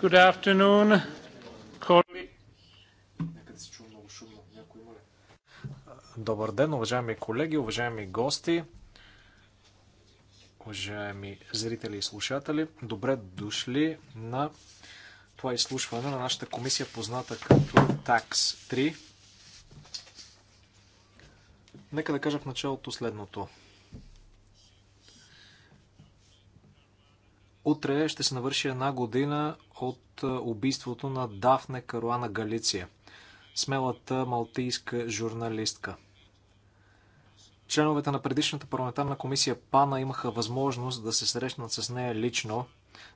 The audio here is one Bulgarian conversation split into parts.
Good afternoon. Добър ден, уважаеми колеги, уважаеми гости, уважаеми зрители и слушатели. Добре дошли на това изслушване на нашата комисия, позната като TAX 3. Нека да кажа в началото следното. Утре ще се навърши една година от убийството на Дафне Каруана Галиция, смелата малтийска журналистка. Членовете на предишната парламентарна комисия ПАНА имаха възможност да се срещнат с нея лично,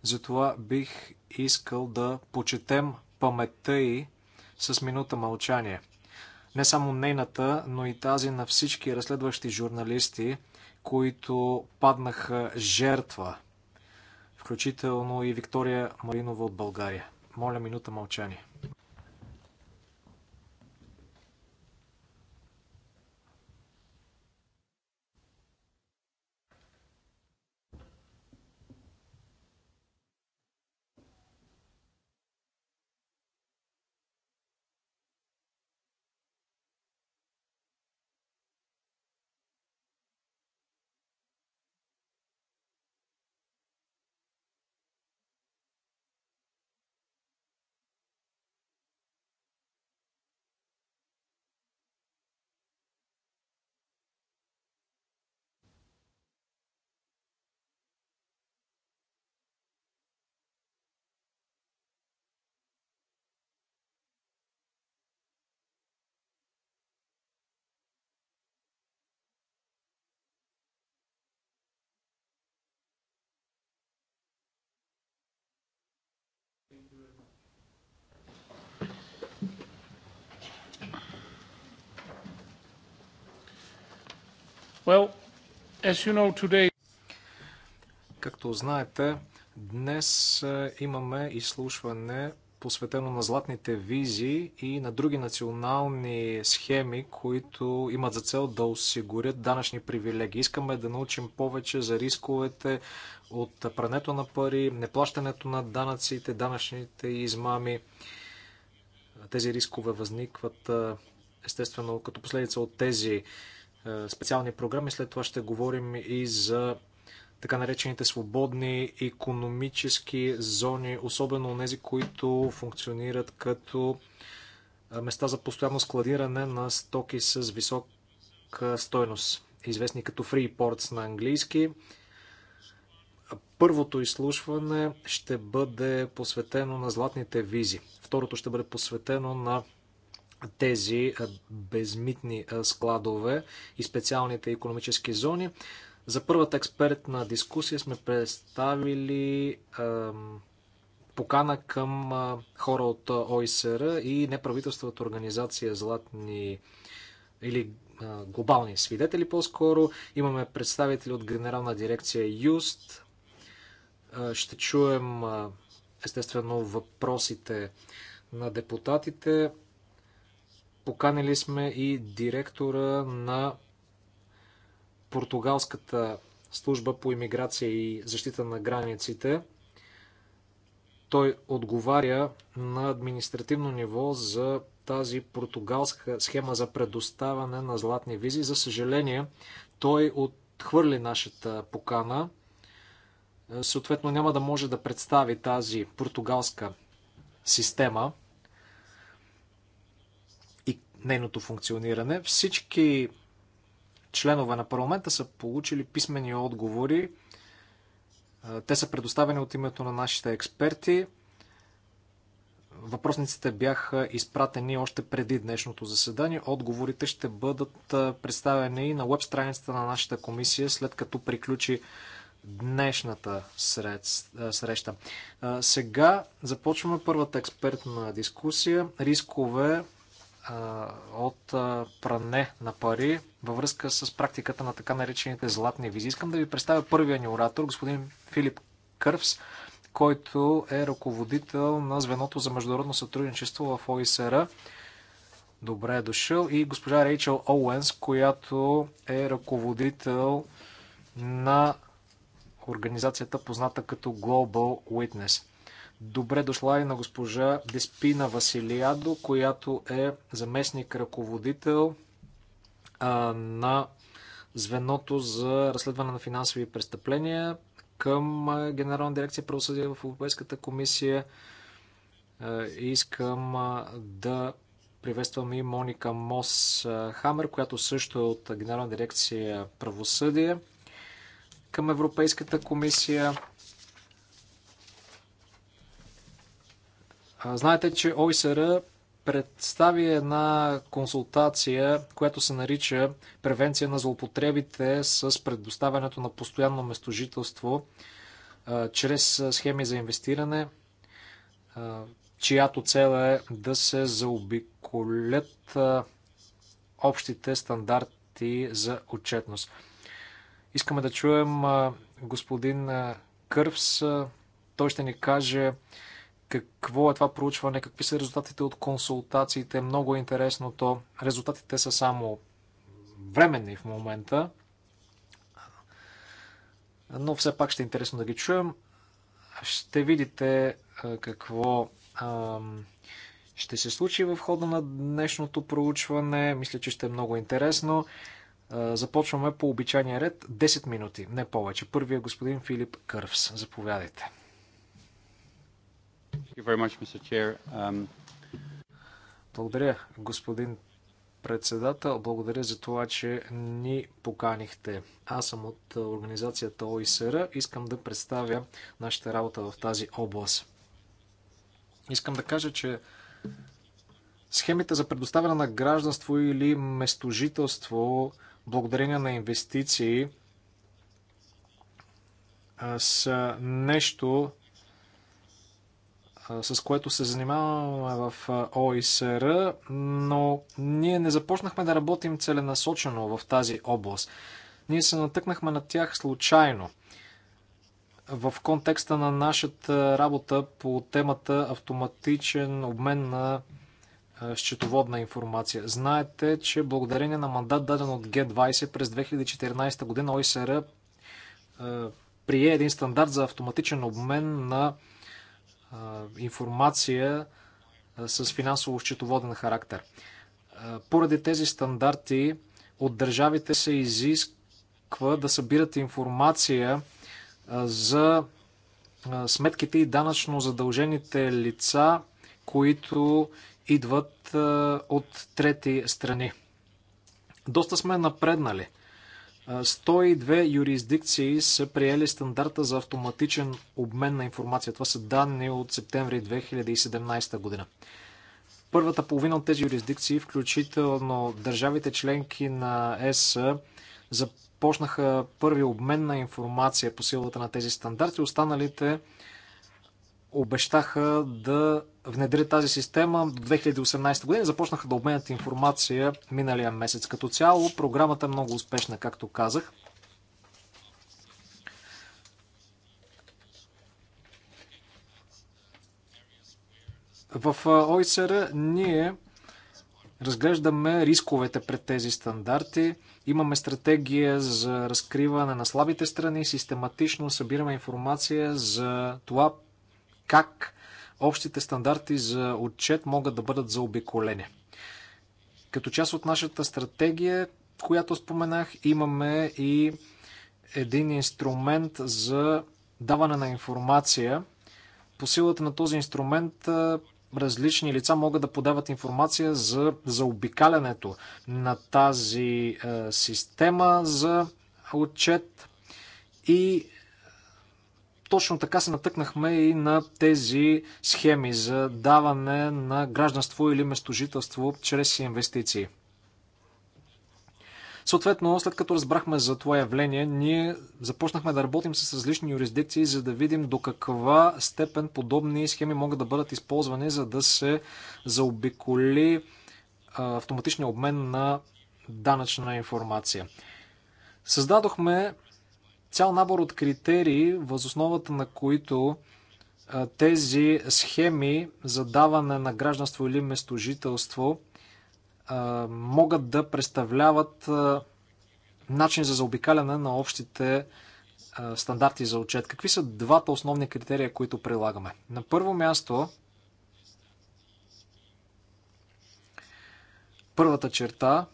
затова бих искал да почетем паметта й с минута мълчание. Не само нейната, но и тази на всички разследващи журналисти, които паднаха жертва – включително и Виктория Маринова от България. Моля минута мълчание. Well, as you know, today... Както знаете, днес е, имаме изслушване посветено на златните визи и на други национални схеми, които имат за цел да осигурят данъчни привилегии. Искаме да научим повече за рисковете от прането на пари, неплащането на данъците, данъчните измами. Тези рискове възникват е, естествено като последица от тези е, специални програми. След това ще говорим и за така наречените свободни економически зони, особено тези, които функционират като е, места за постоянно складиране на стоки с висока стойност, известни като free ports на английски. Първото изслушване ще бъде посветено на златните визи. Второто ще бъде посветено на тези безмитни складове и специалните економически зони. За първата експертна дискусия сме представили покана към хора от ОИСР и неправителствената организация Златни или глобални свидетели по-скоро. Имаме представители от Генерална дирекция ЮСТ. Ще чуем естествено въпросите на депутатите. Поканили сме и директора на португалската служба по иммиграция и защита на границите. Той отговаря на административно ниво за тази португалска схема за предоставяне на златни визи. За съжаление, той отхвърли нашата покана. Съответно, няма да може да представи тази португалска система нейното функциониране. Всички членове на парламента са получили писмени отговори. Те са предоставени от името на нашите експерти. Въпросниците бяха изпратени още преди днешното заседание. Отговорите ще бъдат представени и на веб страницата на нашата комисия, след като приключи днешната среща. Сега започваме първата експертна дискусия. Рискове от пране на пари във връзка с практиката на така наречените златни визи. Искам да ви представя първия ни оратор, господин Филип Кървс, който е ръководител на звеното за международно сътрудничество в ОИСР. Добре е дошъл. И госпожа Рейчел Оуенс, която е ръководител на организацията позната като Global Witness. Добре дошла и на госпожа Деспина Василиадо, която е заместник ръководител на звеното за разследване на финансови престъпления към Генерална дирекция правосъдие в Европейската комисия. Искам да приветствам и Моника Мос Хамер, която също е от Генерална дирекция правосъдие към Европейската комисия. Знаете, че ОИСР представи една консултация, която се нарича Превенция на злоупотребите с предоставянето на постоянно местожителство чрез схеми за инвестиране, чиято цел е да се заобиколят общите стандарти за отчетност. Искаме да чуем господин Кървс. Той ще ни каже какво е това проучване, какви са резултатите от консултациите. Много е интересно то. Резултатите са само временни в момента, но все пак ще е интересно да ги чуем. Ще видите какво ще се случи в хода на днешното проучване. Мисля, че ще е много интересно. Започваме по обичайния ред 10 минути, не повече. Първият е господин Филип Кървс. Заповядайте. Um, Благодаря, господин председател. Благодаря за това, че ни поканихте. Аз съм от е, организацията ОИСР. Искам да представя нашата работа в тази област. Искам да кажа, че схемите за предоставяне на гражданство или местожителство благодарение на инвестиции са нещо, с което се занимаваме в ОИСР, но ние не започнахме да работим целенасочено в тази област. Ние се натъкнахме на тях случайно в контекста на нашата работа по темата автоматичен обмен на счетоводна информация. Знаете, че благодарение на мандат даден от Г20 през 2014 година ОИСР прие един стандарт за автоматичен обмен на информация с финансово-счетоводен характер. Поради тези стандарти от държавите се изисква да събират информация за сметките и данъчно задължените лица, които идват от трети страни. Доста сме напреднали 102 юрисдикции са приели стандарта за автоматичен обмен на информация. Това са данни от септември 2017 година. Първата половина от тези юрисдикции, включително държавите членки на ЕС, започнаха първи обмен на информация по силата на тези стандарти. Останалите обещаха да внедри тази система до 2018 година. Започнаха да обменят информация миналия месец. Като цяло програмата е много успешна, както казах. В ОИСР ние разглеждаме рисковете пред тези стандарти. Имаме стратегия за разкриване на слабите страни. Систематично събираме информация за това как общите стандарти за отчет могат да бъдат заобиколени. Като част от нашата стратегия, която споменах, имаме и един инструмент за даване на информация. По силата на този инструмент различни лица могат да подават информация за, заобикалянето на тази система за отчет и точно така се натъкнахме и на тези схеми за даване на гражданство или местожителство чрез инвестиции. Съответно, след като разбрахме за това явление, ние започнахме да работим с различни юрисдикции, за да видим до каква степен подобни схеми могат да бъдат използвани, за да се заобиколи автоматичния обмен на данъчна информация. Създадохме цял набор от критерии, възосновата на които тези схеми за даване на гражданство или местожителство могат да представляват начин за заобикаляне на общите стандарти за отчет. Какви са двата основни критерия, които прилагаме? На първо място, първата черта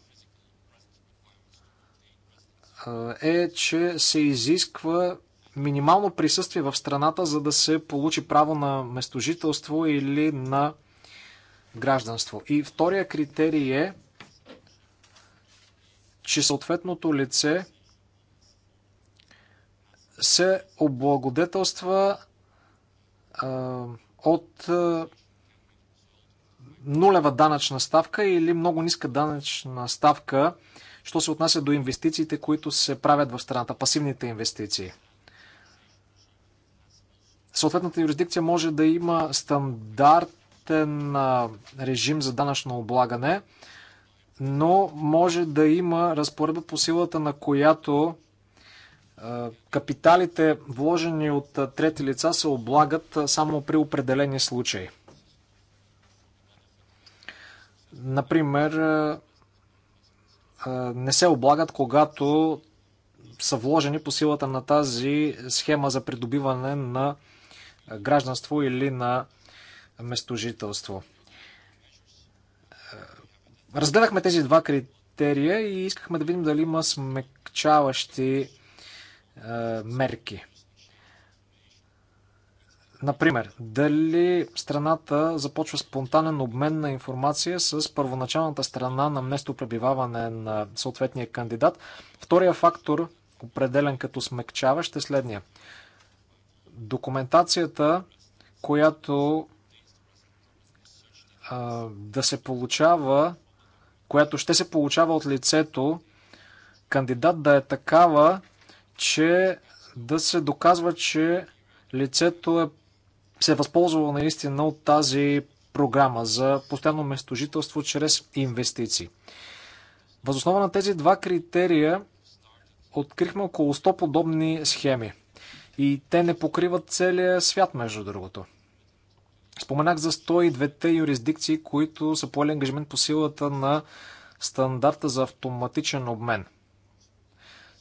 е, че се изисква минимално присъствие в страната, за да се получи право на местожителство или на гражданство. И втория критерий е, че съответното лице се облагодетелства от нулева данъчна ставка или много ниска данъчна ставка Що се отнася до инвестициите, които се правят в страната, пасивните инвестиции. Съответната юрисдикция може да има стандартен режим за данъчно облагане, но може да има разпоредба по силата на която капиталите, вложени от трети лица, се облагат само при определени случаи. Например, не се облагат, когато са вложени по силата на тази схема за придобиване на гражданство или на местожителство. Разгледахме тези два критерия и искахме да видим дали има смекчаващи мерки. Например, дали страната започва спонтанен обмен на информация с първоначалната страна на местопребиваване на съответния кандидат. Втория фактор, определен като смекчаващ, е следния. Документацията, която а, да се получава, която ще се получава от лицето, кандидат да е такава, че да се доказва, че лицето е се е възползвал наистина от тази програма за постоянно местожителство чрез инвестиции. Възоснова на тези два критерия открихме около 100 подобни схеми. И те не покриват целия свят, между другото. Споменах за 102-те юрисдикции, които са поели ангажимент по силата на стандарта за автоматичен обмен.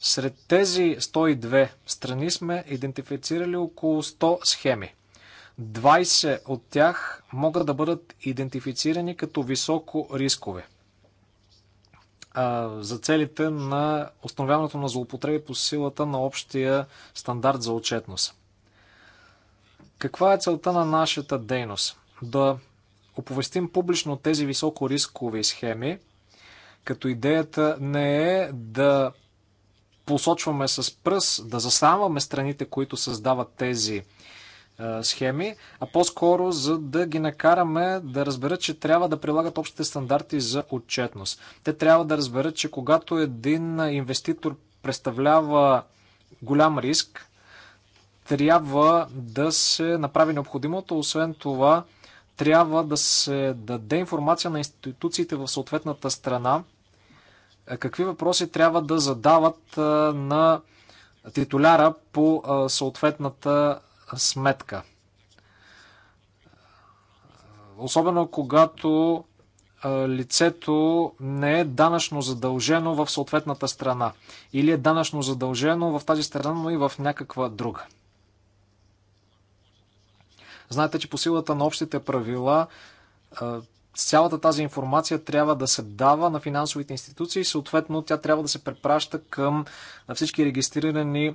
Сред тези 102 страни сме идентифицирали около 100 схеми. 20 от тях могат да бъдат идентифицирани като високо рискове. за целите на установяването на злоупотреби по силата на общия стандарт за отчетност. Каква е целта на нашата дейност? Да оповестим публично тези високо рискови схеми, като идеята не е да посочваме с пръст, да заставаме страните, които създават тези схеми, а по-скоро за да ги накараме да разберат, че трябва да прилагат общите стандарти за отчетност. Те трябва да разберат, че когато един инвеститор представлява голям риск, трябва да се направи необходимото. Освен това, трябва да се даде информация на институциите в съответната страна, какви въпроси трябва да задават на титуляра по съответната сметка. Особено когато лицето не е данъчно задължено в съответната страна или е данъчно задължено в тази страна, но и в някаква друга. Знаете, че по силата на общите правила цялата тази информация трябва да се дава на финансовите институции и съответно тя трябва да се препраща към всички регистрирани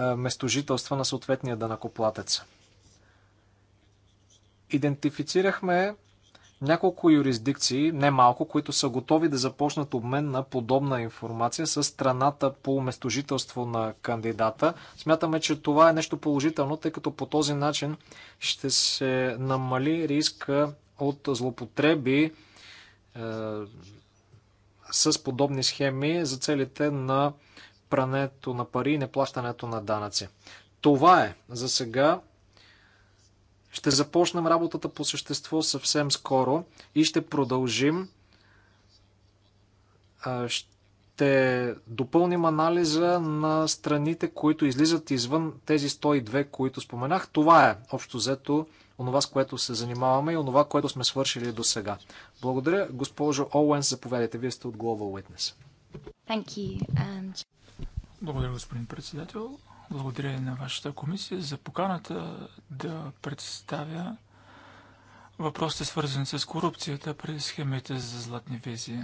е, местожителства на съответния данакоплатец. Идентифицирахме няколко юрисдикции, не малко, които са готови да започнат обмен на подобна информация с страната по местожителство на кандидата. Смятаме, че това е нещо положително, тъй като по този начин ще се намали риска от злопотреби е, с подобни схеми за целите на прането на пари и неплащането на данъци. Това е за сега. Ще започнем работата по същество съвсем скоро и ще продължим. Ще допълним анализа на страните, които излизат извън тези 102, които споменах. Това е общо взето онова, с което се занимаваме и онова, което сме свършили до сега. Благодаря, госпожо Оуенс, заповядайте. Вие сте от Global Witness. Thank you. And... Um, благодаря, господин председател. Благодаря на вашата комисия за поканата да представя въпросите свързани с корупцията при схемите за златни визи.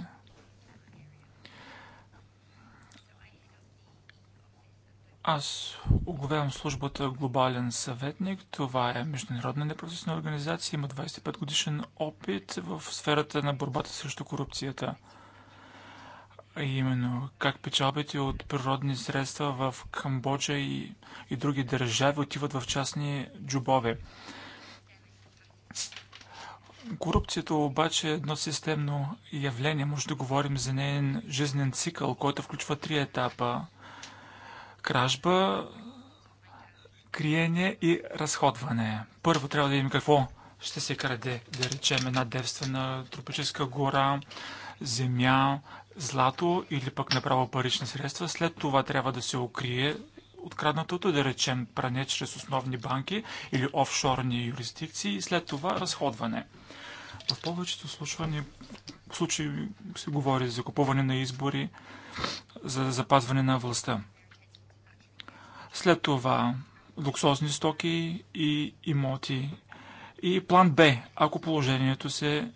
Аз оговявам службата Глобален съветник. Това е международна непрофесионална организация. Има 25 годишен опит в сферата на борбата срещу корупцията а именно как печалбите от природни средства в Камбоджа и, и други държави отиват в частни джубове. Корупцията обаче е едно системно явление. Може да говорим за нейен жизнен цикъл, който включва три етапа. Кражба, криене и разходване. Първо трябва да видим какво ще се краде, да речем една девствена тропическа гора, земя, злато или пък направо парични средства. След това трябва да се укрие откраднатото, да речем пране чрез основни банки или офшорни юрисдикции и след това разходване. В повечето случаи, случаи се говори за купуване на избори, за запазване на властта. След това луксозни стоки и имоти. И план Б, ако положението се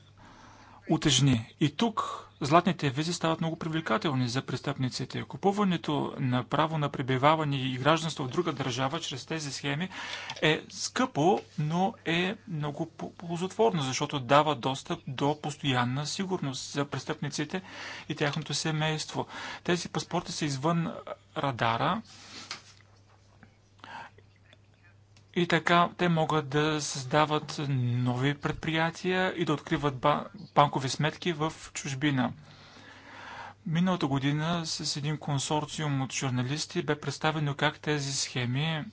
утежни. И тук златните визи стават много привлекателни за престъпниците. Купуването на право на пребиваване и гражданство в друга държава чрез тези схеми е скъпо, но е много ползотворно, защото дава достъп до постоянна сигурност за престъпниците и тяхното семейство. Тези паспорти са извън радара и така те могат да създават нови предприятия и да откриват банкови сметки в чужбина. Миналата година с един консорциум от журналисти бе представено как тези схеми,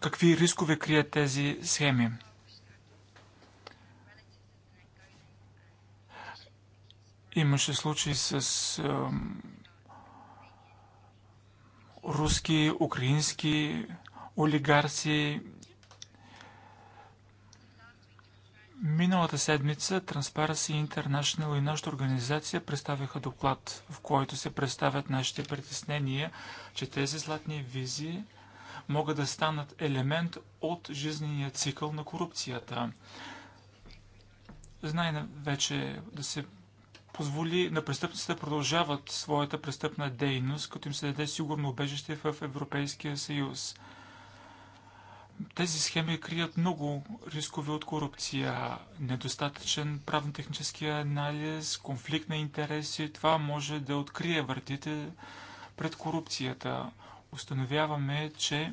какви рискове крият тези схеми. Имаше случаи с руски, украински олигарси. Миналата седмица Transparency International и нашата организация представиха доклад, в който се представят нашите притеснения, че тези златни визи могат да станат елемент от жизнения цикъл на корупцията. Знай вече да се позволи на престъпниците да продължават своята престъпна дейност, като им се даде сигурно убежище в Европейския съюз. Тези схеми крият много рискове от корупция, недостатъчен правно-технически анализ, конфликт на интереси. Това може да открие вратите пред корупцията. Установяваме, че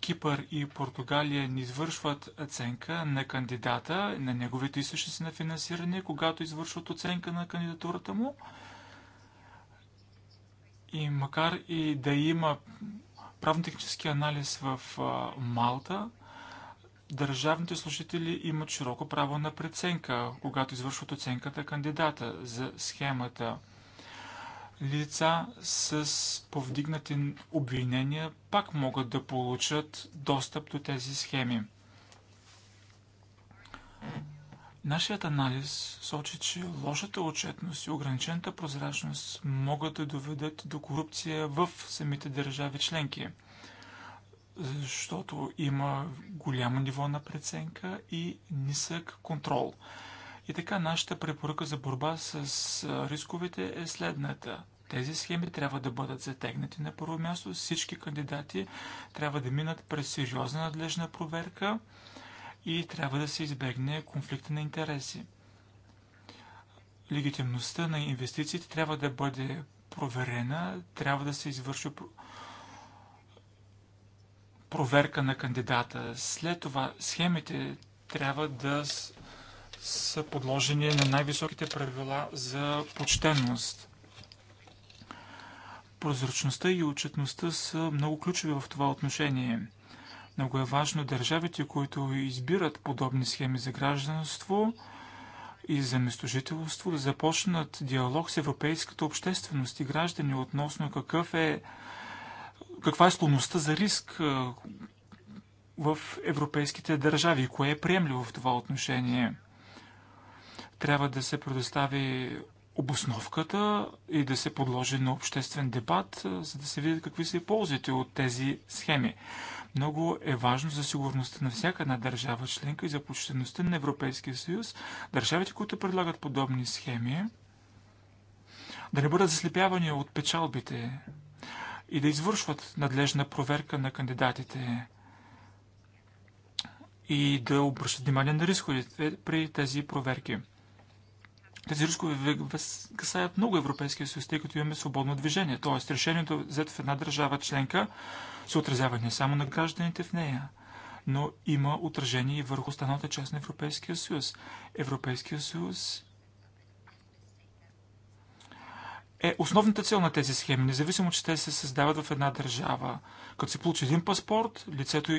Кипър и Португалия не извършват оценка на кандидата, на неговите източници на финансиране, когато извършват оценка на кандидатурата му. И макар и да има правно-технически анализ в Малта, държавните служители имат широко право на преценка, когато извършват оценката кандидата за схемата – лица с повдигнати обвинения пак могат да получат достъп до тези схеми. Нашият анализ сочи, че лошата отчетност и ограничената прозрачност могат да доведат до корупция в самите държави членки, защото има голямо ниво на преценка и нисък контрол – и така, нашата препоръка за борба с рисковете е следната. Тези схеми трябва да бъдат затегнати на първо място. Всички кандидати трябва да минат през сериозна надлежна проверка и трябва да се избегне конфликта на интереси. Легитимността на инвестициите трябва да бъде проверена, трябва да се извърши проверка на кандидата. След това схемите трябва да са подложени на най-високите правила за почтенност. Прозрачността и отчетността са много ключови в това отношение. Много е важно държавите, които избират подобни схеми за гражданство и за местожителство, да започнат диалог с европейската общественост и граждани относно какъв е, каква е склонността за риск в европейските държави и кое е приемливо в това отношение – трябва да се предостави обосновката и да се подложи на обществен дебат, за да се видят какви са ползите от тези схеми. Много е важно за сигурността на всяка една държава членка и за почтеността на Европейския съюз, държавите, които предлагат подобни схеми, да не бъдат заслепявани от печалбите и да извършват надлежна проверка на кандидатите и да обръщат внимание на рисковете при тези проверки. Тези рискове касаят много Европейския съюз, тъй като имаме свободно движение. Тоест, решението е взето в една държава членка се отразява не само на гражданите в нея, но има отражение и върху останалата част на Европейския съюз. Европейския съюз е основната цел на тези схеми, независимо, че те се създават в една държава. Като се получи един паспорт, лицето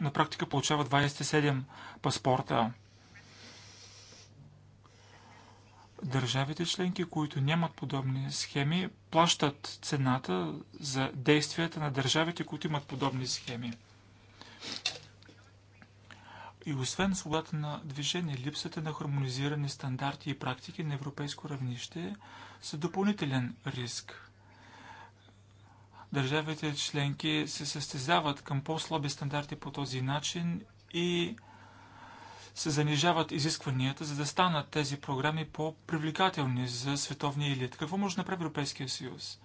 на практика получава 27 паспорта. Държавите членки, които нямат подобни схеми, плащат цената за действията на държавите, които имат подобни схеми. И освен свободата на движение, липсата на хармонизирани стандарти и практики на европейско равнище са допълнителен риск. Държавите членки се състезават към по-слаби стандарти по този начин и се занижават изискванията, за да станат тези програми по-привлекателни за световния елит. Какво може да направи Европейския съюз?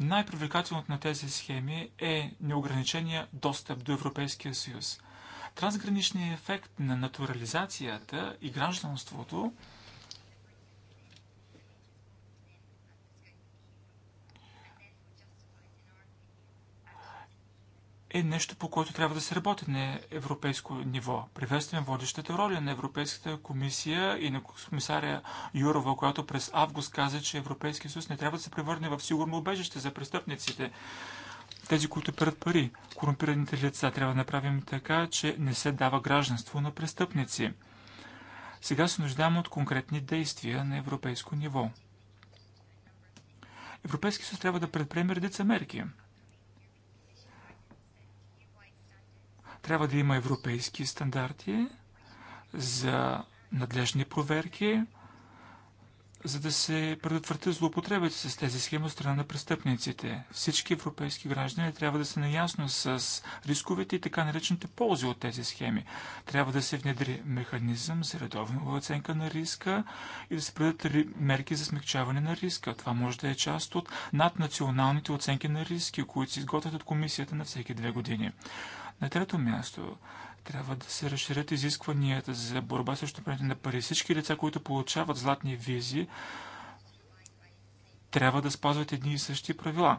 Най-привлекателното на тези схеми е неограничения достъп до Европейския съюз. Трансграничният ефект на натурализацията и гражданството е нещо, по което трябва да се работи на европейско ниво. Приветствам водещата роля на Европейската комисия и на комисаря Юрова, която през август каза, че Европейския съюз не трябва да се превърне в сигурно убежище за престъпниците. Тези, които перат пари, корумпираните лица, трябва да направим така, че не се дава гражданство на престъпници. Сега се нуждаем от конкретни действия на европейско ниво. Европейски съюз трябва да предприеме редица мерки – Трябва да има европейски стандарти за надлежни проверки, за да се предотвратят злоупотребите с тези схеми от страна на престъпниците. Всички европейски граждани трябва да са наясно с рисковете и така наречените ползи от тези схеми. Трябва да се внедри механизъм за редовна оценка на риска и да се предадат мерки за смягчаване на риска. Това може да е част от наднационалните оценки на риски, които се изготвят от комисията на всеки две години. На трето място, трябва да се разширят изискванията за борба срещу прането на пари. Всички лица, които получават златни визи, трябва да спазват едни и същи правила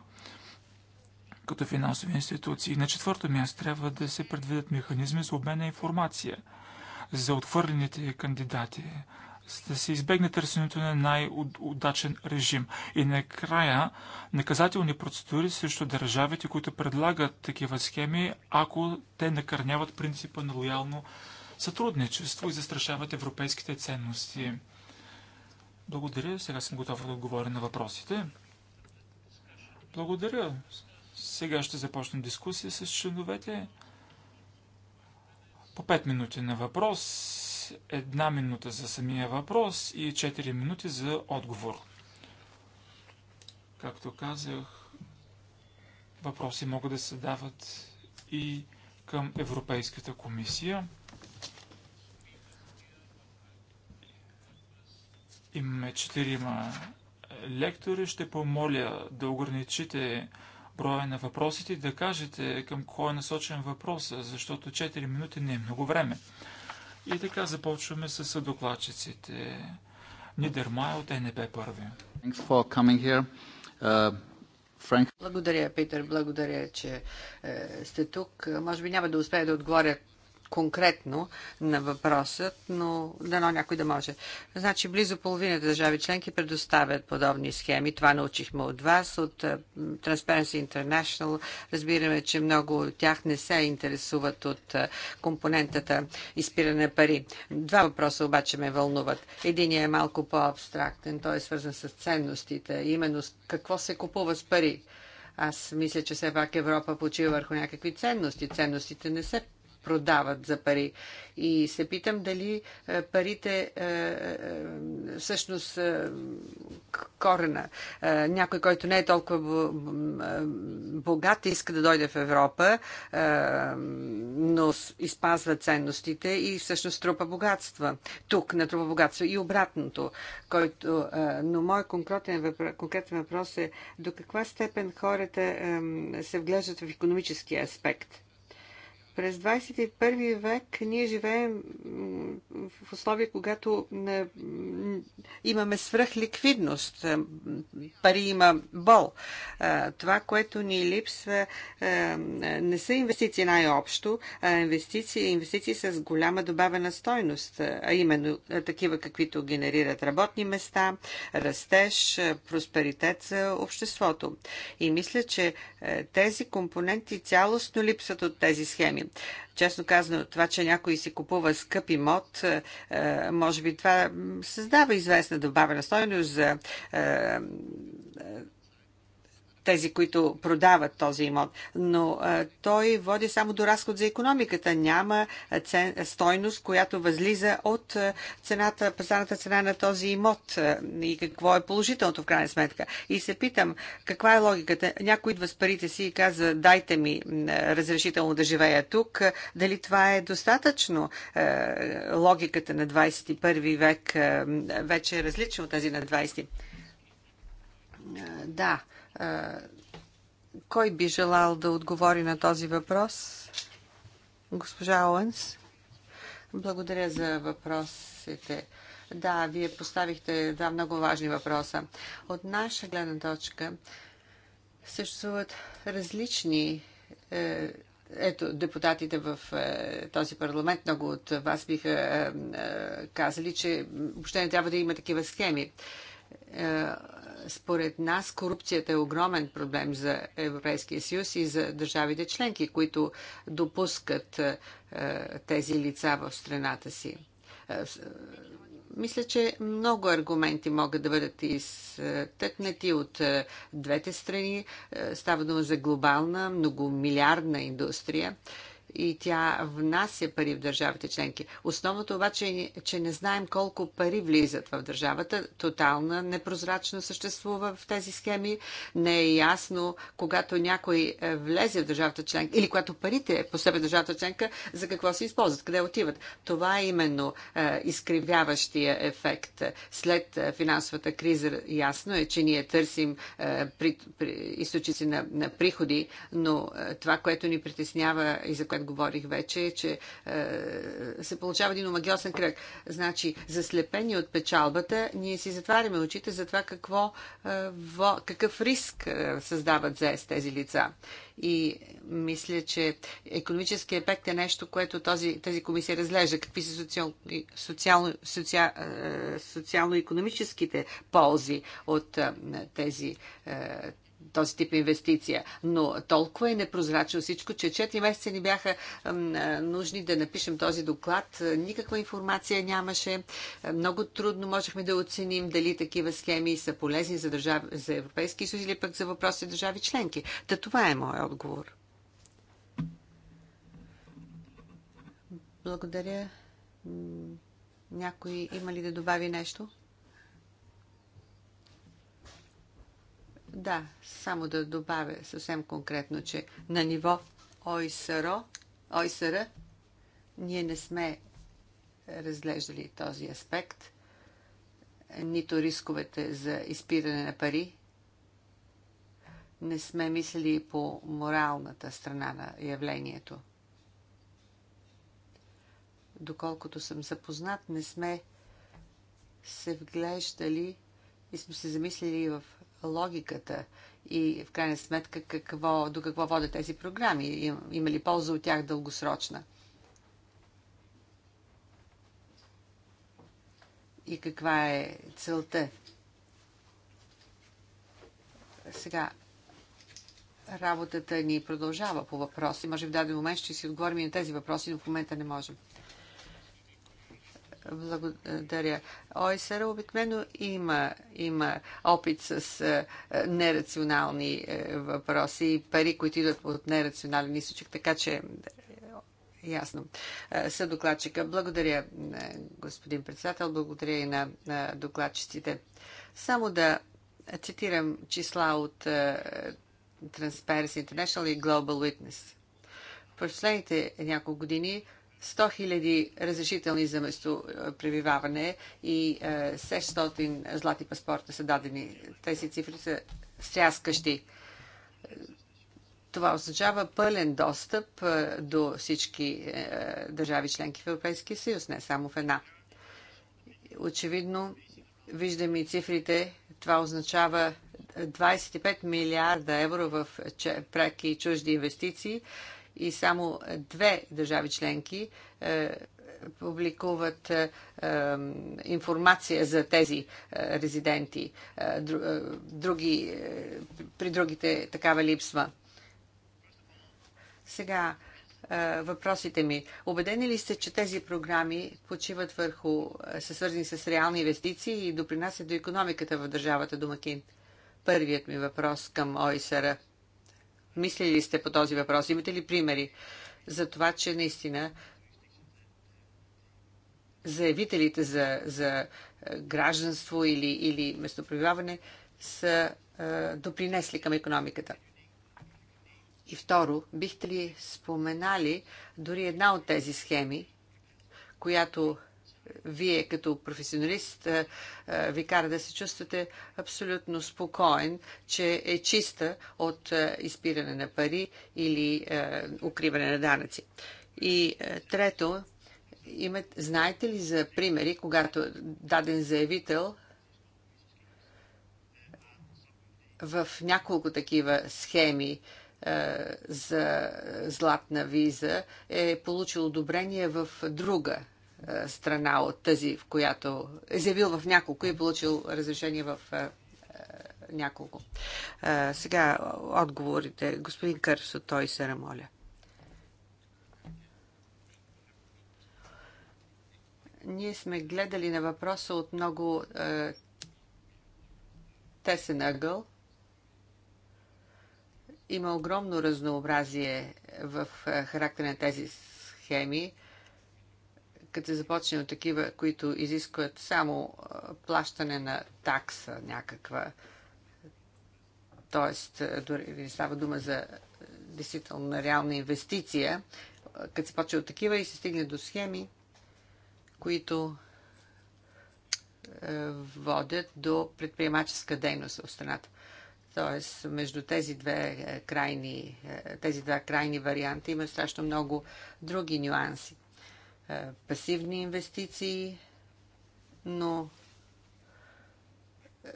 като финансови институции. На четвърто място трябва да се предвидят механизми за обмен на информация за отхвърлените кандидати, за да се избегне търсенето на най-удачен режим. И накрая наказателни процедури срещу държавите, които предлагат такива схеми, ако те накърняват принципа на лоялно сътрудничество и застрашават европейските ценности. Благодаря. Сега съм готов да отговоря на въпросите. Благодаря. Сега ще започнем дискусия с членовете. По 5 минути на въпрос една минута за самия въпрос и 4 минути за отговор. Както казах, въпроси могат да се дават и към Европейската комисия. Имаме 4 лектори. Ще помоля да ограничите броя на въпросите и да кажете към кой е насочен въпроса, защото 4 минути не е много време. И така започваме с докладчиците. Нидермай от НП първи. Uh, Благодаря, Питер, Благодаря, че е, сте тук. Може би няма да успея да отговоря конкретно на въпросът, но дано някой да може. Значи близо половината държави членки предоставят подобни схеми. Това научихме от вас, от е, Transparency International. Разбираме, че много от тях не се интересуват от е, компонентата изпиране пари. Два въпроса обаче ме вълнуват. Единият е малко по-абстрактен, той е свързан с ценностите, именно с какво се купува с пари. Аз мисля, че все пак Европа почива върху някакви ценности. Ценностите не се продават за пари. И се питам дали е, парите е, е, всъщност корена. Някой, който не е толкова богат, иска да дойде в Европа, но изпазва ценностите и всъщност трупа богатства. Тук на трупа богатство. И обратното. Който, но мой конкретен въпрос, конкретен въпрос е до каква степен хората се вглеждат в економическия аспект през 21 век ние живеем в условия, когато имаме свръхликвидност. Пари има бол. Това, което ни липсва, не са инвестиции най-общо, а инвестиции, инвестиции с голяма добавена стойност, а именно такива, каквито генерират работни места, растеж, просперитет за обществото. И мисля, че тези компоненти цялостно липсват от тези схеми използвани. Честно казано, това, че някой си купува скъп имот, е, е, може би това създава известна добавена стойност за е, тези, които продават този имот. Но а, той води само до разход за економиката. Няма цен, стойност, която възлиза от цената, пазарната цена на този имот и какво е положителното в крайна сметка. И се питам, каква е логиката? Някой идва с парите си и казва, дайте ми разрешително да живея тук. Дали това е достатъчно? Логиката на 21 век вече е различна от тази на 20. Да. Кой би желал да отговори на този въпрос? Госпожа Оенс. Благодаря за въпросите. Да, вие поставихте два много важни въпроса. От наша гледна точка съществуват различни е, ето, депутатите в е, този парламент, много от вас биха е, казали, че въобще не трябва да има такива схеми. Според нас корупцията е огромен проблем за Европейския съюз и за държавите членки, които допускат е, тези лица в страната си. Е, е, мисля, че много аргументи могат да бъдат изтъкнати от двете страни. Става дума за глобална, многомилиардна индустрия и тя внася пари в държавите членки. Основното обаче е, че не знаем колко пари влизат в държавата. Тотална непрозрачно съществува в тези схеми. Не е ясно, когато някой е, влезе в държавата членка или когато парите постъпят в държавата членка, за какво се използват, къде отиват. Това е именно е, изкривяващия ефект. След е, финансовата криза ясно е, че ние търсим е, при, при, източници на, на приходи, но е, това, което ни притеснява и за което говорих вече, че е, се получава един омагиосен кръг. Значи, заслепени от печалбата, ние си затваряме очите за това какво, е, во, какъв риск е, създават ЗЕС тези лица. И мисля, че економическия ефект е нещо, което този, тази комисия разглежда. Какви са социално е, социално, социал, социал, економическите ползи от е, тези е, този тип инвестиция. Но толкова е непрозрачно всичко, че 4 месеца ни бяха нужни да напишем този доклад. Никаква информация нямаше. Много трудно можехме да оценим дали такива схеми са полезни за, държави, за Европейски съюз или пък за въпроси държави членки. Та това е моят отговор. Благодаря. Някой има ли да добави нещо? Да, само да добавя съвсем конкретно, че на ниво ОИСРО, ОИСР, ние не сме разглеждали този аспект, нито рисковете за изпиране на пари. Не сме мислили по моралната страна на явлението. Доколкото съм запознат, не сме се вглеждали и сме се замислили в логиката и в крайна сметка какво, до какво водят тези програми? Има ли полза от тях дългосрочна? И каква е целта? Сега, работата ни продължава по въпроси. Може в даден момент ще си отговорим и на тези въпроси, но в момента не можем. Благодаря. ОСР обикновено има, има опит с е, нерационални е, въпроси и пари, които идват от нерационален източник, така че е, Ясно. Е, докладчика. Благодаря, е, господин председател. Благодаря и на, докладчиците. Само да цитирам числа от Transparency International и Global Witness. В последните няколко години 100 000 разрешителни за пребиваване и 600 злати паспорта са дадени. Тези цифри са стряскащи. Това означава пълен достъп до всички държави членки в Европейския съюз, не само в една. Очевидно, виждаме и цифрите, това означава 25 милиарда евро в преки и чужди инвестиции, и само две държави членки е, публикуват е, е, информация за тези резиденти. други, при другите такава липсва. Сега, въпросите ми. Обедени ли сте, че тези програми почиват върху, са свързани с реални инвестиции и допринасят до економиката в държавата домакин? Първият ми въпрос към ОИСР. Мислили ли сте по този въпрос? Имате ли примери за това, че наистина заявителите за, за е, гражданство или, или местопребиваване са а, е, допринесли към економиката? И второ, бихте ли споменали дори една от тези схеми, която вие като професионалист ви кара да се чувствате абсолютно спокоен, че е чиста от изпиране на пари или укриване на данъци. И трето, имат, знаете ли за примери, когато даден заявител в няколко такива схеми за златна виза е получил одобрение в друга е, страна от тази, в която е заявил в няколко и е получил разрешение в е, няколко. Сега отговорите. Господин Кърсо, той се рамоля. Ние сме гледали на въпроса от много а, тесен ъгъл. Има огромно разнообразие в характера на тези схеми като се започне от такива, които изискват само плащане на такса някаква, т.е. дори не става дума за действително на реална инвестиция, като се почне от такива и се стигне до схеми, които водят до предприемаческа дейност в страната. Тоест, между тези две крайни, тези два крайни варианта има страшно много други нюанси. Е, пасивни инвестиции, но е,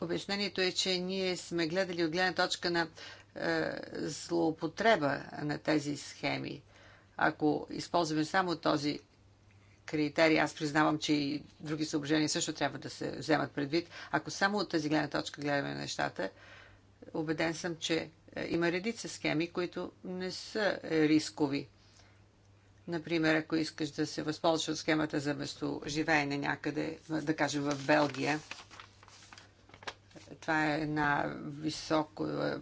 обяснението е, че ние сме гледали от гледна точка на е, злоупотреба на тези схеми. Ако използваме само този критерий, аз признавам, че и други съображения също трябва да се вземат предвид. Ако само от тази гледна точка гледаме нещата, убеден съм, че има редица схеми, които не са рискови. Например, ако искаш да се възползваш от схемата за место, живеене някъде, да кажем в Белгия, това е една високо е, е,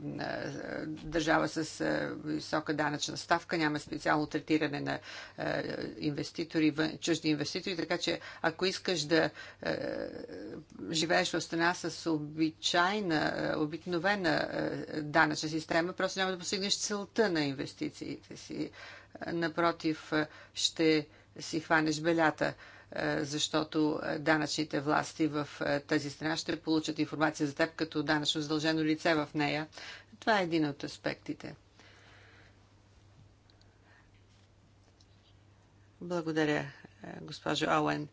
държава с е, висока данъчна ставка, няма специално третиране на инвеститори, чужди инвеститори, така че ако искаш да живееш в страна с обичайна, обикновена данъчна система, просто няма да постигнеш целта на инвестициите си напротив е, ще си хванеш белята е, защото е, данъчните власти в тази страна ще получат информация за теб като данъчно задължено лице в нея. Това е един от аспектите. Благодаря, госпожо Оуен.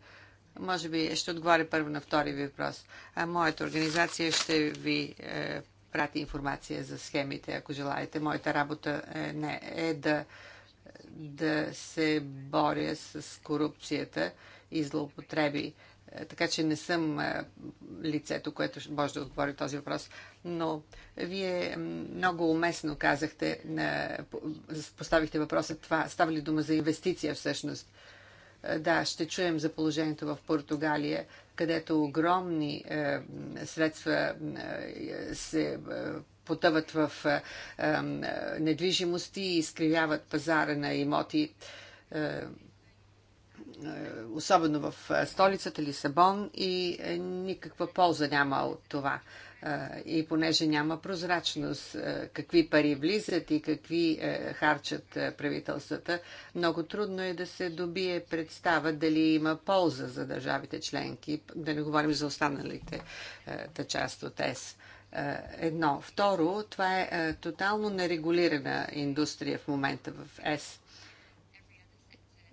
Може би ще отговоря първо на втори ви въпрос. А моята организация ще ви е, прати информация за схемите, ако желаете. Моята работа е, не, е да е, да се боря с корупцията и злоупотреби. Е, така че не съм е, лицето, което може да отговори този въпрос. Но вие много уместно казахте, поставихте въпроса това. Става ли дума за инвестиция всъщност? Е, да, ще чуем за положението в Португалия, където огромни средства се потъват в е, е, недвижимости и изкривяват пазара на имоти е, особено в столицата Лисабон и никаква полза няма от това. И понеже няма прозрачност какви пари влизат и какви харчат правителствата, много трудно е да се добие представа дали има полза за държавите членки, да не говорим за останалите част от ЕС. Е, едно. Второ, това е, е тотално нерегулирана индустрия в момента в ЕС.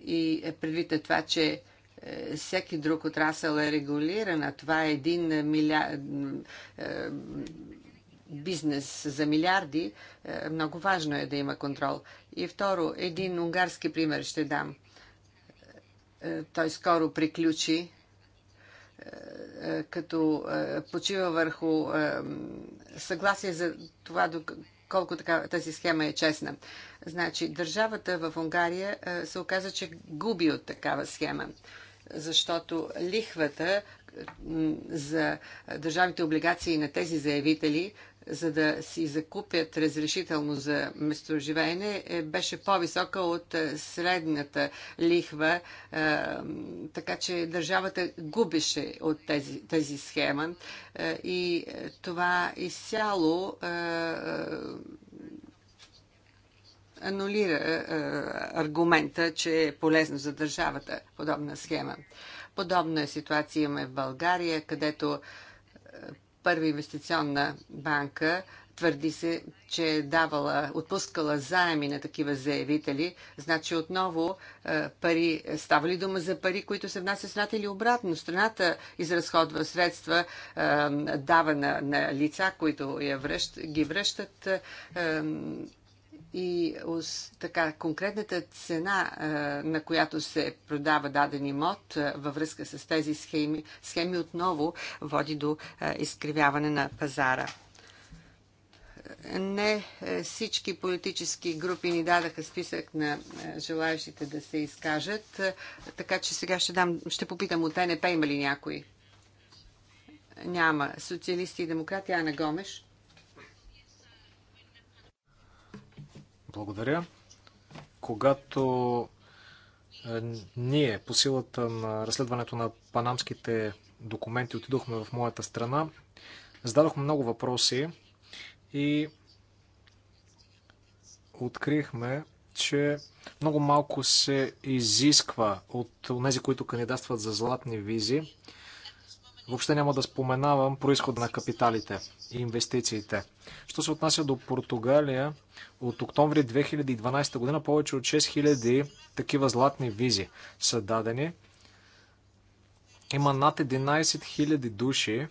И е, предвид на това, че всеки друг отрасъл е регулирана, това е един милиард бизнес за милиарди, много важно е да има контрол. И второ, един унгарски пример ще дам. Той скоро приключи е, е, като е, почива върху съгласие за това колко така, тази схема е честна. Значи, държавата в Унгария се оказа, че губи от такава схема, защото лихвата за държавните облигации на тези заявители за да си закупят разрешително за местоживеене, е, беше по-висока от е, средната лихва, е, така че държавата губеше от тези, тази схема и това изцяло анулира аргумента, че е полезно за държавата подобна схема. Подобна ситуация имаме в България, където първа инвестиционна банка твърди се, че е давала, отпускала заеми на такива заявители. Значи отново е, пари, става ли дума за пари, които се внася в страната или обратно? Страната изразходва средства, е, дава на, на лица, които я връщ, ги връщат е, и така, конкретната цена, на която се продава даден имот във връзка с тези схеми, схеми отново води до изкривяване на пазара. Не е, всички политически групи ни дадаха списък на е, желаящите да се изкажат, е, така че сега ще, дам, ще попитам от ТНП има ли някой. Няма. Социалисти и демократи Ана Гомеш. Благодаря. Когато е, ние по силата на разследването на панамските документи отидохме в моята страна, зададохме много въпроси и открихме, че много малко се изисква от тези, които кандидатстват за златни визи. Въобще няма да споменавам происхода на капиталите и инвестициите. Що се отнася до Португалия, от октомври 2012 година повече от 6000 такива златни визи са дадени. Има над 11 000 души,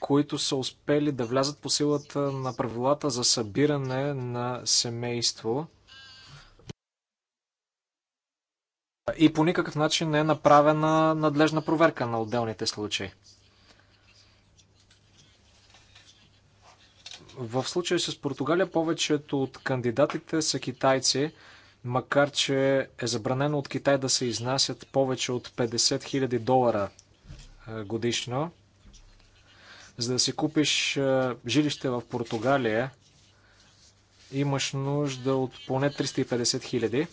които са успели да влязат по силата на правилата за събиране на семейство. И по никакъв начин не е направена надлежна проверка на отделните случаи. В случая с Португалия повечето от кандидатите са китайци, макар че е забранено от Китай да се изнасят повече от 50 000 долара е, годишно. За да си купиш е, жилище в Португалия, имаш нужда от поне 350 хиляди.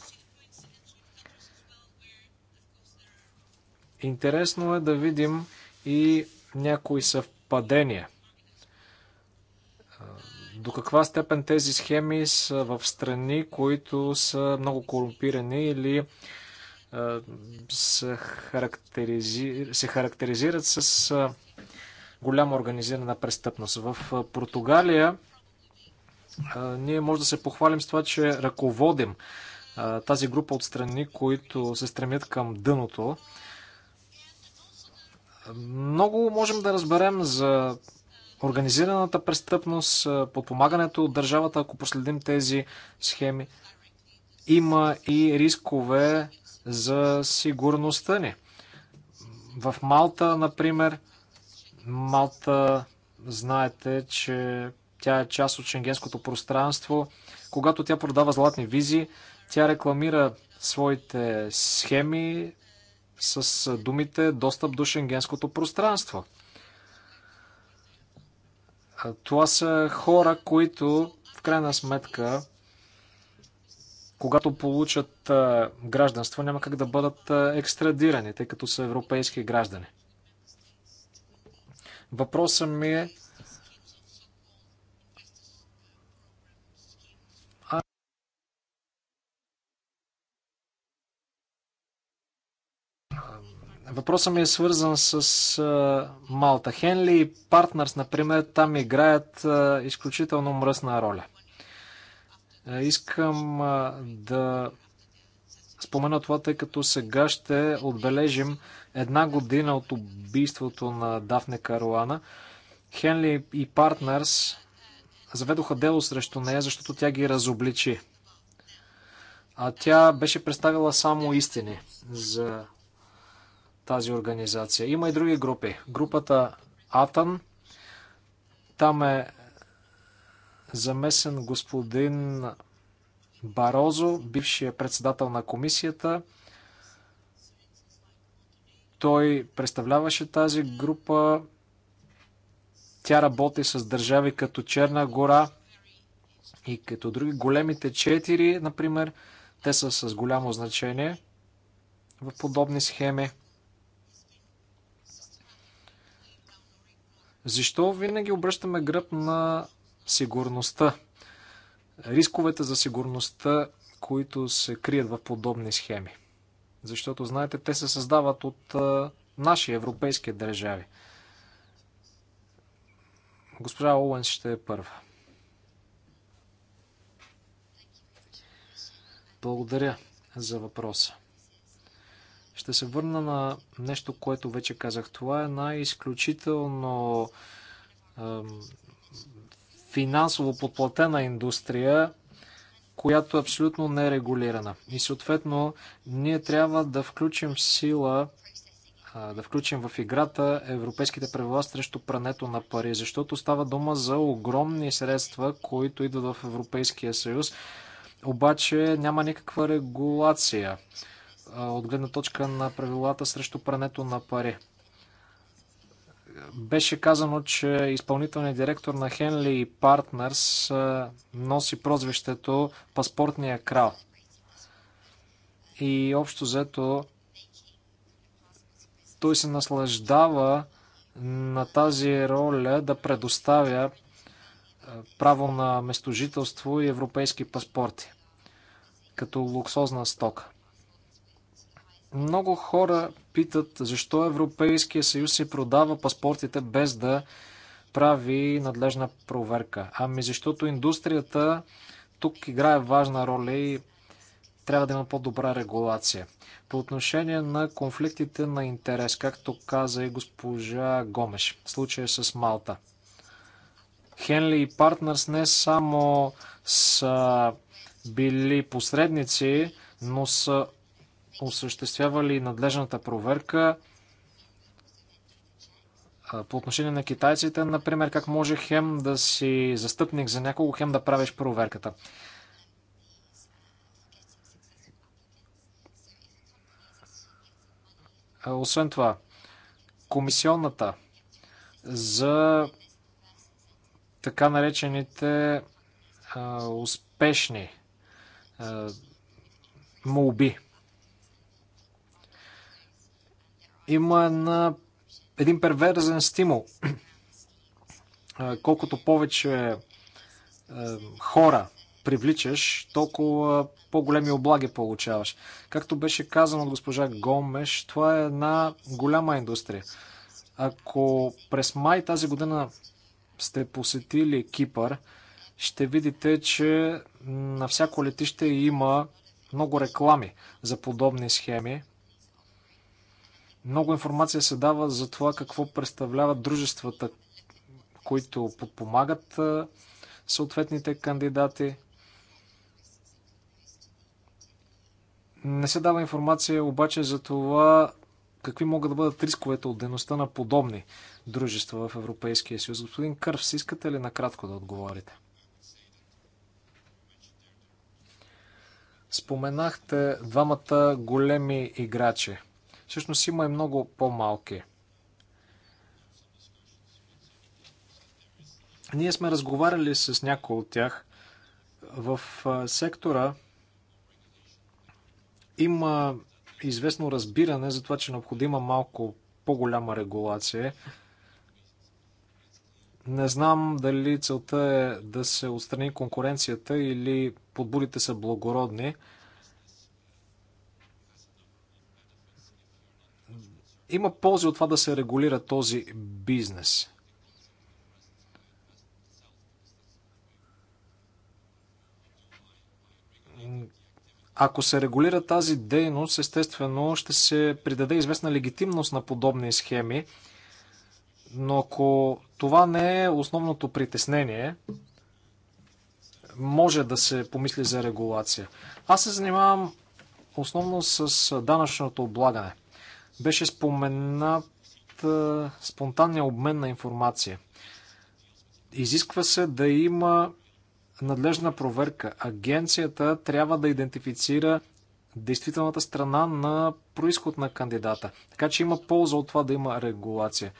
Интересно е да видим и някои съвпадения до каква степен тези схеми са в страни, които са много корумпирани или е, се, характеризи... се характеризират с е, голяма организирана престъпност. В е, Португалия ние може да се похвалим с това, че ръководим тази група от страни, които се стремят към дъното. Много можем да разберем за организираната престъпност, подпомагането от държавата, ако последим тези схеми. Има и рискове за сигурността ни. В Малта, например, Малта, знаете, че тя е част от шенгенското пространство. Когато тя продава златни визи, тя рекламира своите схеми с думите достъп до шенгенското пространство. Това са хора, които в крайна сметка, когато получат гражданство, няма как да бъдат екстрадирани, тъй като са европейски граждани. Въпросът ми е Въпросът ми е свързан с а, Малта. Хенли и Партнърс, например, там играят а, изключително мръсна роля. А, искам а, да спомена това, тъй като сега ще отбележим една година от убийството на Дафне Каруана. Хенли и Партнърс заведоха дело срещу нея, защото тя ги разобличи. А тя беше представила само истини за тази организация. Има и други групи. Групата Атан, там е замесен господин Барозо, бившия председател на комисията. Той представляваше тази група. Тя работи с държави като Черна гора и като други. Големите четири, например, те са с голямо значение в подобни схеми. Защо винаги обръщаме гръб на сигурността? Рисковете за сигурността, които се крият в подобни схеми. Защото, знаете, те се създават от наши европейски държави. Госпожа Оуенс ще е първа. Благодаря за въпроса. Ще се върна на нещо, което вече казах. Това е най изключително финансово подплатена индустрия, която е абсолютно нерегулирана. И съответно, ние трябва да включим сила, да включим в играта европейските правила срещу прането на пари, защото става дума за огромни средства, които идват в Европейския съюз, обаче няма никаква регулация от гледна точка на правилата срещу прането на пари. Беше казано, че изпълнителният директор на Хенли и Партнерс носи прозвището Паспортния крал. И общо взето той се наслаждава на тази роля да предоставя право на местожителство и европейски паспорти като луксозна стока. Много хора питат защо Европейския съюз си продава паспортите без да прави надлежна проверка. Ами защото индустрията тук играе важна роля и трябва да има по-добра регулация. По отношение на конфликтите на интерес, както каза и госпожа Гомеш, случая с Малта. Хенли и Партнерс не само са били посредници, но са осъществявали надлежната проверка по отношение на китайците, например, как може хем да си застъпник за някого, хем да правиш проверката. Освен това, комисионната за така наречените а, успешни а, молби. има една, един перверзен стимул. Колкото повече е, хора привличаш, толкова по-големи облаги получаваш. Както беше казано от госпожа Гомеш, това е една голяма индустрия. Ако през май тази година сте посетили Кипър, ще видите, че на всяко летище има много реклами за подобни схеми. Много информация се дава за това какво представляват дружествата, които подпомагат съответните кандидати. Не се дава информация обаче за това какви могат да бъдат рисковете от дейността на подобни дружества в Европейския съюз. Господин Кървс, искате ли накратко да отговорите? Споменахте двамата големи играчи Всъщност има и много по-малки. Ние сме разговаряли с някои от тях. В сектора има известно разбиране за това, че е необходима малко по-голяма регулация. Не знам дали целта е да се отстрани конкуренцията или подбудите са благородни. Има ползи от това да се регулира този бизнес. Ако се регулира тази дейност, естествено ще се придаде известна легитимност на подобни схеми, но ако това не е основното притеснение, може да се помисли за регулация. Аз се занимавам основно с данъчното облагане. Беше споменат спонтанния обмен на информация. Изисква се да има надлежна проверка. Агенцията трябва да идентифицира действителната страна на происход на кандидата. Така че има полза от това да има регулация.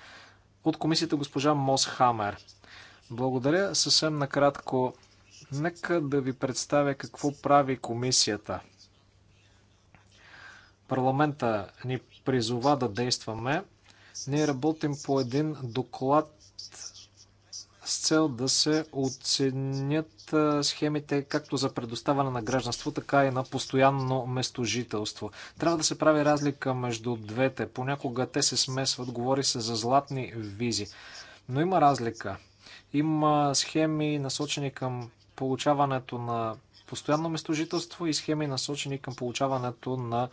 От комисията госпожа Мос Хамер. Благодаря. Съвсем накратко, нека да ви представя какво прави комисията. Парламента ни призова да действаме. Ние работим по един доклад с цел да се оценят схемите както за предоставяне на гражданство, така и на постоянно местожителство. Трябва да се прави разлика между двете. Понякога те се смесват, говори се за златни визи. Но има разлика. Има схеми насочени към получаването на постоянно местожителство и схеми насочени към получаването на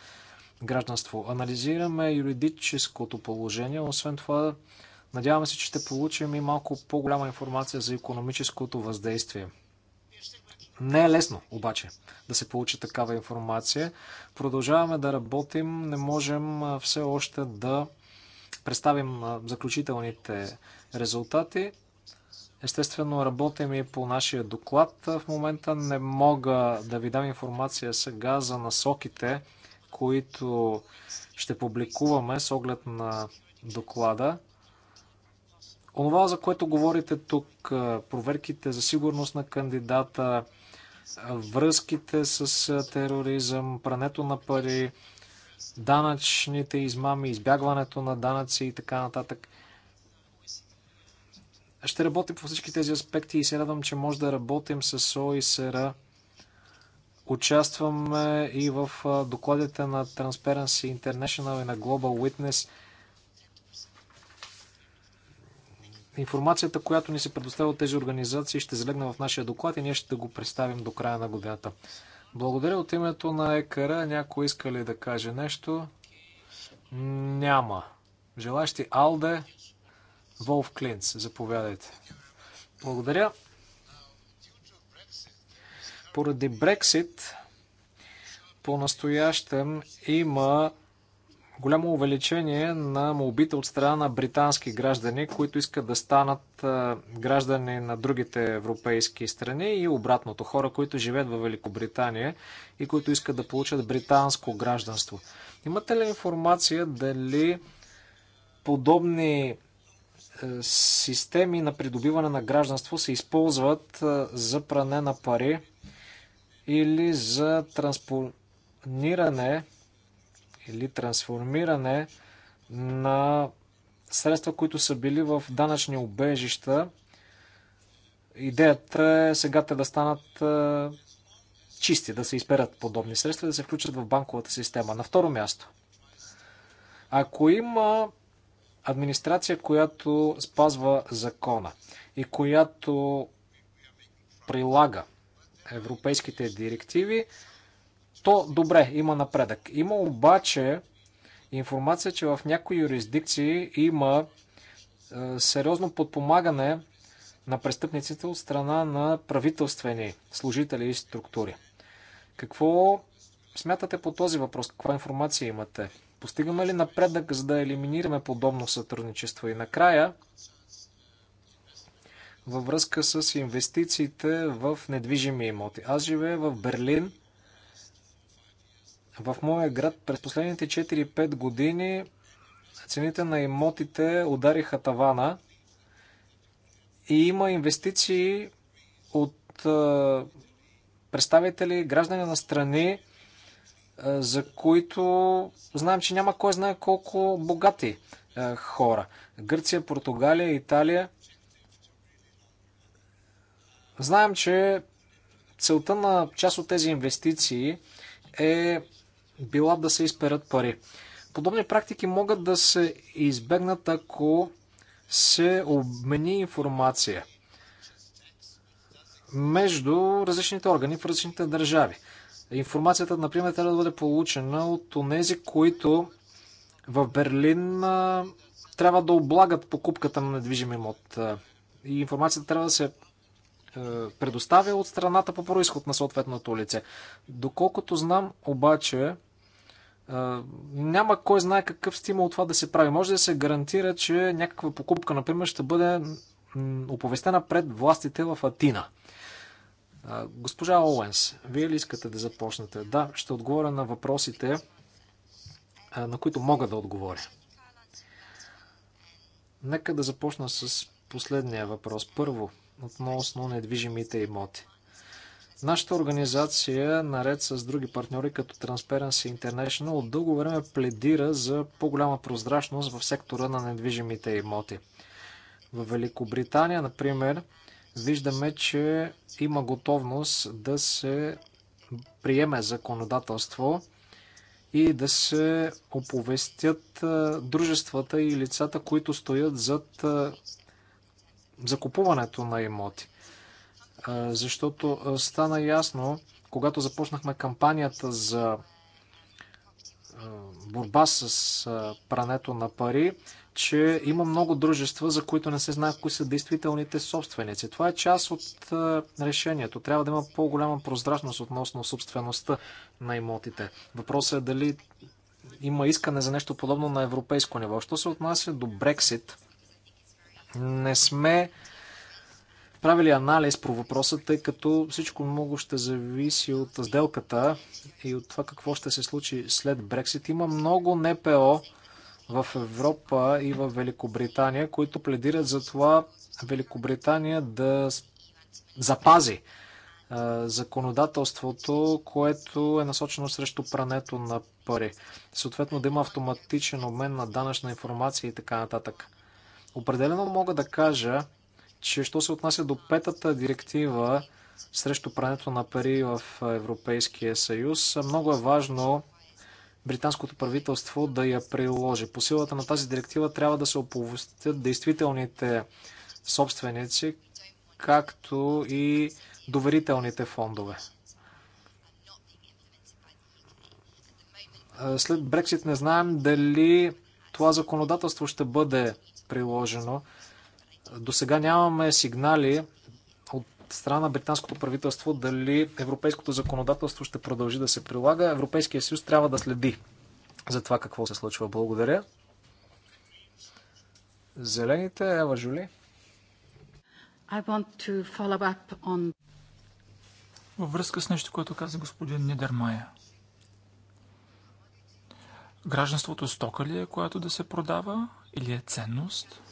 гражданство. Анализираме юридическото положение, освен това надяваме се, че ще получим и малко по-голяма информация за економическото въздействие. Не е лесно, обаче, да се получи такава информация. Продължаваме да работим, не можем все още да представим заключителните резултати. Естествено, работим и по нашия доклад. В момента не мога да ви дам информация сега за насоките, които ще публикуваме с оглед на доклада. Онова, за което говорите тук, проверките за сигурност на кандидата, връзките с тероризъм, прането на пари, данъчните измами, избягването на данъци и така нататък. Ще работим по всички тези аспекти и се радвам, че може да работим с ОИСР Участваме и в докладите на Transparency International и на Global Witness. Информацията, която ни се предоставя от тези организации, ще залегне в нашия доклад и ние ще го представим до края на годината. Благодаря от името на ЕКР. Някой иска ли да каже нещо? Няма. Желащи Алде, Волф Клинц, заповядайте. Благодаря. Поради Брексит по-настоящем има голямо увеличение на молбите от страна на британски граждани, които искат да станат граждани на другите европейски страни и обратното хора, които живеят в Великобритания и които искат да получат британско гражданство. Имате ли информация дали подобни е, системи на придобиване на гражданство се използват е, за пране на пари или за транспониране или трансформиране на средства, които са били в данъчни обежища. Идеята е сега те да станат е, чисти, да се изперат подобни средства, да се включат в банковата система. На второ място, ако има администрация, която спазва закона и която прилага европейските директиви, то добре, има напредък. Има обаче информация, че в някои юрисдикции има е, сериозно подпомагане на престъпниците от страна на правителствени служители и структури. Какво смятате по този въпрос? Каква информация имате? Постигаме ли напредък, за да елиминираме подобно сътрудничество? И накрая, във връзка с инвестициите в недвижими имоти. Аз живея в Берлин. В моя град през последните 4-5 години цените на имотите удариха тавана и има инвестиции от представители, граждани на страни, за които знаем, че няма кой знае колко богати хора. Гърция, Португалия, Италия – Знаем, че целта на част от тези инвестиции е била да се изперат пари. Подобни практики могат да се избегнат, ако се обмени информация между различните органи в различните държави. Информацията, например, трябва да бъде получена от онези, които в Берлин трябва да облагат покупката на недвижим имот. И информацията трябва да се е, предоставя от страната по происход на съответното лице. Доколкото знам, обаче, е, няма кой знае какъв стимул това да се прави. Може да се гарантира, че някаква покупка, например, ще бъде оповестена пред властите в Атина. Е, госпожа Оуенс, вие ли искате да започнете? Да, ще отговоря на въпросите, на които мога да отговоря. Нека да започна с последния въпрос. Първо, относно недвижимите имоти. Нашата организация, наред с други партньори като Transparency International, от дълго време пледира за по-голяма прозрачност в сектора на недвижимите имоти. В Великобритания, например, виждаме, че има готовност да се приеме законодателство и да се оповестят дружествата и лицата, които стоят зад закупуването на имоти. Защото стана ясно, когато започнахме кампанията за борба с прането на пари, че има много дружества, за които не се знае кои са действителните собственици. Това е част от решението. Трябва да има по-голяма прозрачност относно собствеността на имотите. Въпросът е дали има искане за нещо подобно на европейско ниво. Що се отнася до Брексит, не сме правили анализ по въпроса, тъй като всичко много ще зависи от сделката и от това какво ще се случи след Брексит. Има много НПО в Европа и в Великобритания, които пледират за това Великобритания да запази законодателството, което е насочено срещу прането на пари. Съответно да има автоматичен обмен на данъчна информация и така нататък. Определено мога да кажа, че що се отнася до петата директива срещу прането на пари в Европейския съюз, много е важно британското правителство да я приложи. По силата на тази директива трябва да се оповестят действителните собственици, както и доверителните фондове. След Брексит не знаем дали това законодателство ще бъде приложено. До сега нямаме сигнали от страна на британското правителство дали европейското законодателство ще продължи да се прилага. Европейския съюз трябва да следи за това какво се случва. Благодаря. Зелените, Ева Жули. I want to follow up on... Във връзка с нещо, което каза господин Нидермая. Гражданството стока ли е, която да се продава или е ценност.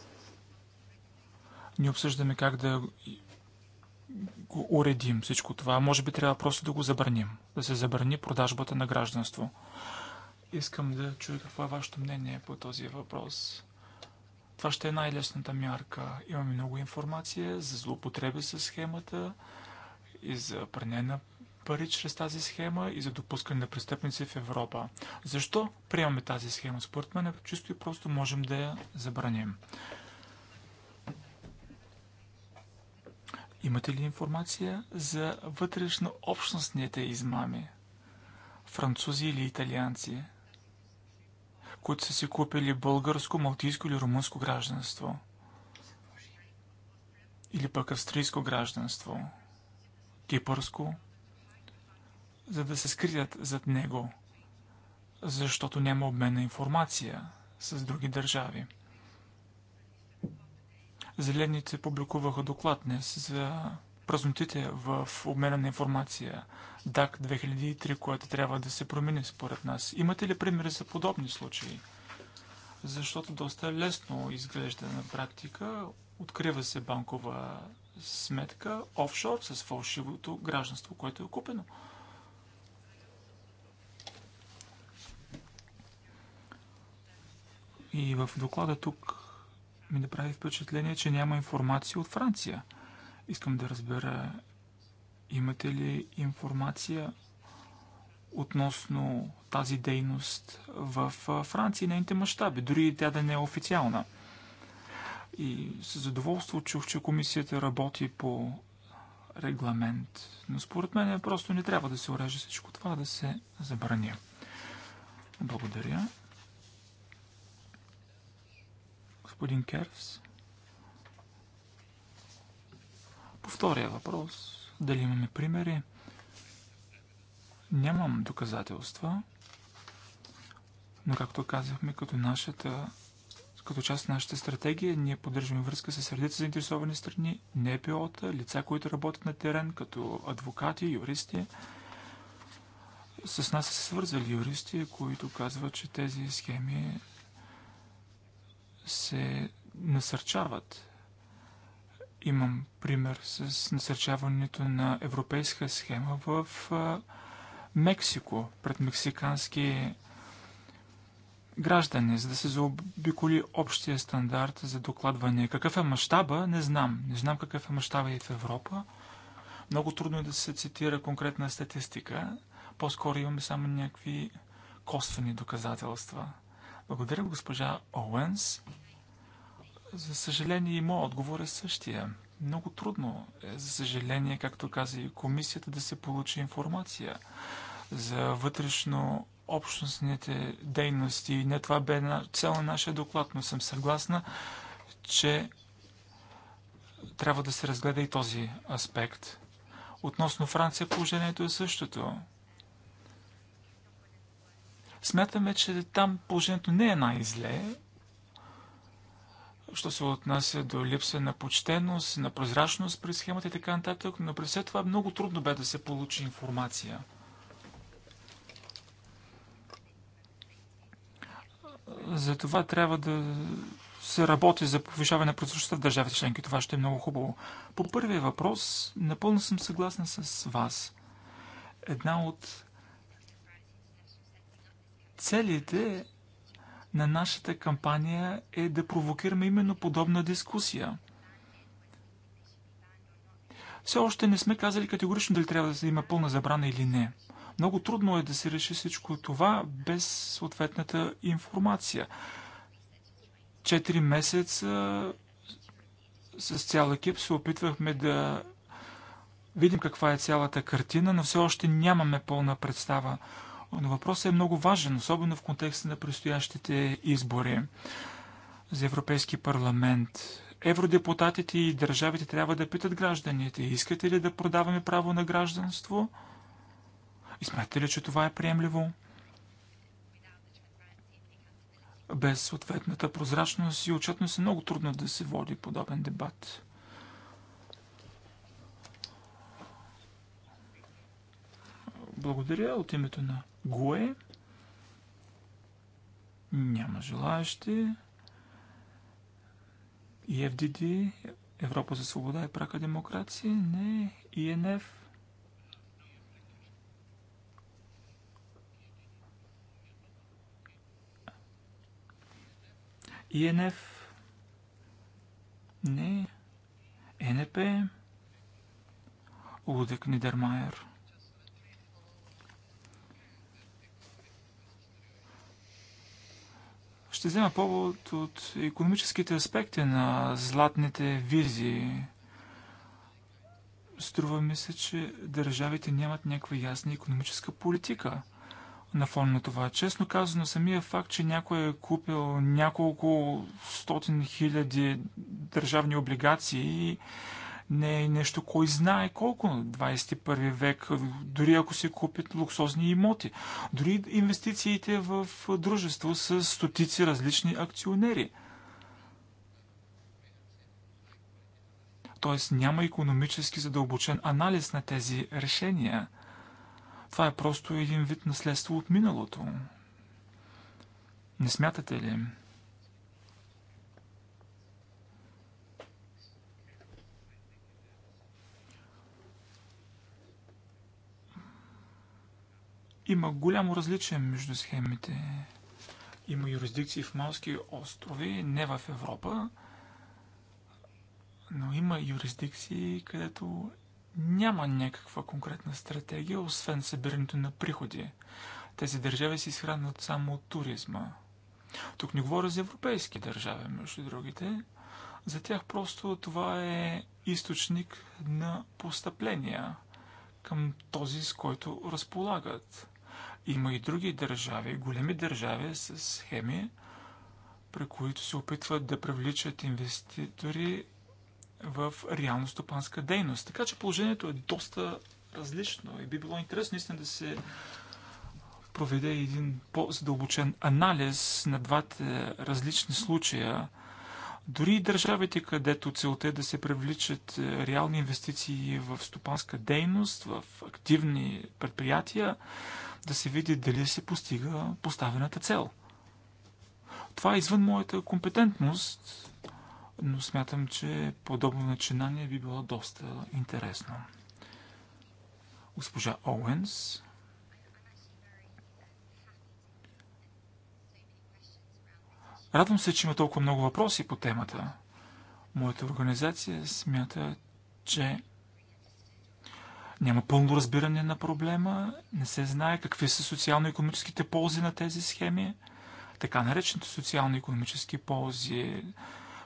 Ние обсъждаме как да го уредим всичко това. Може би трябва просто да го забраним. Да се забрани продажбата на гражданство. Искам да чуя какво е вашето мнение по този въпрос. Това ще е най-лесната мярка. Имаме много информация за злоупотреби с схемата и за пране на пари чрез тази схема и за допускане на престъпници в Европа. Защо приемаме тази схема? Според мен чисто и просто можем да я забраним. Имате ли информация за вътрешно общностните измами? Французи или италианци, които са си купили българско, малтийско или румънско гражданство? Или пък австрийско гражданство? Кипърско? за да се скрият зад него, защото няма обмен на информация с други държави. Зелените публикуваха доклад днес за празнотите в обмена на информация DAC 2003, което трябва да се промени според нас. Имате ли примери за подобни случаи? Защото доста лесно изглежда на практика. Открива се банкова сметка офшор с фалшивото гражданство, което е купено. И в доклада тук ми направи впечатление, че няма информация от Франция. Искам да разбера, имате ли информация относно тази дейност в Франция и нейните мащаби, дори тя да не е официална. И с задоволство чух, че комисията работи по регламент, но според мен просто не трябва да се уреже всичко това, да се забрани. Благодаря. господин Кервс. По втория въпрос, дали имаме примери, нямам доказателства, но както казахме, като, нашата, като част от нашата стратегия, ние поддържаме връзка с редица заинтересовани страни, НПО-та, лица, които работят на терен, като адвокати, юристи. С нас са се свързали юристи, които казват, че тези схеми се насърчават. Имам пример с насърчаването на европейска схема в Мексико пред мексикански граждани, за да се заобиколи общия стандарт за докладване. Какъв е мащаба, не знам. Не знам какъв е мащаба и в Европа. Много трудно е да се цитира конкретна статистика. По-скоро имаме само някакви косвени доказателства – благодаря, госпожа Оуенс. За съжаление и моят отговор е същия. Много трудно е, за съжаление, както каза и комисията, да се получи информация за вътрешно общностните дейности. Не това бе на цел на нашия доклад, но съм съгласна, че трябва да се разгледа и този аспект. Относно Франция положението е същото. Смятаме, че там положението не е най-зле, що се отнася до липса на почтеност, на прозрачност при схемата и така нататък, но при все това много трудно бе да се получи информация. Затова трябва да се работи за повишаване на прозрачността в държавите членки. Това ще е много хубаво. По първия въпрос, напълно съм съгласна с вас. Една от Целите на нашата кампания е да провокираме именно подобна дискусия. Все още не сме казали категорично дали трябва да има пълна забрана или не. Много трудно е да се реши всичко това без съответната информация. Четири месеца с цял екип се опитвахме да видим каква е цялата картина, но все още нямаме пълна представа. Но въпросът е много важен, особено в контекста на предстоящите избори за Европейски парламент. Евродепутатите и държавите трябва да питат гражданите, искате ли да продаваме право на гражданство? И смятате ли, че това е приемливо? Без съответната прозрачност и отчетност е много трудно да се води подобен дебат. Благодаря от името на Гуе. Няма желаящи. EFDD, Европа за свобода и прака демокрация. Не. ИНФ. ИНФ. Не. Е НП. Лудек Нидермайер. Ще взема повод от економическите аспекти на златните визи. Струва ми се, че държавите нямат някаква ясна економическа политика на фон на това. Честно казано, самия факт, че някой е купил няколко стотин хиляди държавни облигации не е нещо кой знае колко на 21 век, дори ако се купят луксозни имоти, дори инвестициите в дружество с стотици различни акционери. Тоест няма економически задълбочен анализ на тези решения. Това е просто един вид наследство от миналото. Не смятате ли? Има голямо различие между схемите. Има юрисдикции в Малски острови, не в Европа, но има юрисдикции, където няма някаква конкретна стратегия, освен събирането на приходи. Тези държави се изхранват само от туризма. Тук не говоря за европейски държави, между другите. За тях просто това е източник на постъпления към този, с който разполагат. Има и други държави, големи държави с схеми, при които се опитват да привличат инвеститори в реално стопанска дейност. Така че положението е доста различно и би било интересно наистина да се проведе един по-задълбочен анализ на двата различни случая. Дори и държавите, където целта е да се привличат е, реални инвестиции в стопанска дейност, в активни предприятия, да се види дали се постига поставената цел. Това е извън моята компетентност, но смятам, че подобно начинание би било доста интересно. Госпожа Оуенс. Радвам се, че има толкова много въпроси по темата. Моята организация смята, че няма пълно разбиране на проблема, не се знае какви са социално-економическите ползи на тези схеми. Така наречените социално-економически ползи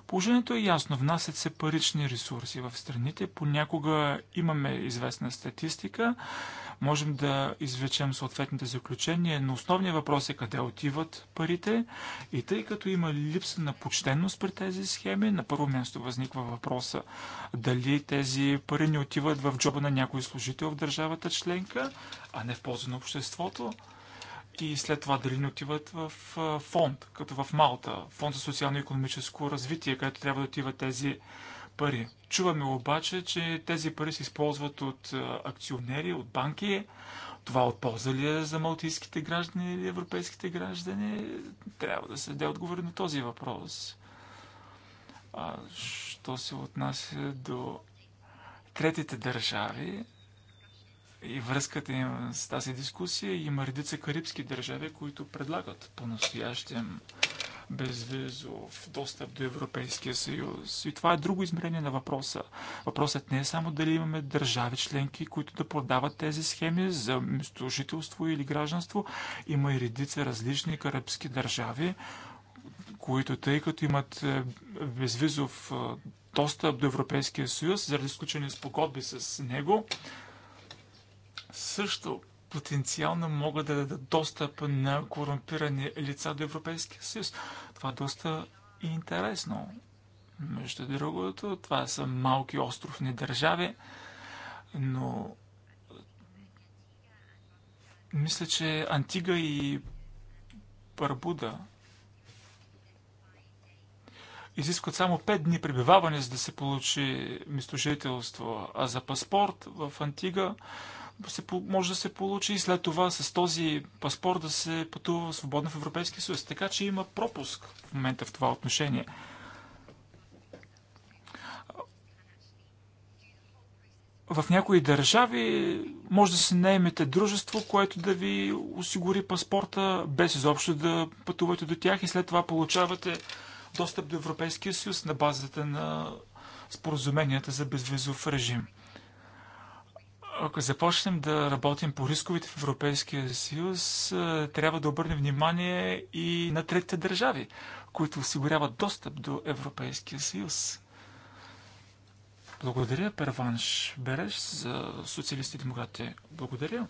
Положението е ясно. Внасят се парични ресурси в страните. Понякога имаме известна статистика. Можем да извлечем съответните заключения, но основният въпрос е къде отиват парите. И тъй като има липса на почтенност при тези схеми, на първо място възниква въпроса дали тези пари не отиват в джоба на някой служител в държавата членка, а не в полза на обществото и след това дали не отиват в фонд, като в Малта, фонд за социално-економическо развитие, където трябва да отиват тези пари. Чуваме обаче, че тези пари се използват от акционери, от банки. Това от полза ли е за малтийските граждани или европейските граждани? Трябва да се даде отговор на този въпрос. А, що се отнася до третите държави, и връзката им с тази дискусия. Има редица карибски държави, които предлагат по-настоящем безвизов достъп до Европейския съюз. И това е друго измерение на въпроса. Въпросът не е само дали имаме държави членки, които да продават тези схеми за местожителство или гражданство. Има и редица различни карибски държави, които тъй като имат е, безвизов е, достъп до Европейския съюз, заради изключени спогодби с него, също потенциално могат да дадат достъп на корумпирани лица до Европейския съюз. Това е доста интересно. Между другото, това са малки островни държави, но мисля, че Антига и Барбуда изискват само 5 дни пребиваване, за да се получи местожителство, а за паспорт в Антига се, може да се получи и след това с този паспорт да се пътува свободно в Европейския съюз. Така че има пропуск в момента в това отношение. В някои държави може да се наемете дружество, което да ви осигури паспорта без изобщо да пътувате до тях и след това получавате достъп до Европейския съюз на базата на споразуменията за безвизов режим. Ако започнем да работим по рисковите в Европейския съюз, е, трябва да обърнем внимание и на третите държави, които осигуряват достъп до Европейския съюз. Благодаря, Перванш Береш, за социалисти и демократи. Благодаря.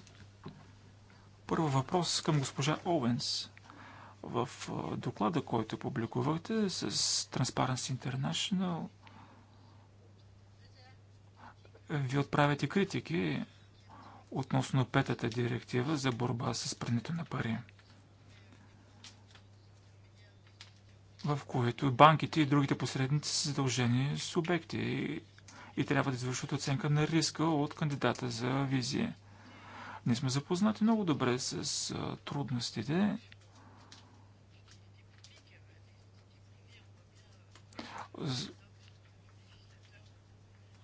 Първо въпрос към госпожа Оуенс. В е, доклада, който публикувахте с Transparency International, ви отправяте критики относно петата директива за борба с прането на пари, в което банките и другите посредници са задължени субекти и трябва да извършват оценка на риска от кандидата за визия. Ние сме запознати много добре с трудностите.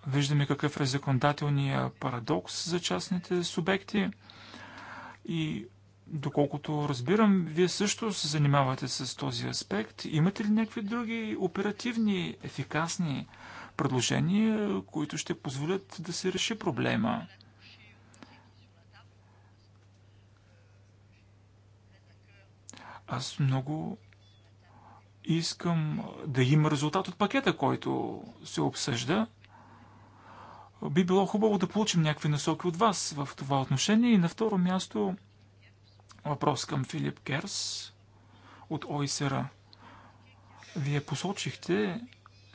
Виждаме какъв е законодателният парадокс за частните субекти и доколкото разбирам, вие също се занимавате с този аспект. Имате ли някакви други оперативни, ефикасни предложения, които ще позволят да се реши проблема? Аз много искам да има резултат от пакета, който се обсъжда би било хубаво да получим някакви насоки от вас в това отношение. И на второ място въпрос към Филип Керс от ОИСР. Вие посочихте,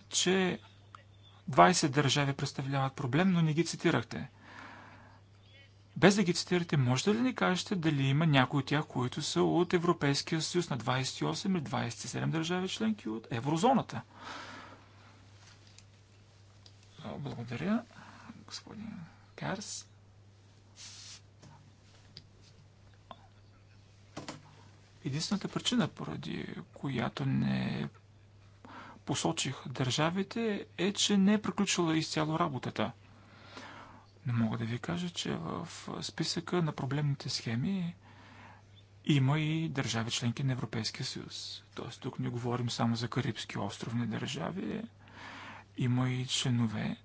че 20 държави представляват проблем, но не ги цитирахте. Без да ги цитирате, можете ли ни кажете дали има някои от тях, които са от Европейския съюз на 28 или 27 държави членки от еврозоната? Благодаря господин Карс. Единствената причина, поради която не посочих държавите, е, че не е приключила изцяло работата. Но мога да ви кажа, че в списъка на проблемните схеми има и държави членки на Европейския съюз. Тоест тук не говорим само за Карибски островни държави, има и членове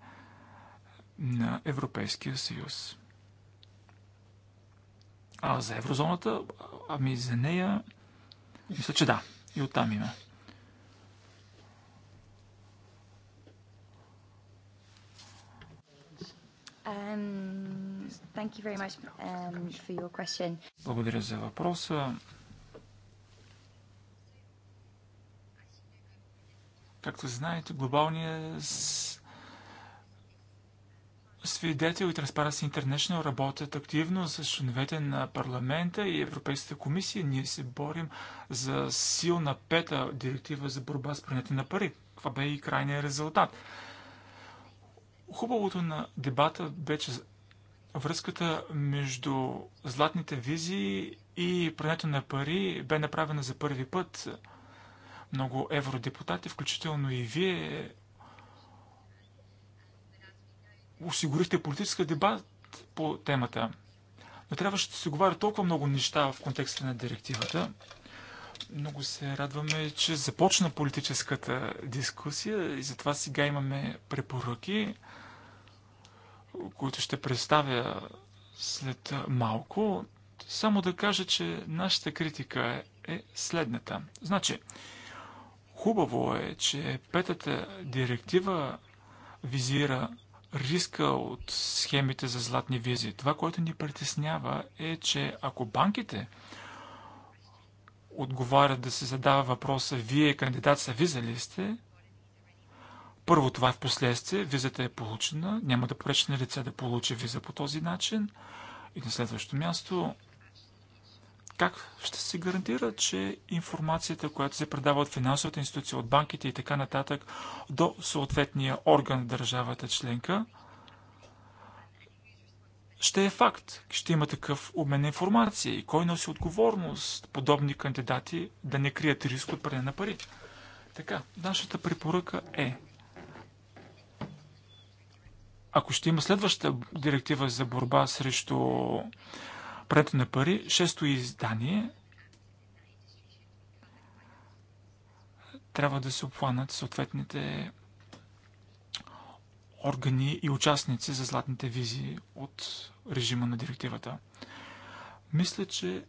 на Европейския съюз. А за еврозоната, ами за нея, мисля, че да. И оттам има. Um, much, um, Благодаря за въпроса. Както знаете, глобалният свидетели от Transparency International работят активно с членовете на парламента и Европейската комисия. Ние се борим за силна пета директива за борба с прането на пари. Това бе и крайния резултат. Хубавото на дебата беше връзката между златните визии и прането на пари бе направена за първи път. Много евродепутати, включително и вие, осигурихте политическа дебат по темата. Но трябваше да се говори толкова много неща в контекста на директивата. Много се радваме, че започна политическата дискусия и затова сега имаме препоръки, които ще представя след малко. Само да кажа, че нашата критика е следната. Значи, хубаво е, че петата директива визира риска от схемите за златни визи. Това, което ни притеснява е, че ако банките отговарят да се задава въпроса вие кандидат са виза ли сте, първо това е в последствие, визата е получена, няма да поречне лице да получи виза по този начин. И на следващото място, как ще се гарантира, че информацията, която се предава от финансовата институция, от банките и така нататък до съответния орган в държавата членка, ще е факт. Ще има такъв обмен на информация и кой носи отговорност подобни кандидати да не крият риск от пране на пари. Така, нашата препоръка е ако ще има следваща директива за борба срещу пред на пари, шесто издание. Трябва да се обхванат съответните органи и участници за златните визи от режима на директивата. Мисля, че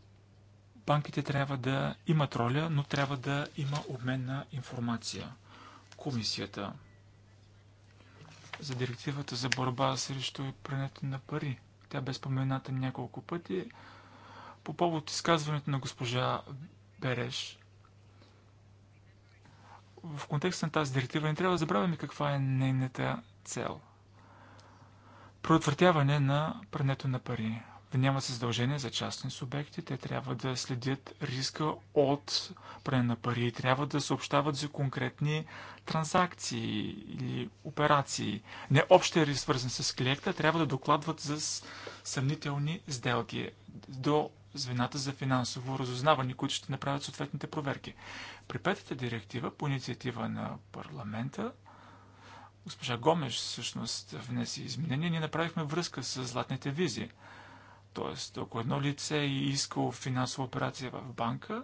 банките трябва да имат роля, но трябва да има обмен на информация. Комисията за директивата за борба срещу прането на пари – тя бе спомената няколко пъти по повод изказването на госпожа Береш. В контекста на тази директива не трябва да забравяме каква е нейната цел. Проотвъртяване на прането на пари да нямат задължения за частни субекти. Те трябва да следят риска от пране на пари, трябва да съобщават за конкретни транзакции или операции. Не общия риск, свързан с клиента, трябва да докладват за съмнителни сделки до звената за финансово разузнаване, които ще направят съответните проверки. При петата директива по инициатива на парламента госпожа Гомеш всъщност внесе изменения, ние направихме връзка с златните визи. Тоест, ако едно лице е искало финансова операция в банка,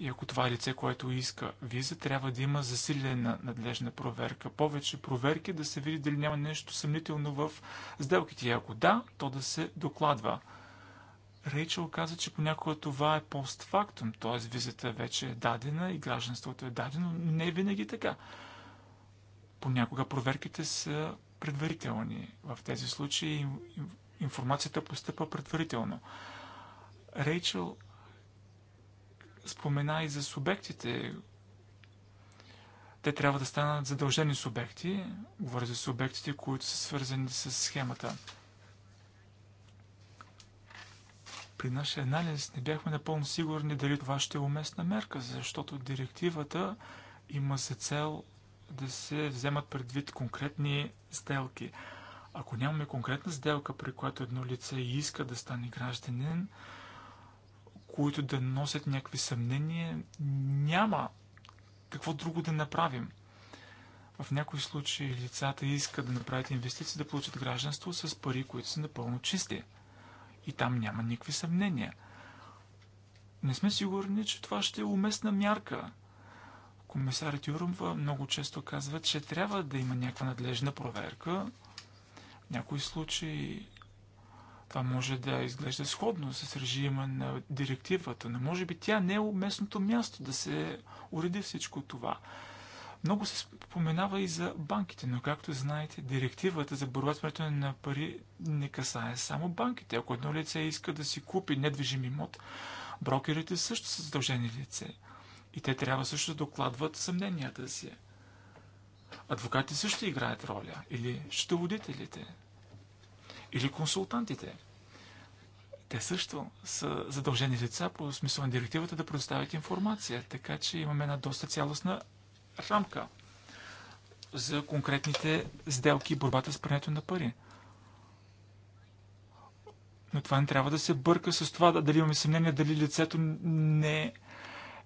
и ако това е лице, което иска виза, трябва да има засилена надлежна проверка. Повече проверки да се види дали няма нещо съмнително в сделките. И ако да, то да се докладва. Рейчел каза, че понякога това е постфактум, т.е. визата вече е дадена и гражданството е дадено, но не е винаги така. Понякога проверките са предварителни. В тези случаи информацията постъпва предварително. Рейчел спомена и за субектите. Те трябва да станат задължени субекти. Говоря за субектите, които са свързани с схемата. При нашия анализ не бяхме напълно сигурни дали това ще е уместна мерка, защото директивата има за цел да се вземат предвид конкретни сделки. Ако нямаме конкретна сделка, при която едно лице иска да стане гражданин, които да носят някакви съмнения, няма какво друго да направим. В някои случаи лицата искат да направят инвестиции, да получат гражданство с пари, които са напълно чисти. И там няма никакви съмнения. Не сме сигурни, че това ще е уместна мярка. Комисарът Юрумва много често казва, че трябва да има някаква надлежна проверка, в някои случаи това може да изглежда сходно с режима на директивата, но може би тя не е уместното място да се уреди всичко това. Много се споменава и за банките, но както знаете, директивата за борба с на пари не касае само банките. Ако едно лице иска да си купи недвижим имот, брокерите също са задължени лице. И те трябва също да докладват съмненията си. Адвокати също играят роля. Или счетоводителите. Или консултантите. Те също са задължени лица по смисъл на директивата да предоставят информация. Така че имаме една доста цялостна рамка за конкретните сделки и борбата с прането на пари. Но това не трябва да се бърка с това, дали имаме съмнение, дали лицето не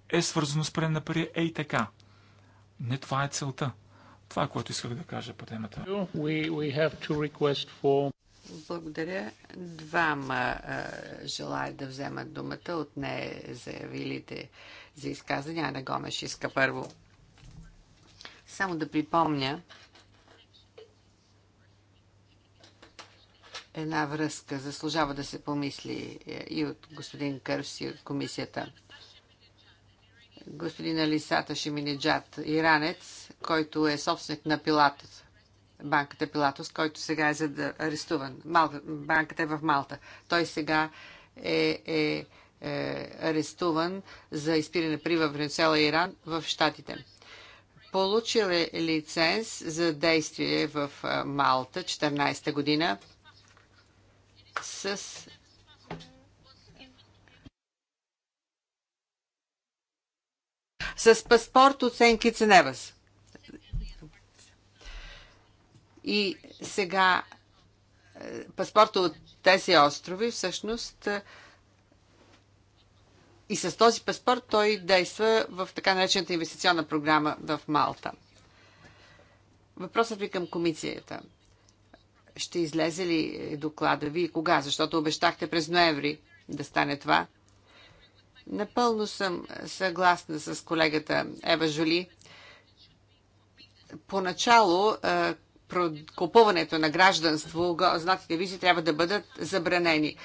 е свързано с пране на пари. Ей така. Не това е целта. Това, което исках да кажа по темата. We, we for... Благодаря. Двама желая да вземат думата от не заявилите за изказване. Ана Гомеш иска първо. Само да припомня една връзка. Заслужава да се помисли е, и от господин Кърс, и от комисията господин Алисата Шеминеджат, иранец, който е собственик на Пилатос, банката Пилатос, който сега е арестуван. Малта, банката е в Малта. Той сега е, е, е арестуван за изпиране при в Венецуела и Иран в Штатите. Получил е лиценз за действие в Малта 14 година с с паспорт от Сенки Ценевас. И сега е, паспорта от тези острови всъщност е, и с този паспорт той действа в така наречената инвестиционна програма в Малта. Въпросът ви към комисията. Ще излезе ли доклада ви и кога? Защото обещахте през ноември да стане това. Напълно съм съгласна с колегата Ева Жули. Поначало купуването на гражданство, знатите визи трябва да бъдат забранени.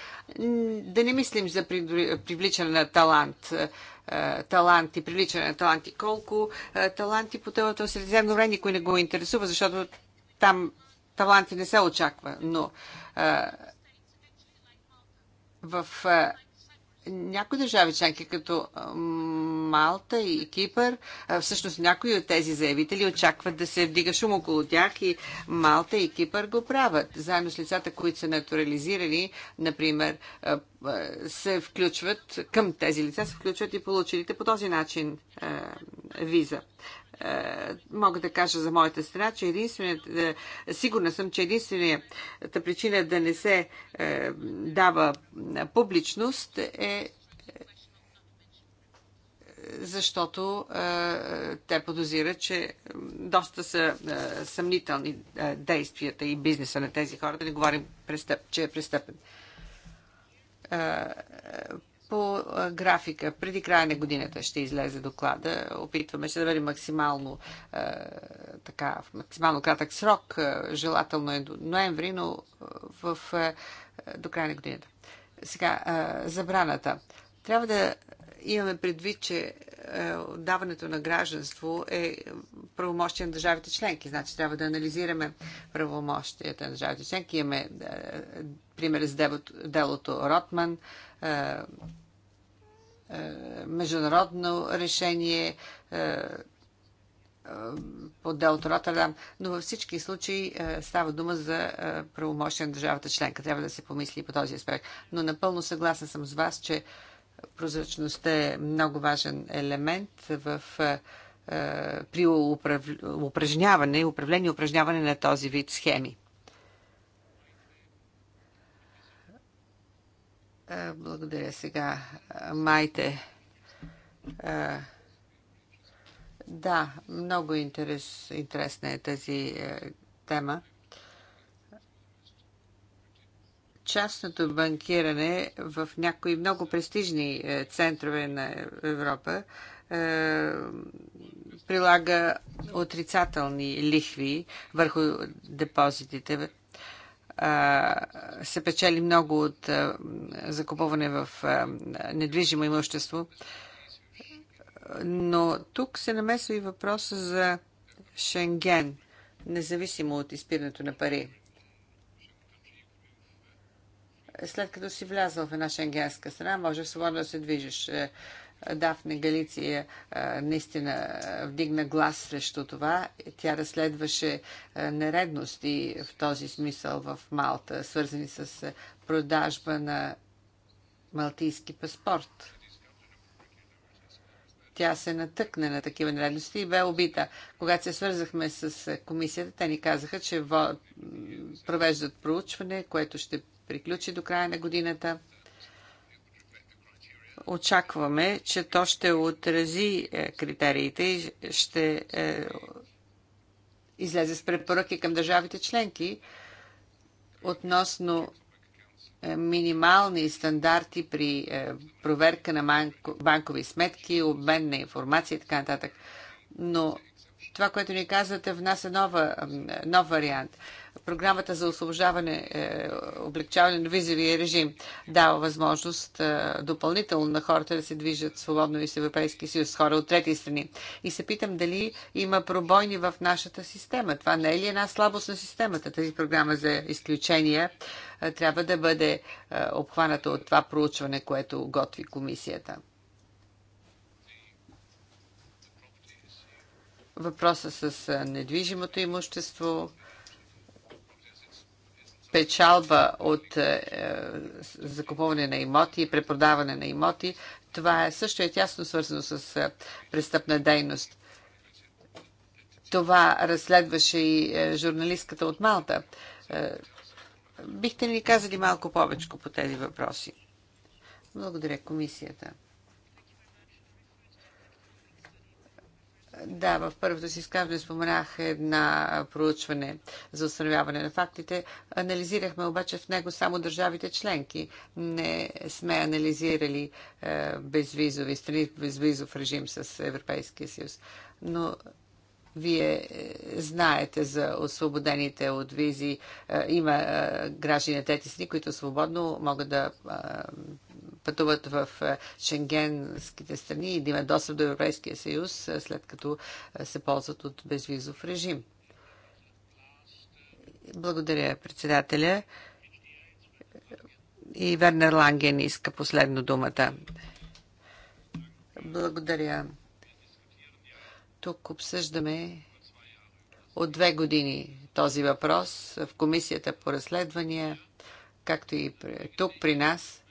Да не мислим за привличане на талант, таланти, привличане на таланти. Колко таланти по в средиземно време никой не го интересува, защото там таланти не се очаква. Но в някои държави членки, като Малта и Кипър, всъщност някои от тези заявители очакват да се вдига шум около тях и Малта и Кипър го правят. Заедно с лицата, които са натурализирани, например, се включват, към тези лица се включват и получилите по този начин виза. Е, мога да кажа за моята страна, че единствената, е, сигурна съм, че единствената причина да не се е, дава публичност е защото те подозират, че доста са съмнителни действията и бизнеса на тези хора, да не говорим, че е престъпен по графика. Преди края на годината ще излезе доклада. Опитваме се да бъде максимално, така, в максимално кратък срок. Желателно е до ноември, но в, до края на годината. Сега, забраната. Трябва да имаме предвид, че даването на гражданство е правомощие на държавите членки. Значи трябва да анализираме правомощията на държавите членки. Имаме пример с делото Ротман. Е, е, международно решение е, по делото Роттердам, но във всички случаи става дума за правомощен на държавата членка. Трябва да се помисли по този аспект. Но напълно съгласна съм с вас, че прозрачността е много важен елемент в при упражняване, управление и упражняване на този вид схеми. Благодаря сега. Майте. Да, много интерес, интересна е тази тема. Частното банкиране в някои много престижни центрове на Европа прилага отрицателни лихви върху депозитите се печели много от закупуване в недвижимо имущество. Но тук се намесва и въпроса за Шенген, независимо от изпирането на пари. След като си влязъл в една шенгенска страна, може свободно да се движиш. Дафне Галиция наистина вдигна глас срещу това. Тя разследваше нередности в този смисъл в Малта, свързани с продажба на малтийски паспорт. Тя се натъкна на такива нередности и бе убита. Когато се свързахме с комисията, те ни казаха, че провеждат проучване, което ще приключи до края на годината очакваме, че то ще отрази е, критериите и ще е, излезе с препоръки към държавите членки относно е, минимални стандарти при проверка на банкови сметки, обмен на информация и така нататък. Но това, което ни казвате, внася нова, нов вариант. Програмата за освобождаване, е, облегчаване на визовия режим дава възможност е, допълнително на хората да се движат свободно и с Европейския съюз, хора от трети страни. И се питам дали има пробойни в нашата система. Това не е ли една слабост на системата? Тази програма за изключения е, трябва да бъде обхваната от това проучване, което готви комисията. въпроса с недвижимото имущество, печалба от е, закупуване на имоти и препродаване на имоти. Това е, също е тясно свързано с е, престъпна дейност. Това разследваше и е, журналистката от Малта. Е, бихте ли ни казали малко повече по тези въпроси? Благодаря комисията. Да, в първото си изказване споменах една проучване за установяване на фактите. Анализирахме обаче в него само държавите членки. Не сме анализирали е, безвизови страни, безвизов режим с Европейския съюз. Но вие е, знаете за освободените от визи. Е, има е, граждани на трети страни, които свободно могат да пътуват в шенгенските страни и да имат достъп до Европейския съюз, след като се ползват от безвизов режим. Благодаря, председателя. И Вернер Ланген иска последно думата. Благодаря. Тук обсъждаме от две години този въпрос в Комисията по разследвания, както и тук при нас.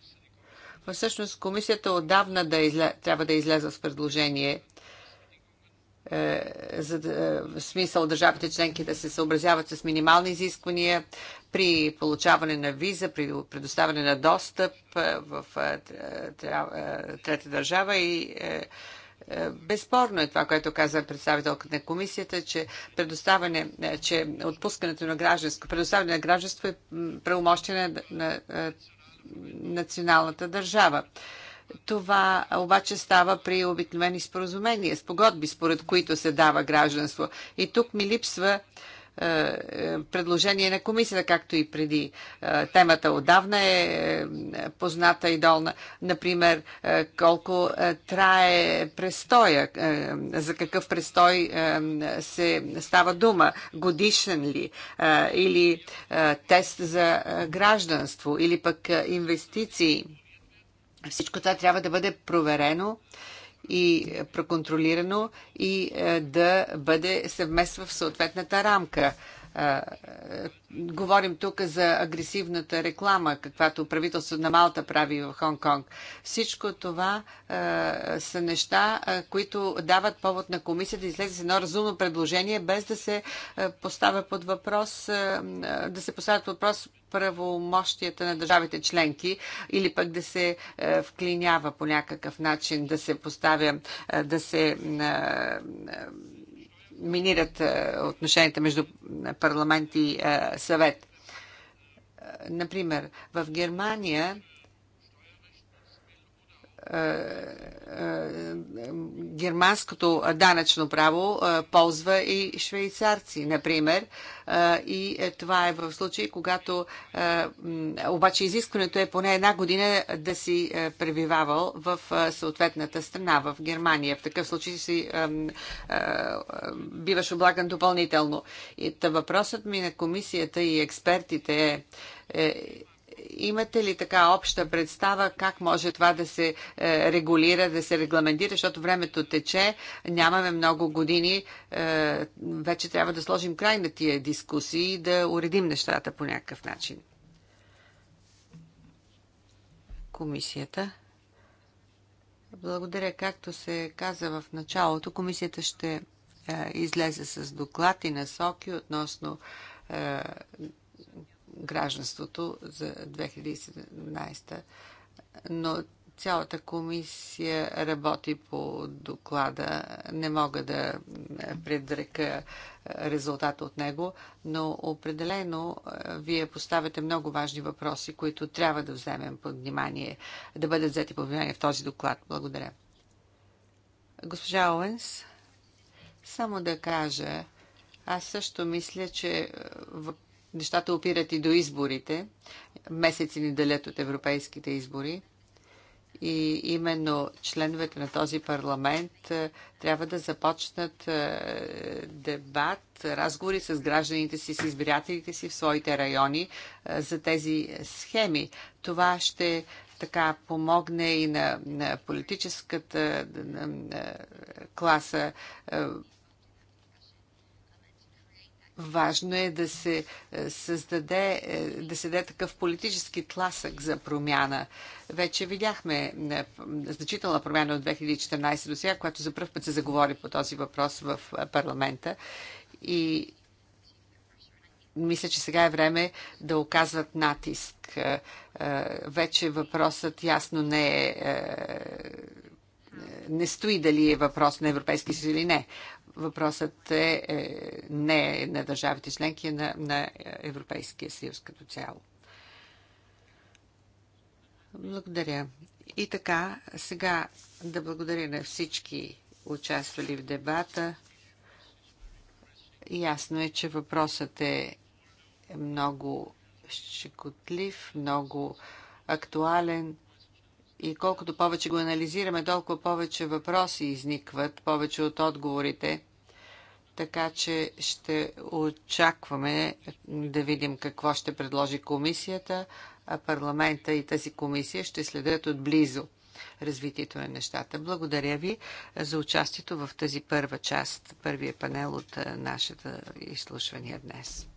Всъщност Комисията отдавна да изля... трябва да излезе с предложение е, за да, в смисъл държавите членки да се съобразяват с минимални изисквания при получаване на виза, при предоставяне на достъп е, в е, трета държава и е, безспорно е това, което каза представителката на комисията, че предоставане, е, че отпускането на гражданство, предоставане на гражданство е правомощие на, на, на е, националната държава. Това обаче става при обикновени споразумения, спогодби, според които се дава гражданство. И тук ми липсва е, е, предложение на комисията, както и преди. Е, темата отдавна е позната и долна. Например, колко трае престоя, за какъв престой се става дума, годишен ли, или тест за гражданство, или пък инвестиции. Всичко това трябва да бъде проверено и проконтролирано и е, да бъде съвместно в съответната рамка. Е, говорим тук за агресивната реклама, каквато правителството на Малта прави в Хонг-Конг. Всичко това е, са неща, които дават повод на комисията да излезе с едно разумно предложение, без да се поставя под въпрос, да се поставят въпрос правомощията на държавите членки или пък да се е, вклинява по някакъв начин, да се поставя, е, да се е, минират отношенията между парламент и съвет. Например, в Германия е, е, германското данъчно право е, ползва и швейцарци, например. И това е в случай, когато обаче изискването е поне една година да си пребивавал в съответната страна, в Германия. В такъв случай си биваш облаган допълнително. И въпросът ми на комисията и експертите е Имате ли така обща представа как може това да се е, регулира, да се регламентира, защото времето тече, нямаме много години, е, вече трябва да сложим край на тия дискусии и да уредим нещата по някакъв начин. Комисията. Благодаря. Както се каза в началото, комисията ще е, излезе с доклад и насоки относно гражданството за 2017. Но цялата комисия работи по доклада. Не мога да предрека е, резултата от него, но определено е, вие поставяте много важни въпроси, които трябва да вземем под внимание, да бъдат взети под внимание в този доклад. Благодаря. Госпожа Оуенс, само да кажа, аз също мисля, че Нещата опират и до изборите. Месеци ни делят от европейските избори. И именно членовете на този парламент е, трябва да започнат е, дебат, разговори с гражданите си, с избирателите си в своите райони е, за тези схеми. Това ще така помогне и на, на политическата на, на класа Важно е да се е, създаде, е, да се даде такъв политически тласък за промяна. Вече видяхме е, значителна промяна от 2014 до сега, която за първ път се заговори по този въпрос в парламента. И мисля, че сега е време да оказват натиск. Вече въпросът ясно не е не стои дали е въпрос на Европейския съюз или не. Въпросът е, е не е на държавите членки, а на, на Европейския съюз като цяло. Благодаря. И така, сега да благодаря на всички участвали в дебата. Ясно е, че въпросът е много щекотлив, много актуален и колкото повече го анализираме, толкова повече въпроси изникват, повече от отговорите. Така че ще очакваме да видим какво ще предложи комисията, а парламента и тази комисия ще следят отблизо развитието на нещата. Благодаря ви за участието в тази първа част, първия панел от нашата изслушвания днес.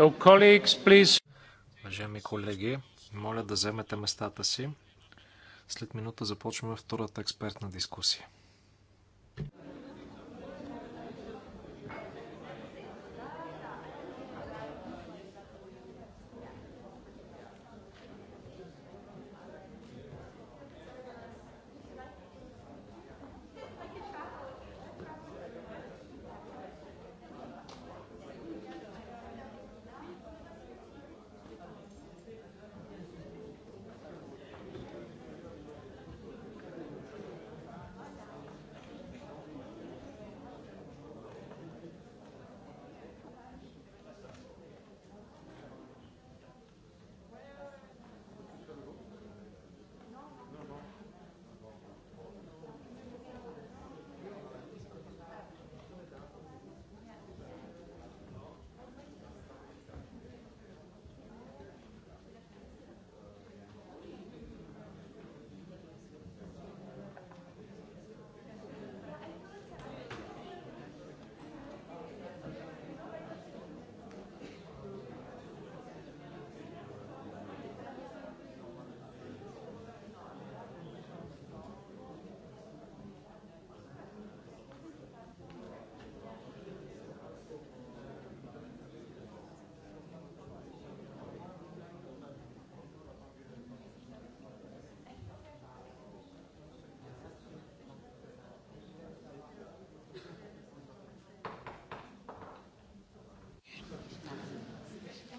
Уважаеми колеги, моля да вземете местата си. След минута започваме втората експертна дискусия.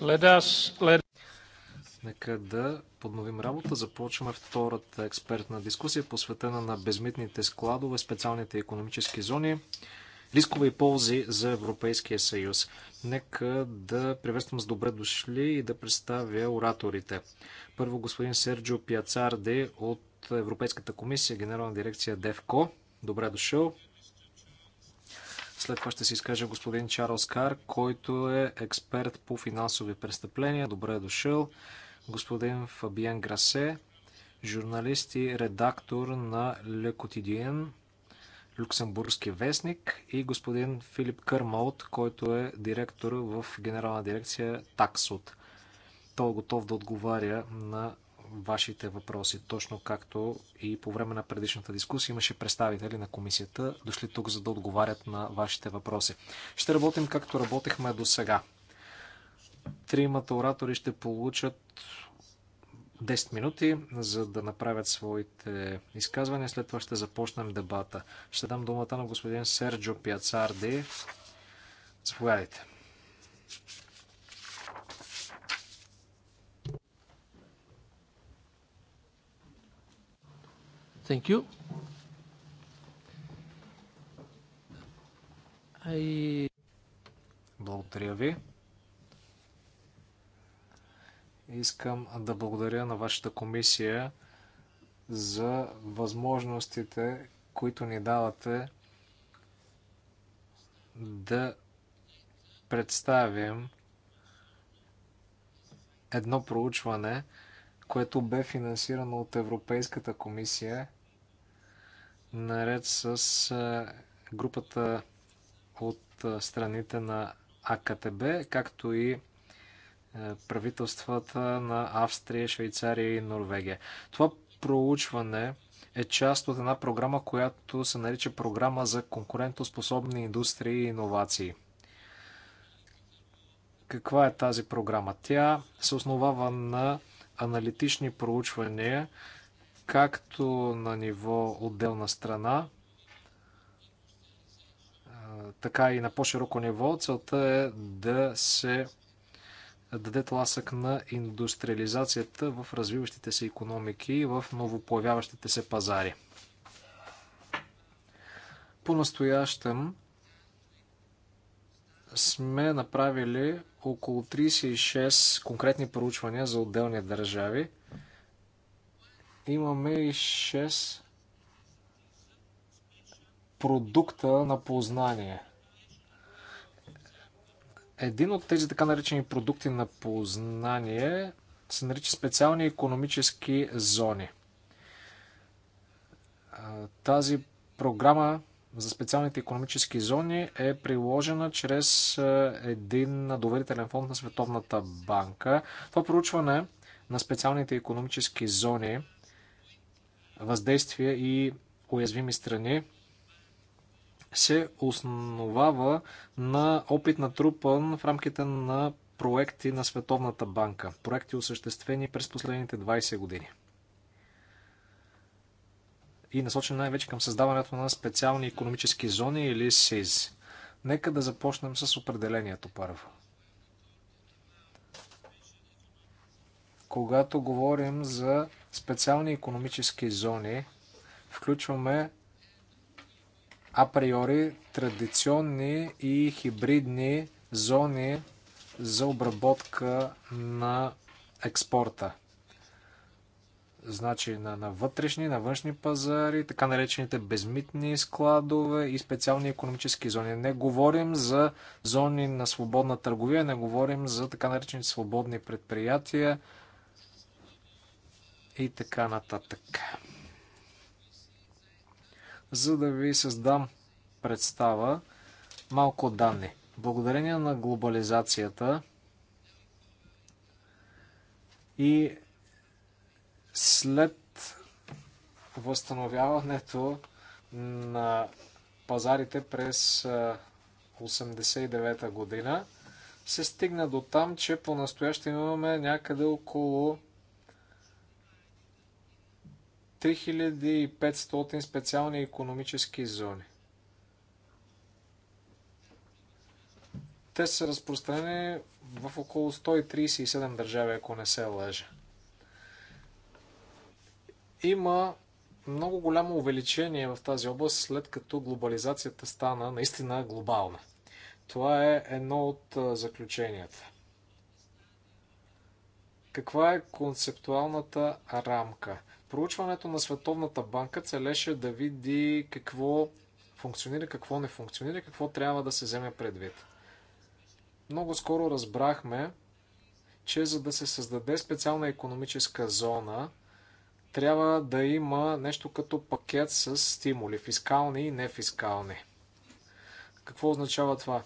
Let us, let... Нека да подновим работа. Започваме втората експертна дискусия, посветена на безмитните складове, специалните економически зони, рискове и ползи за Европейския съюз. Нека да приветствам с добре дошли и да представя ораторите. Първо господин Серджо Пиацарди от Европейската комисия, генерална дирекция ДЕВКО. Добре дошъл. След това ще се изкаже господин Чарлз Кар, който е експерт по финансови престъпления. Добре е дошъл. Господин Фабиен Грасе, журналист и редактор на Le Quotidien, люксембургски вестник и господин Филип Кърмолт, който е директор в генерална дирекция Таксот. Той е готов да отговаря на вашите въпроси, точно както и по време на предишната дискусия имаше представители на комисията, дошли тук за да отговарят на вашите въпроси. Ще работим както работехме до сега. Тримата оратори ще получат 10 минути, за да направят своите изказвания. След това ще започнем дебата. Ще дам думата на господин Серджо Пиацарди. Заповядайте. Thank you. I... Благодаря ви. Искам да благодаря на вашата комисия за възможностите, които ни давате да представим едно проучване, което бе финансирано от Европейската комисия наред с групата от страните на АКТБ, както и правителствата на Австрия, Швейцария и Норвегия. Това проучване е част от една програма, която се нарича Програма за конкурентоспособни индустрии и иновации. Каква е тази програма? Тя се основава на аналитични проучвания, както на ниво отделна страна, така и на по-широко ниво. Целта е да се даде тласък на индустриализацията в развиващите се економики и в новопоявяващите се пазари. По-настоящем сме направили около 36 конкретни проучвания за отделни държави – Имаме и 6 продукта на познание. Един от тези така наречени продукти на познание се нарича специални економически зони. Тази програма за специалните економически зони е приложена чрез един доверителен фонд на Световната банка. Това проучване на специалните економически зони въздействия и уязвими страни, се основава на опит на трупан в рамките на проекти на Световната банка. Проекти осъществени през последните 20 години. И насочен най-вече към създаването на специални економически зони или СИЗ. Нека да започнем с определението първо. Когато говорим за специални економически зони включваме априори традиционни и хибридни зони за обработка на експорта. Значи на, на вътрешни, на външни пазари, така наречените безмитни складове и специални економически зони. Не говорим за зони на свободна търговия, не говорим за така наречените свободни предприятия и така нататък. За да ви създам представа, малко данни. Благодарение на глобализацията и след възстановяването на пазарите през 1989 година, се стигна до там, че по-настояще имаме някъде около 3500 специални економически зони. Те са разпространени в около 137 държави, ако не се лъжа. Има много голямо увеличение в тази област, след като глобализацията стана наистина глобална. Това е едно от заключенията. Каква е концептуалната рамка? Проучването на Световната банка целеше да види какво функционира, какво не функционира, какво трябва да се вземе предвид. Много скоро разбрахме, че за да се създаде специална економическа зона, трябва да има нещо като пакет с стимули, фискални и нефискални. Какво означава това?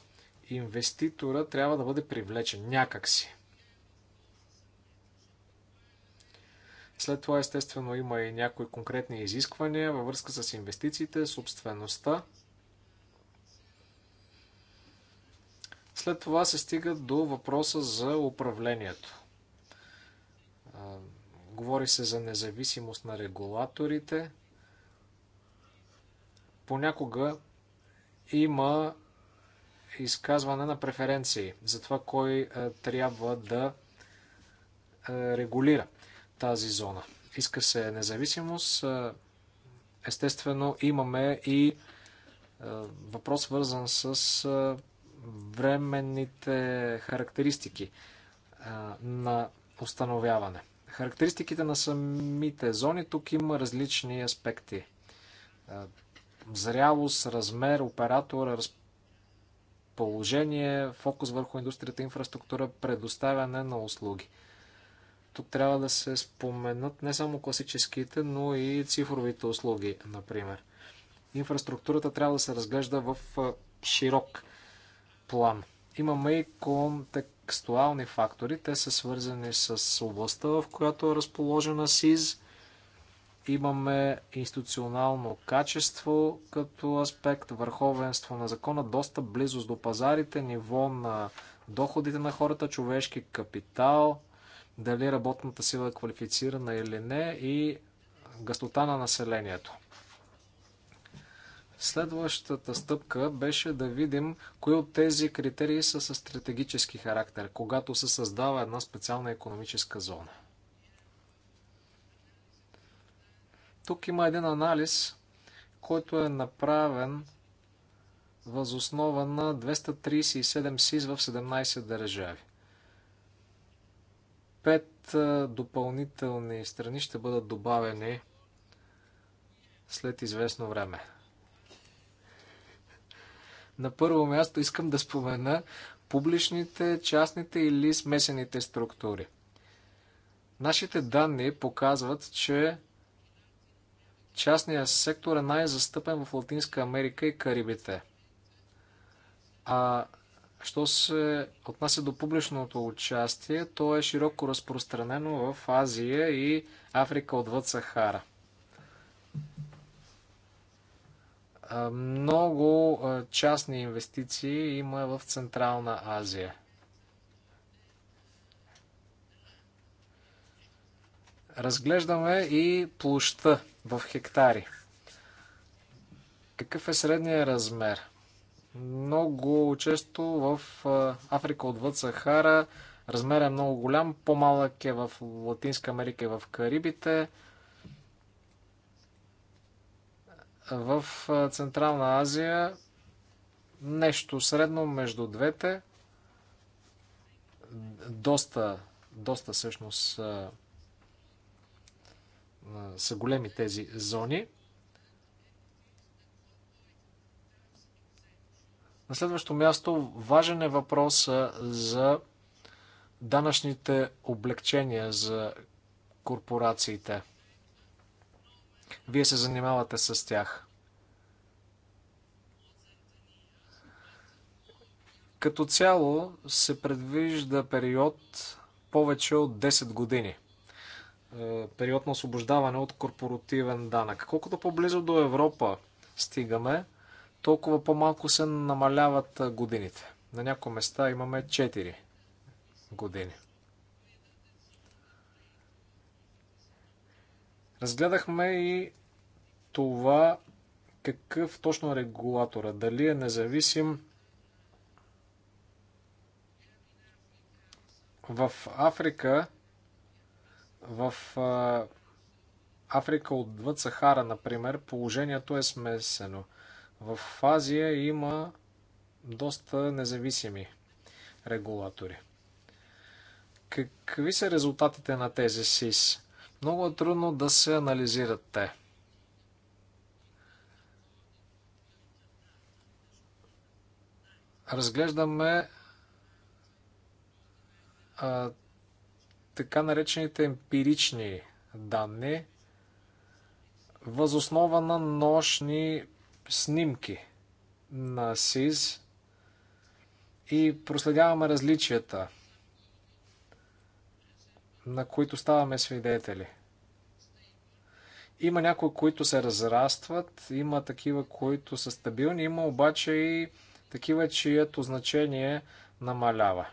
Инвеститора трябва да бъде привлечен някакси. След това, естествено, има и някои конкретни изисквания във връзка с инвестициите, собствеността. След това се стига до въпроса за управлението. Говори се за независимост на регулаторите. Понякога има изказване на преференции за това кой е, трябва да е, регулира тази зона. Иска се независимост. Естествено, имаме и въпрос, свързан с временните характеристики на установяване. Характеристиките на самите зони тук има различни аспекти. Зрялост, размер, оператор, разположение, фокус върху индустрията, инфраструктура, предоставяне на услуги – тук трябва да се споменат не само класическите, но и цифровите услуги, например. Инфраструктурата трябва да се разглежда в широк план. Имаме и контекстуални фактори. Те са свързани с областта, в която е разположена СИЗ. Имаме институционално качество като аспект, върховенство на закона, доста близост до пазарите, ниво на доходите на хората, човешки капитал – дали работната сила е квалифицирана или не и гъстота на населението. Следващата стъпка беше да видим кои от тези критерии са със стратегически характер, когато се създава една специална економическа зона. Тук има един анализ, който е направен възоснова на 237 СИЗ в 17 държави. Пет допълнителни страни ще бъдат добавени след известно време. На първо място искам да спомена публичните, частните или смесените структури. Нашите данни показват, че частният сектор е най-застъпен в Латинска Америка и Карибите. А Що се отнася до публичното участие, то е широко разпространено в Азия и Африка отвъд Сахара. Много частни инвестиции има в Централна Азия. Разглеждаме и площта в хектари. Какъв е средният размер? Много често в Африка отвъд Сахара размерът е много голям, по-малък е в Латинска Америка и в Карибите. В Централна Азия нещо средно между двете. Доста, доста всъщност са големи тези зони. На следващо място, важен е въпрос за данъчните облегчения за корпорациите. Вие се занимавате с тях. Като цяло се предвижда период повече от 10 години. Е, период на освобождаване от корпоративен данък. Колкото по-близо до Европа стигаме, толкова по-малко се намаляват годините. На някои места имаме 4 години. Разгледахме и това какъв точно е регулатора, дали е независим в Африка, в Африка отвъд Сахара, например, положението е смесено. В Азия има доста независими регулатори. Какви са резултатите на тези СИС? Много е трудно да се анализират те. Разглеждаме а, така наречените емпирични данни, възоснова на нощни снимки на СИЗ и проследяваме различията, на които ставаме свидетели. Има някои, които се разрастват, има такива, които са стабилни, има обаче и такива, чието значение намалява.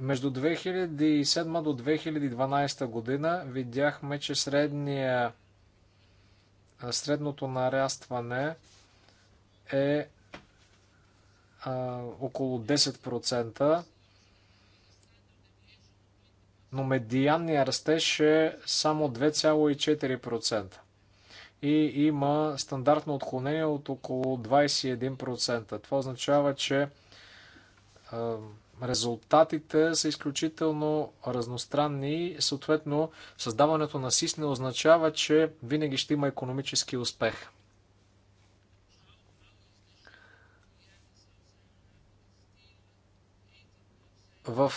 Между 2007 до 2012 година видяхме, че средния е, средното нарастване е, е около 10%, но медианния растеж е само 2,4%. И има стандартно отклонение от около 21%. Това означава, че Резултатите са изключително разностранни. и Съответно, създаването на СИС не означава, че винаги ще има економически успех. В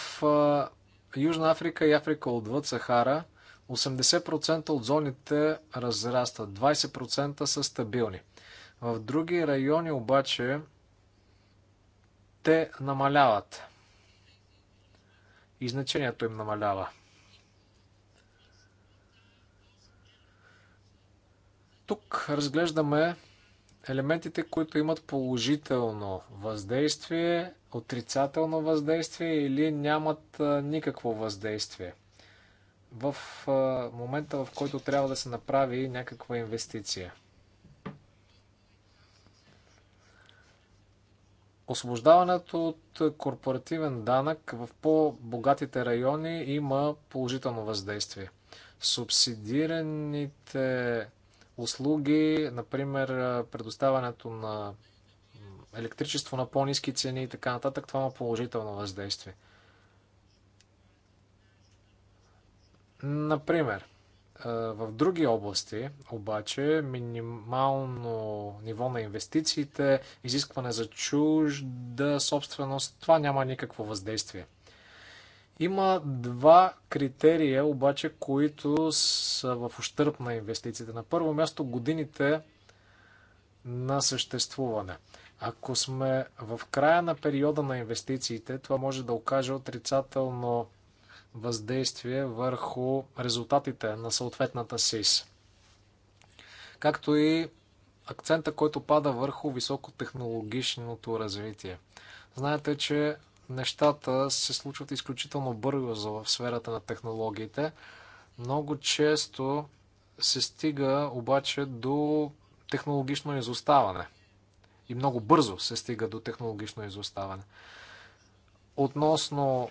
Южна Африка и Африка отвъд Сахара 80% от зоните разрастват, 20% са стабилни. В други райони обаче те намаляват и значението им намалява. Тук разглеждаме елементите, които имат положително въздействие, отрицателно въздействие или нямат никакво въздействие. В момента, в който трябва да се направи някаква инвестиция. Освобождаването от корпоративен данък в по-богатите райони има положително въздействие. Субсидираните услуги, например предоставянето на електричество на по-низки цени и така нататък, това има положително въздействие. Например, в други области, обаче, минимално ниво на инвестициите, изискване за чужда собственост, това няма никакво въздействие. Има два критерия, обаче, които са в ущърп на инвестициите. На първо място, годините на съществуване. Ако сме в края на периода на инвестициите, това може да окаже отрицателно въздействие върху резултатите на съответната СИС. Както и акцента, който пада върху високотехнологичното развитие. Знаете, че нещата се случват изключително бързо в сферата на технологиите. Много често се стига обаче до технологично изоставане. И много бързо се стига до технологично изоставане. Относно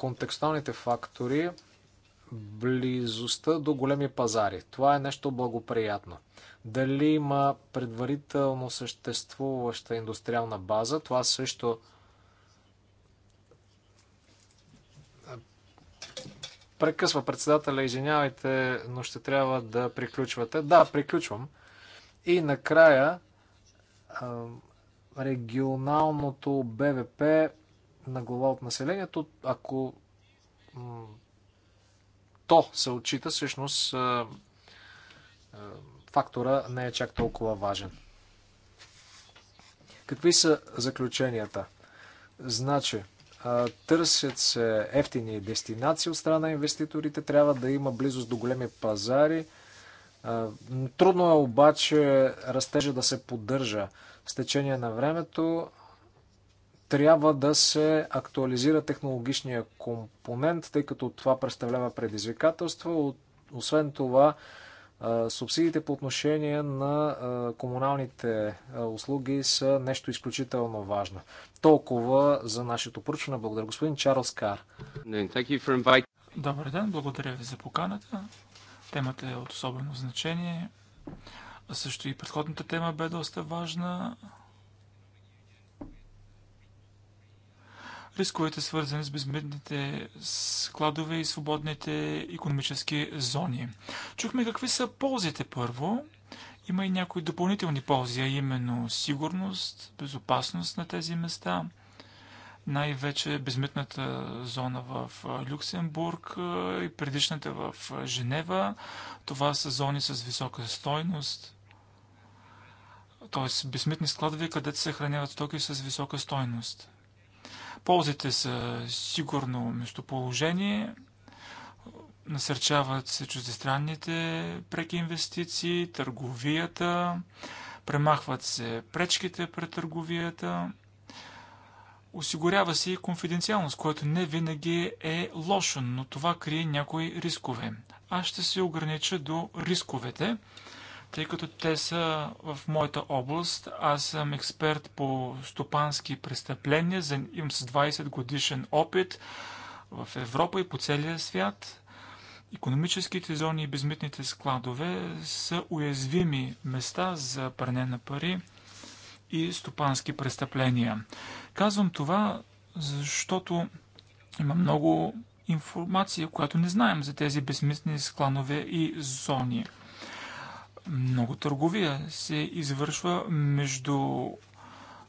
контекстуалните фактори, близостта до големи пазари. Това е нещо благоприятно. Дали има предварително съществуваща индустриална база, това също прекъсва председателя, извинявайте, но ще трябва да приключвате. Да, приключвам. И накрая регионалното БВП на глава от населението, ако то се отчита, всъщност фактора не е чак толкова важен. Какви са заключенията? Значи, търсят се ефтини дестинации от страна на инвеститорите, трябва да има близост до големи пазари. Трудно е обаче растежа да се поддържа с течение на времето трябва да се актуализира технологичния компонент, тъй като това представлява предизвикателство. Освен това, субсидиите по отношение на комуналните услуги са нещо изключително важно. Толкова за нашето поручване. Благодаря, господин Чарлз Кар. Добър ден, благодаря ви за поканата. Темата е от особено значение. А също и предходната тема бе доста важна. рисковете свързани с безмитните складове и свободните економически зони. Чухме какви са ползите първо. Има и някои допълнителни ползи, а именно сигурност, безопасност на тези места. Най-вече безмитната зона в Люксембург и предишната в Женева. Това са зони с висока стойност, т.е. безмитни складове, където се съхраняват стоки с висока стойност. Ползите са сигурно местоположение, насърчават се чуждестранните преки инвестиции, търговията, премахват се пречките пред търговията, осигурява се и конфиденциалност, което не винаги е лошо, но това крие някои рискове. Аз ще се огранича до рисковете тъй като те са в моята област. Аз съм експерт по стопански престъпления, имам с 20 годишен опит в Европа и по целия свят. Економическите зони и безмитните складове са уязвими места за пране на пари и стопански престъпления. Казвам това, защото има много информация, която не знаем за тези безмитни складове и зони. Много търговия се извършва между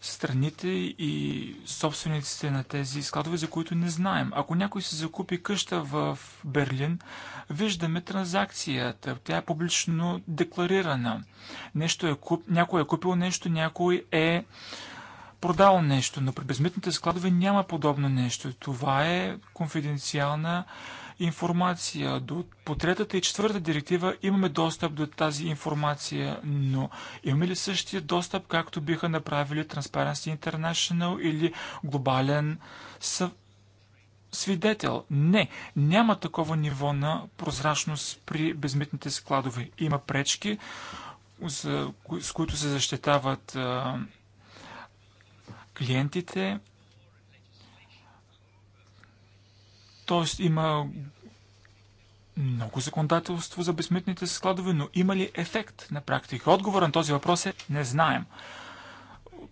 страните и собствениците на тези складове, за които не знаем. Ако някой се закупи къща в Берлин, виждаме транзакцията. Тя е публично декларирана. Нещо е куп... Някой е купил нещо, някой е продал нещо, но при безмитните складове няма подобно нещо. Това е конфиденциална информация. До, по третата и четвърта директива имаме достъп до тази информация, но имаме ли същия достъп, както биха направили Transparency International или глобален съв... свидетел? Не, няма такова ниво на прозрачност при безмитните складове. Има пречки, за, с които се защитават а, клиентите, Т.е. има много законодателство за безмитните складове, но има ли ефект на практика? Отговор на този въпрос е не знаем.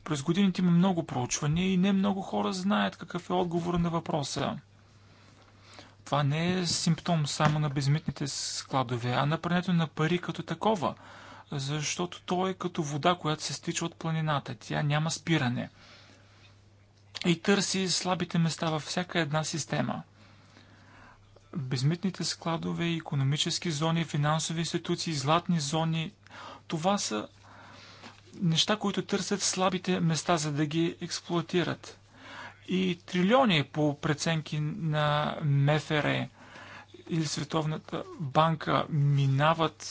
През годините има много проучвания и не много хора знаят какъв е отговор на въпроса. Това не е симптом само на безмитните складове, а на прането на пари като такова, защото то е като вода, която се стича от планината. Тя няма спиране. И търси слабите места във всяка една система – безмитните складове, економически зони, финансови институции, златни зони. Това са неща, които търсят слабите места, за да ги експлуатират. И трилиони по преценки на МФР или Световната банка минават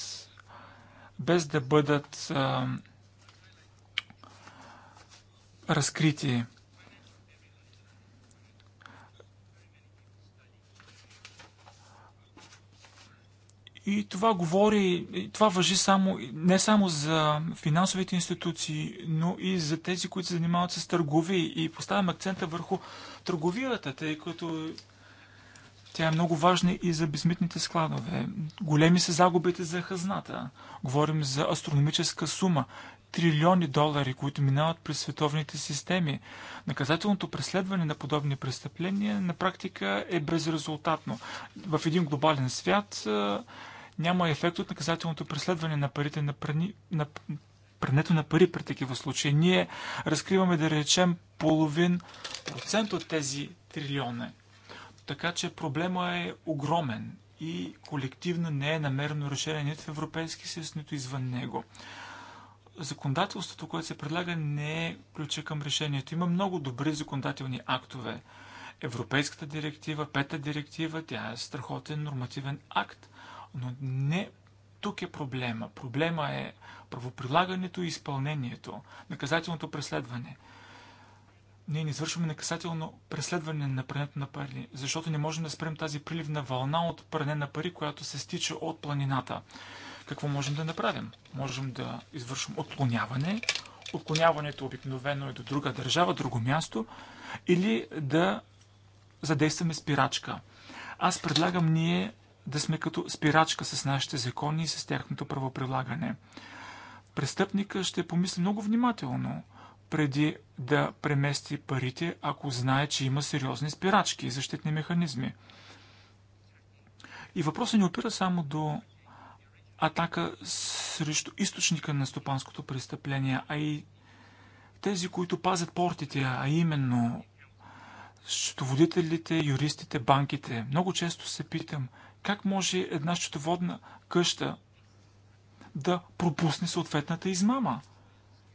без да бъдат а, разкрити. И това говори, това въжи само, не само за финансовите институции, но и за тези, които се занимават с търгови. И поставям акцента върху търговията, тъй като тя е много важна и за безмитните складове. Големи са загубите за хазната. Говорим за астрономическа сума. Трилиони долари, които минават през световните системи. Наказателното преследване на подобни престъпления на практика е безрезултатно. В един глобален свят няма ефект от наказателното преследване на парите на, прани, на прането на пари при такива случаи. Ние разкриваме, да речем, половин процент от тези трилиона. Така че проблема е огромен и колективно не е намерено решение нито в Европейски съюз, нито извън него. Законодателството, което се предлага, не е ключа към решението. Има много добри законодателни актове. Европейската директива, пета директива, тя е страхотен нормативен акт – но не тук е проблема. Проблема е правоприлагането и изпълнението, наказателното преследване. Ние не извършваме наказателно преследване на прането на пари, защото не можем да спрем тази приливна вълна от пране на пари, която се стича от планината. Какво можем да направим? Можем да извършим отклоняване. Отклоняването обикновено е до друга държава, друго място. Или да задействаме спирачка. Аз предлагам ние да сме като спирачка с нашите закони и с тяхното правоприлагане. Престъпника ще помисли много внимателно преди да премести парите, ако знае, че има сериозни спирачки и защитни механизми. И въпросът не опира само до атака срещу източника на стопанското престъпление, а и тези, които пазят портите, а именно счетоводителите, юристите, банките. Много често се питам – как може една счетоводна къща да пропусне съответната измама?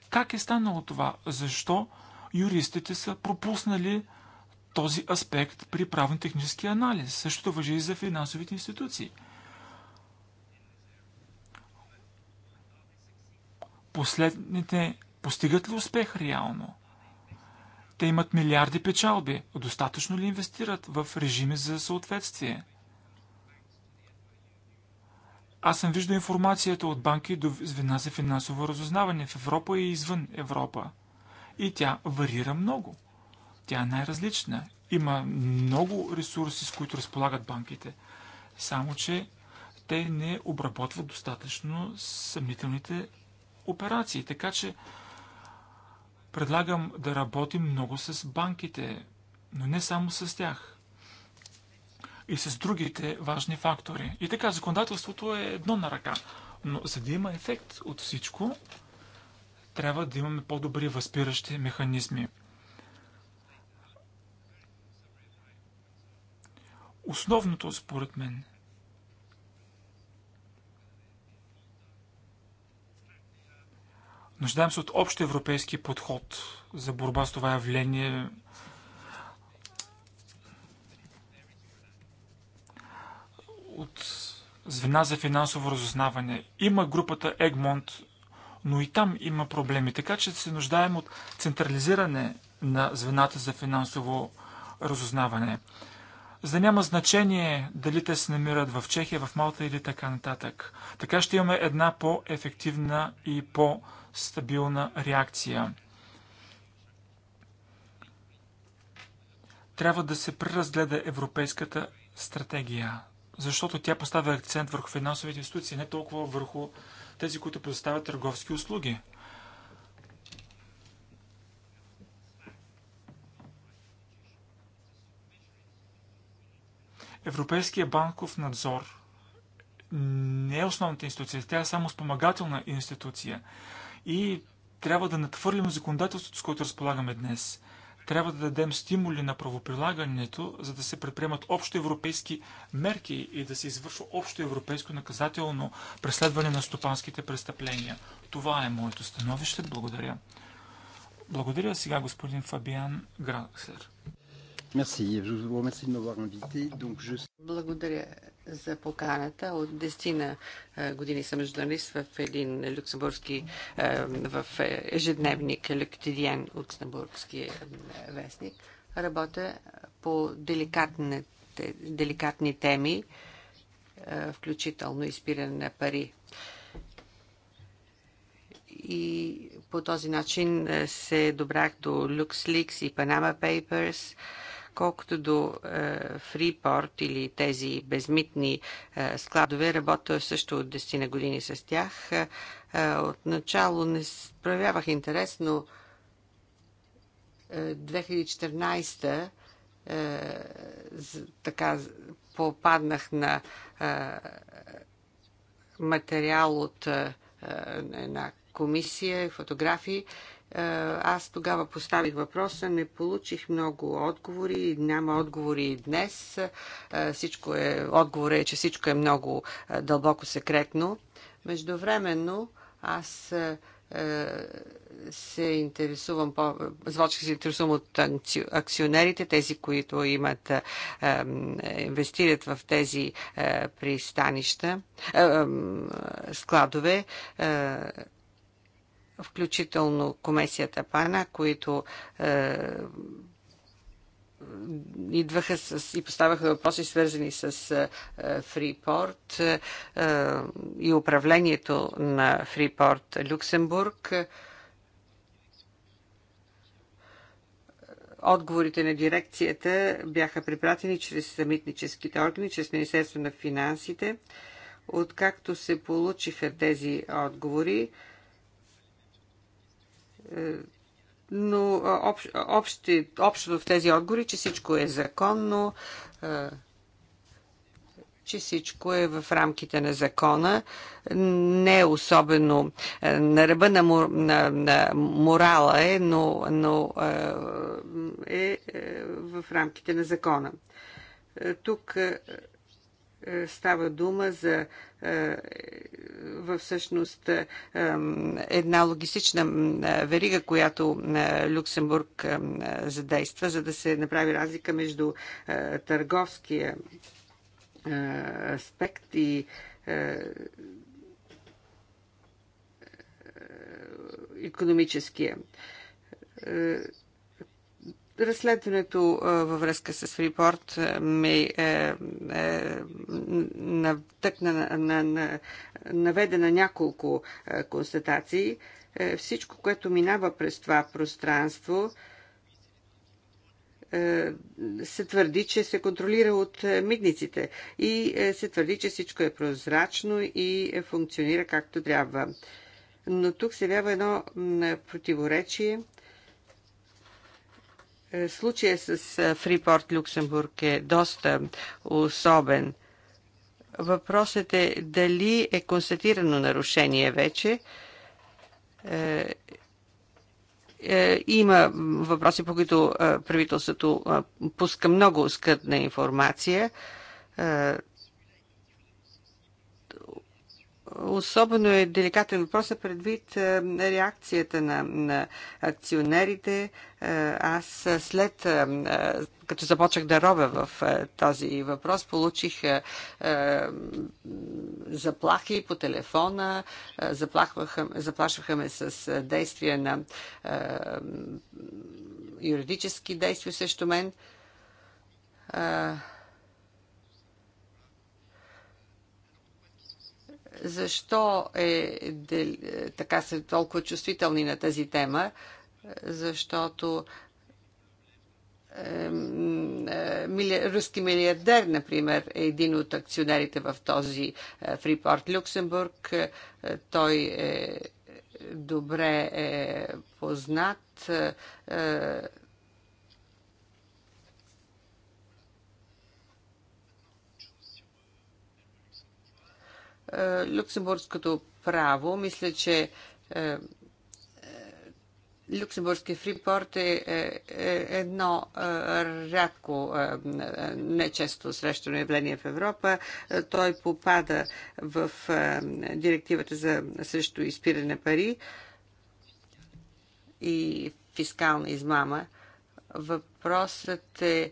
Как е станало това? Защо юристите са пропуснали този аспект при правно-технически анализ? Същото въжи и за финансовите институции. Последните постигат ли успех реално? Те имат милиарди печалби. Достатъчно ли инвестират в режими за съответствие? Аз съм виждал информацията от банки до звена за финансово разузнаване в Европа и извън Европа. И тя варира много. Тя е най-различна. Има много ресурси, с които разполагат банките. Само, че те не обработват достатъчно съмнителните операции. Така че предлагам да работим много с банките, но не само с тях и с другите важни фактори. И така, законодателството е едно на ръка. Но за да има ефект от всичко, трябва да имаме по-добри възпиращи механизми. Основното, според мен, нуждаем се от общ европейски подход за борба с това явление – от звена за финансово разузнаване. Има групата Егмонт, но и там има проблеми. Така че се нуждаем от централизиране на звената за финансово разузнаване. За да няма значение дали те се намират в Чехия, в Малта или така нататък. Така ще имаме една по-ефективна и по-стабилна реакция. Трябва да се преразгледа европейската стратегия защото тя поставя акцент върху финансовите институции, не толкова върху тези, които предоставят търговски услуги. Европейския банков надзор не е основната институция, тя е само спомагателна институция. И трябва да надхвърлим законодателството, с което разполагаме днес. Трябва да дадем стимули на правоприлагането, за да се предприемат общо европейски мерки и да се извършва общо европейско наказателно преследване на стопанските престъпления. Това е моето становище. Благодаря. Благодаря сега господин Фабиан Гранксер. Благодаря за поканата. От десетина е, години съм журналист в един люксембургски, е, в е, ежедневник Лектидиен люксембургски вестник. Работя по деликатни, теми, включително изпиране на пари и по този начин се добрах до LuxLeaks и Panama Papers. Колкото до Фрипорт е, или тези безмитни е, складове, работя също от 10 на години с тях. Е, Отначало не проявявах интерес, но 2014 така попаднах на материал от една комисия и фотографии е, аз тогава поставих въпроса, не получих много отговори, няма отговори и днес. Е, всичко е, отговор е, че всичко е много е, дълбоко секретно. Междувременно аз се интересувам по... Звочки се интересувам от акционерите, тези, които имат инвестират в тези пристанища, складове включително комисията ПАНА, които е, идваха с, и поставяха въпроси, свързани с е, Фрипорт е, и управлението на Фрипорт Люксембург. Отговорите на дирекцията бяха припратени чрез митническите органи, чрез Министерство на финансите. Откакто се получиха тези отговори, е, но общ, общо в тези отговори, че всичко е законно, че всичко е в рамките на закона, не е особено на ръба на, на, на морала е, но, но е, е в рамките на закона. Тук става дума за е, е, всъщност е, една логистична верига, която Люксембург задейства, за да се направи разлика между търговския аспект и економическия. Разследването във връзка с Фрипорт ме е, е, на, на, наведе на няколко е, констатации. Е, всичко, което минава през това пространство, е, се твърди, че се контролира от е, мигниците и е, се твърди, че всичко е прозрачно и функционира както трябва. Но тук се явява едно противоречие – Случая с Фрипорт Люксембург е доста особен. Въпросът е дали е констатирано нарушение вече. Е, е, има въпроси, по които правителството пуска много скъдна информация е, Особено е деликатен въпросът предвид е, реакцията на, на акционерите. Е, аз е, след като започнах да робя в този въпрос, получих заплахи по телефона, заплашваха ме с действия на юридически действия срещу мен Защо е, де, така са толкова чувствителни на тази тема? Защото е, руски милиардер, например, е един от акционерите в този Фрипорт е, Люксембург. Е, той е добре е познат. Е, люксембургското право, мисля, че е, е, Люксембургския фрипорт е, едно рядко, нечесто срещано явление в Европа. Той попада в директивата за срещу изпиране пари и фискална измама. Въпросът е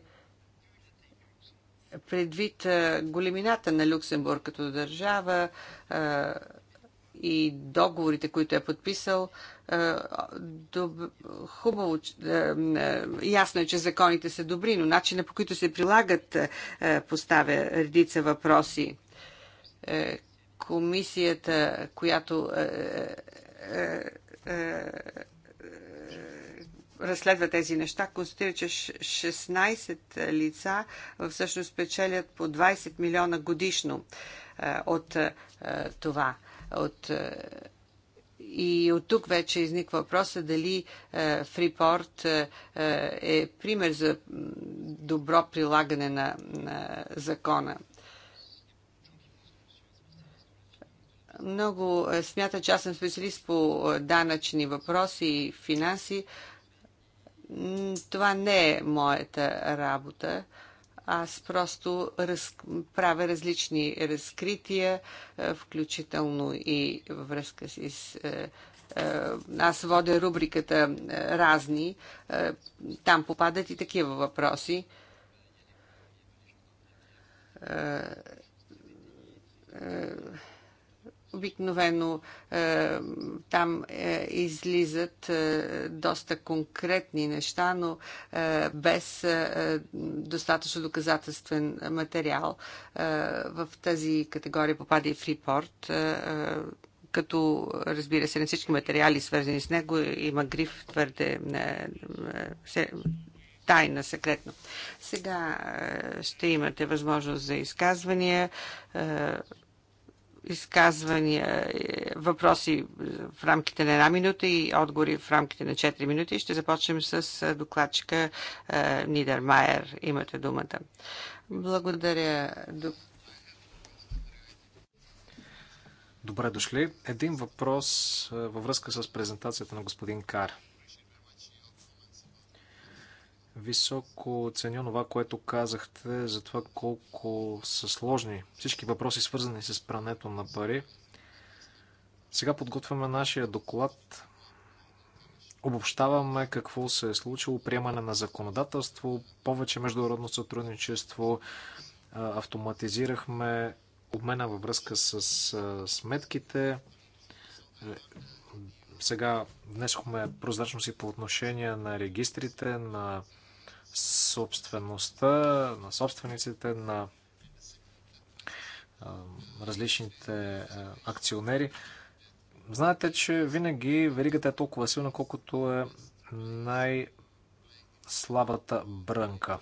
Предвид големината на Люксембург като държава и договорите, които е подписал, хубаво, ясно е, че законите са добри, но начина по които се прилагат поставя редица въпроси. Е, комисията, която е, е, разследва тези неща, констатира, че 16 лица всъщност печелят по 20 милиона годишно от това. От, и от тук вече изниква въпроса дали Фрипорт е пример за добро прилагане на, на закона. много смята, че аз съм специалист по данъчни въпроси и финанси, това не е моята работа. Аз просто раз, правя различни разкрития, е, включително и във връзка с. Е, е, аз водя рубриката Разни. Там попадат и такива въпроси Обикновено е, там е, излизат е, доста конкретни неща, но без достатъчно доказателствен материал. В тази категория попада и Фрипорт като разбира се на всички материали, свързани с него, има гриф твърде тайна, секретно. Сега ще имате възможност за изказвания изказвания, е, въпроси в рамките на една минута и отговори в рамките на 4 минути. Ще започнем с е, докладчика е, Нидермайер. Имате думата. Благодаря. Добре дошли. Един въпрос във връзка с презентацията на господин Кар. Високо ценя това, което казахте за това колко са сложни всички въпроси, свързани с прането на пари. Сега подготвяме нашия доклад. Обобщаваме какво се е случило, приемане на законодателство, повече международно сътрудничество, автоматизирахме обмена във връзка с сметките. Е, сега внесохме прозрачност и по отношение на регистрите, на собствеността на собствениците на различните акционери. Знаете, че винаги веригата е толкова силна, колкото е най-слабата брънка.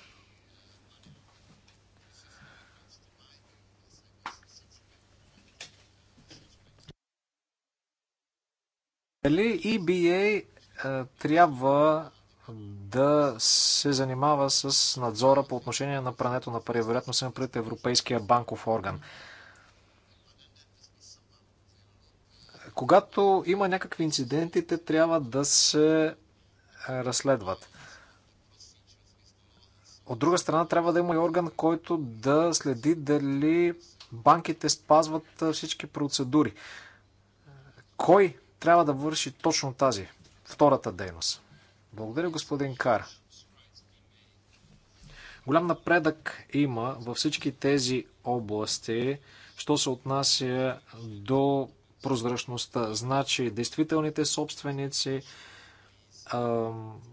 Дали EBA трябва да се занимава с надзора по отношение на прането на пари. Вероятно се пред Европейския банков орган. Когато има някакви инциденти, те трябва да се е, разследват. От друга страна, трябва да има и орган, който да следи дали банките спазват е, всички процедури. Кой трябва да върши точно тази втората дейност? Благодаря, господин Кар. Голям напредък има във всички тези области, що се отнася до прозрачността. Значи, действителните собственици,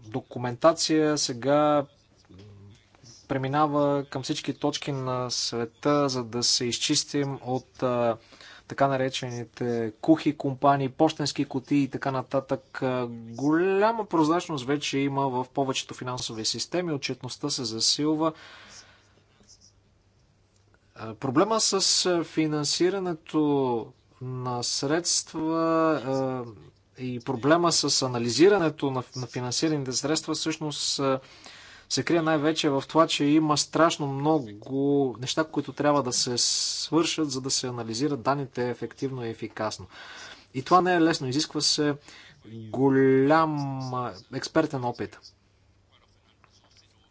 документация сега преминава към всички точки на света, за да се изчистим от така наречените кухи компании, почтенски кутии и така нататък. Голяма прозрачност вече има в повечето финансови системи, отчетността се засилва. Проблема с финансирането на средства и проблема с анализирането на финансираните средства всъщност се крие най-вече в това, че има страшно много неща, които трябва да се свършат, за да се анализират данните ефективно и ефикасно. И това не е лесно. Изисква се голям експертен опит.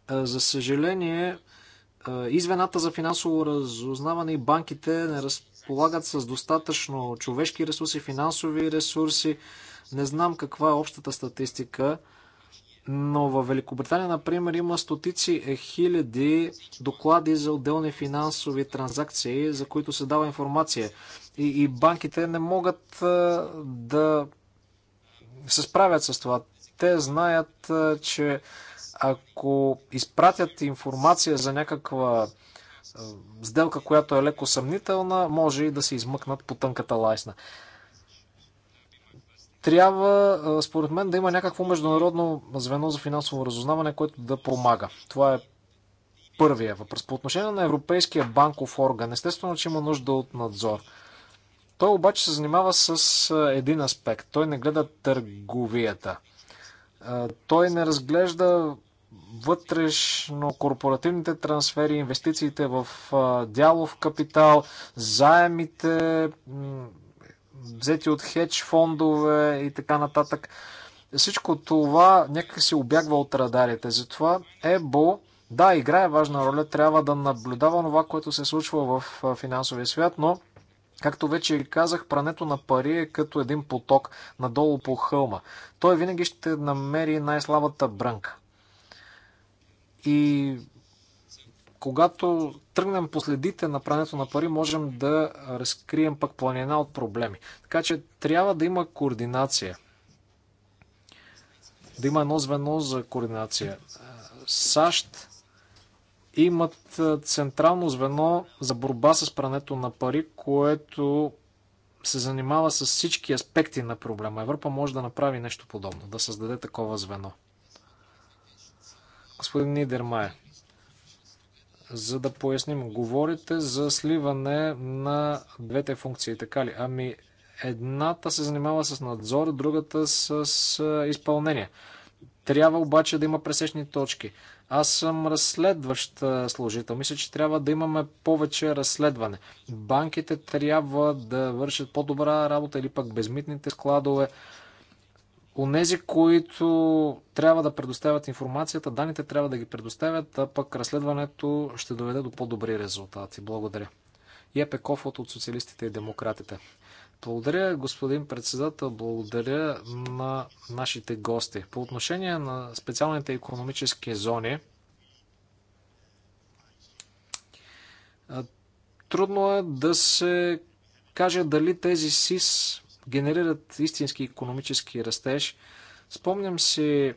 За съжаление, и звената за финансово разузнаване и банките не разполагат с достатъчно човешки ресурси, финансови ресурси. Не знам каква е общата статистика. Но в Великобритания, например, има стотици е хиляди доклади за отделни финансови транзакции, за които се дава информация. И, и банките не могат да се справят с това. Те знаят, че ако изпратят информация за някаква сделка, която е леко съмнителна, може и да се измъкнат по тънката лайсна трябва, според мен, да има някакво международно звено за финансово разузнаване, което да помага. Това е първия въпрос. По отношение на Европейския банков орган, естествено, че има нужда от надзор. Той обаче се занимава с един аспект. Той не гледа търговията. Той не разглежда вътрешно корпоративните трансфери, инвестициите в дялов капитал, заемите, взети от хедж фондове и така нататък. Всичко това някак се обягва от радарите. Затова ЕБО, да, играе важна роля, трябва да наблюдава това, което се случва в финансовия свят, но Както вече казах, прането на пари е като един поток надолу по хълма. Той винаги ще намери най-слабата брънка. И когато тръгнем по следите на прането на пари, можем да разкрием пък планина от проблеми. Така че трябва да има координация. Да има едно звено за координация. САЩ имат централно звено за борба с прането на пари, което се занимава с всички аспекти на проблема. Европа може да направи нещо подобно, да създаде такова звено. Господин Нидермайер за да поясним. Говорите за сливане на двете функции, така ли? Ами, едната се занимава с надзор, другата с изпълнение. Трябва обаче да има пресечни точки. Аз съм разследващ служител. Мисля, че трябва да имаме повече разследване. Банките трябва да вършат по-добра работа или пък безмитните складове. Онези, които трябва да предоставят информацията, данните трябва да ги предоставят, а пък разследването ще доведе до по-добри резултати. Благодаря. Епе Кофот от Социалистите и Демократите. Благодаря, господин председател, благодаря на нашите гости. По отношение на специалните економически зони, трудно е да се каже дали тези СИС генерират истински економически растеж. Спомням си,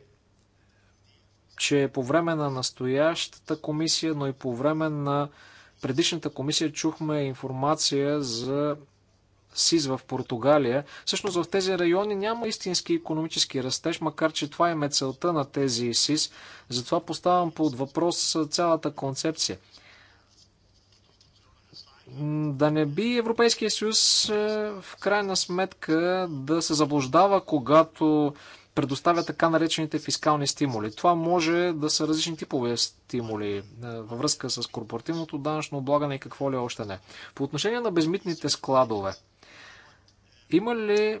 че по време на настоящата комисия, но и по време на предишната комисия чухме информация за СИЗ в Португалия. Всъщност в тези райони няма истински економически растеж, макар че това е целта на тези СИЗ. Затова поставям под въпрос цялата концепция. Да не би Европейския съюз е, в крайна сметка да се заблуждава, когато предоставя така наречените фискални стимули. Това може да са различни типове стимули е, във връзка с корпоративното данъчно облагане и какво ли още не. По отношение на безмитните складове, има ли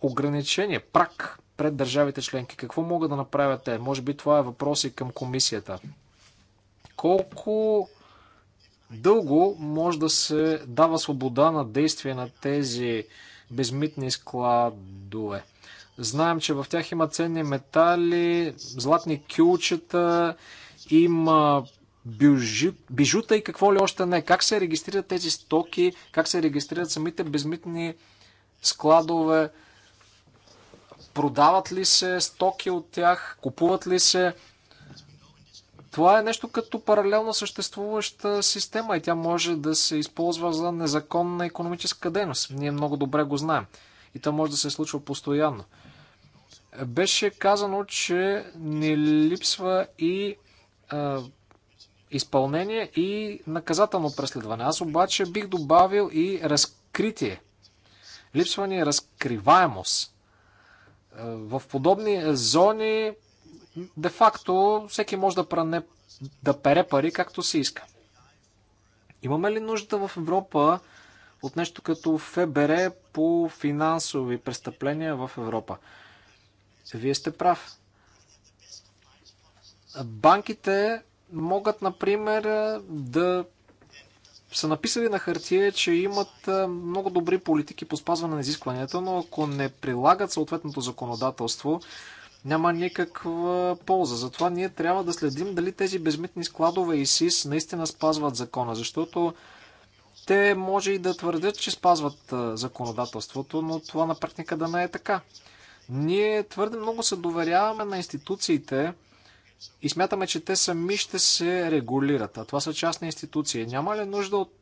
ограничение, прак пред държавите членки? Какво могат да направят те? Може би това е въпрос и към комисията. Колко Дълго може да се дава свобода на действие на тези безмитни складове. Знаем, че в тях има ценни метали, златни кюлчета, има бижута и какво ли още не. Как се регистрират тези стоки, как се регистрират самите безмитни складове, продават ли се стоки от тях, купуват ли се това е нещо като паралелно съществуваща система и тя може да се използва за незаконна економическа дейност. Ние много добре го знаем. И това може да се случва постоянно. Беше казано, че не липсва и а, изпълнение и наказателно преследване. Аз обаче бих добавил и разкритие. Липсва ни разкриваемост. В подобни зони де-факто всеки може да, пране, да пере пари както си иска. Имаме ли нужда в Европа от нещо като ФБР по финансови престъпления в Европа? Вие сте прав. Банките могат, например, да са написали на хартия, че имат много добри политики по спазване на изискванията, но ако не прилагат съответното законодателство, няма никаква полза. Затова ние трябва да следим дали тези безмитни складове и СИС наистина спазват закона, защото те може и да твърдят, че спазват законодателството, но това на практика да не е така. Ние твърде много се доверяваме на институциите и смятаме, че те сами ще се регулират. А това са частни институции. Няма ли нужда от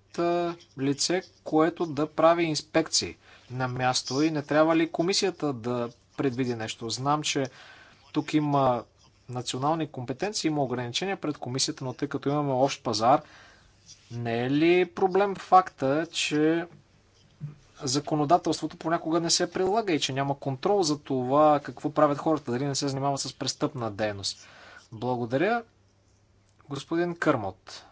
лице, което да прави инспекции на място и не трябва ли комисията да предвиди нещо? Знам, че тук има национални компетенции, има ограничения пред комисията, но тъй като имаме общ пазар, не е ли проблем факта, че законодателството понякога не се прилага и че няма контрол за това какво правят хората, дали не се занимават с престъпна дейност? Благодаря, господин Кърмот.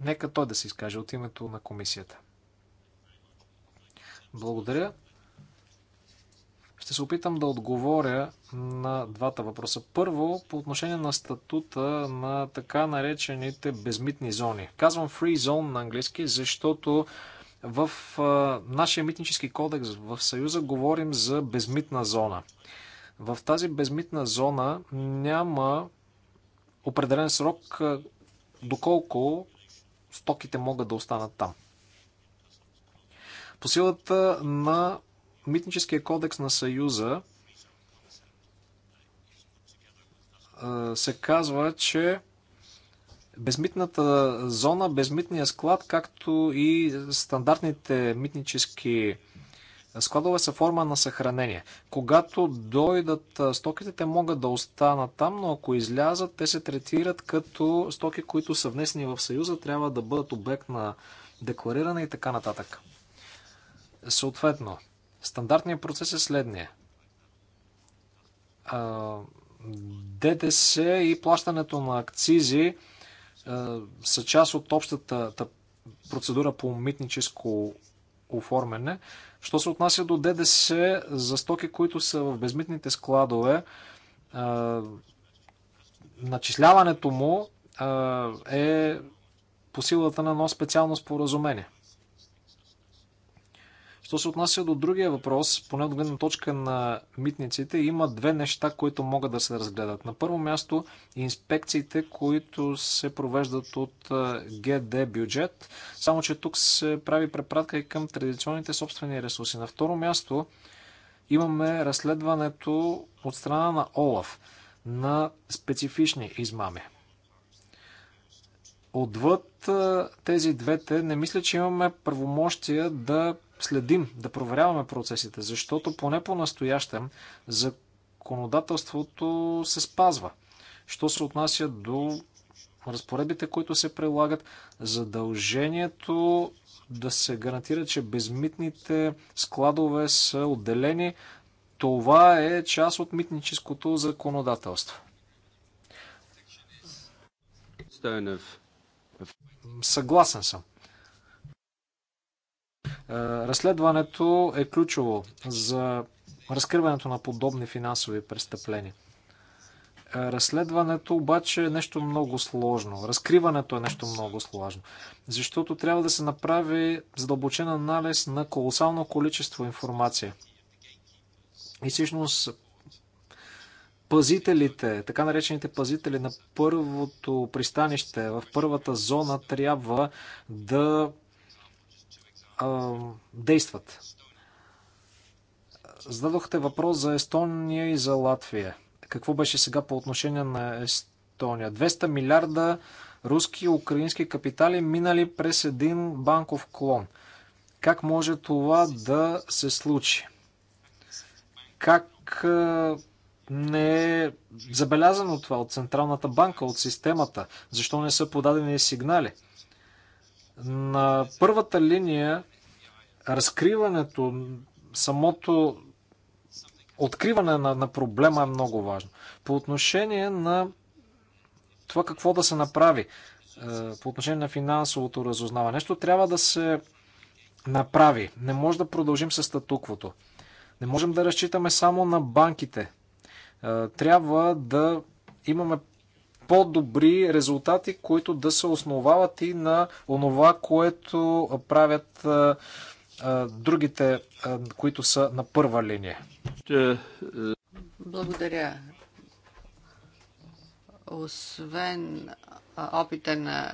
Нека той да се изкаже от името на комисията. Благодаря. Ще се опитам да отговоря на двата въпроса. Първо, по отношение на статута на така наречените безмитни зони. Казвам free zone на английски, защото в нашия митнически кодекс в Съюза говорим за безмитна зона. В тази безмитна зона няма определен срок доколко стоките могат да останат там. По силата на Митническия кодекс на Съюза се казва, че безмитната зона, безмитния склад, както и стандартните митнически складове са форма на съхранение. Когато дойдат стоките, те могат да останат там, но ако излязат, те се третират като стоки, които са внесени в Съюза, трябва да бъдат обект на деклариране и така нататък. Съответно, Стандартният процес е следния. ДДС и плащането на акцизи са част от общата процедура по митническо оформяне. Що се отнася до ДДС за стоки, които са в безмитните складове, начисляването му е по силата на едно специално споразумение. Що се отнася до другия въпрос, поне от гледна точка на митниците, има две неща, които могат да се разгледат. На първо място инспекциите, които се провеждат от ГД бюджет, само че тук се прави препратка и към традиционните собствени ресурси. На второ място имаме разследването от страна на ОЛАФ на специфични измами. Отвъд тези двете, не мисля, че имаме правомощия да следим, да проверяваме процесите, защото поне по-настоящем законодателството се спазва. Що се отнася до разпоредбите, които се прилагат, задължението да се гарантира, че безмитните складове са отделени, това е част от митническото законодателство. Съгласен съм. Е, разследването е ключово за разкриването на подобни финансови престъпления. Е, разследването обаче е нещо много сложно. Разкриването е нещо много сложно. Защото трябва да се направи задълбочен анализ на колосално количество информация. И всъщност пазителите, така наречените пазители на първото пристанище, в първата зона, трябва да действат. Зададохте въпрос за Естония и за Латвия. Какво беше сега по отношение на Естония? 200 милиарда руски и украински капитали минали през един банков клон. Как може това да се случи? Как не е забелязано това от Централната банка, от системата? Защо не са подадени сигнали? На първата линия разкриването, самото откриване на, на проблема е много важно. По отношение на това какво да се направи, е, по отношение на финансовото разузнаване, нещо трябва да се направи. Не може да продължим с статуквото. Не можем да разчитаме само на банките. Е, трябва да имаме по-добри резултати, които да се основават и на онова, което правят другите, които са на първа линия. Е, Благодаря. Освен опита на...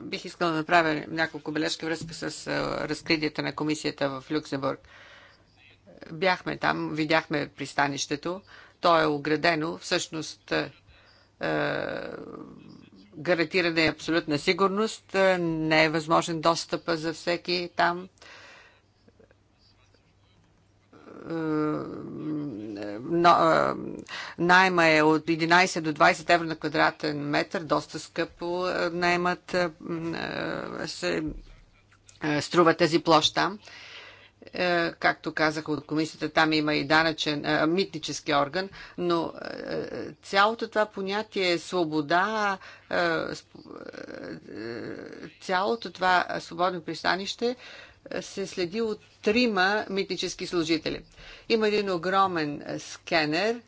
Бих искала да направя няколко бележки връзка с разкритията на комисията в Люксембург. Бяхме там, видяхме пристанището. То е оградено. Всъщност е, гарантиране абсолютна сигурност, е, не е възможен достъпа за всеки там е, найма е от 11 до 20 евро на квадратен метър, доста скъпо наймат се струва тази площ там. Е, както казах от комисията, там има и данъчен, е, митнически орган, но е, цялото това понятие свобода, цялото това свободно пристанище се следи от трима митнически служители. Има един огромен скенер,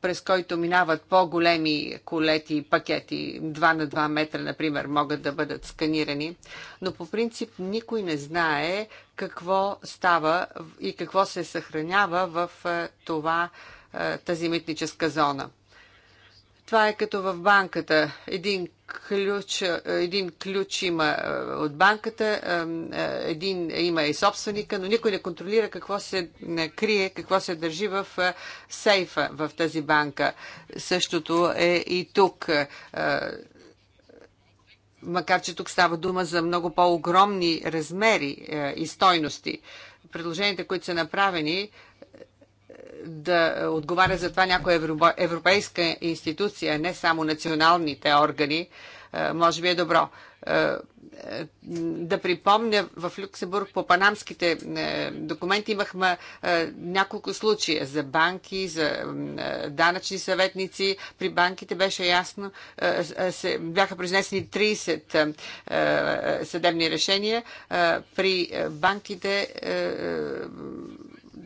през който минават по-големи колети и пакети, 2 на 2 метра, например, могат да бъдат сканирани, но по принцип никой не знае какво става и какво се съхранява в е, това, е, тази митническа зона. Това е като в банката. Един ключ, един ключ има е, от банката, е, е, един има и собственика, но никой не контролира какво се крие, какво се държи в сейфа в тази банка. Същото е и тук макар че тук става дума за много по-огромни размери и стойности. Предложенията, които са направени, да отговаря за това някоя европейска институция, не само националните органи, е, може би е добро. Е, е, да припомня, в Люксембург по панамските документи имахме няколко случая за банки, за данъчни съветници. При банките беше ясно, бяха произнесени 30 съдебни решения. При банките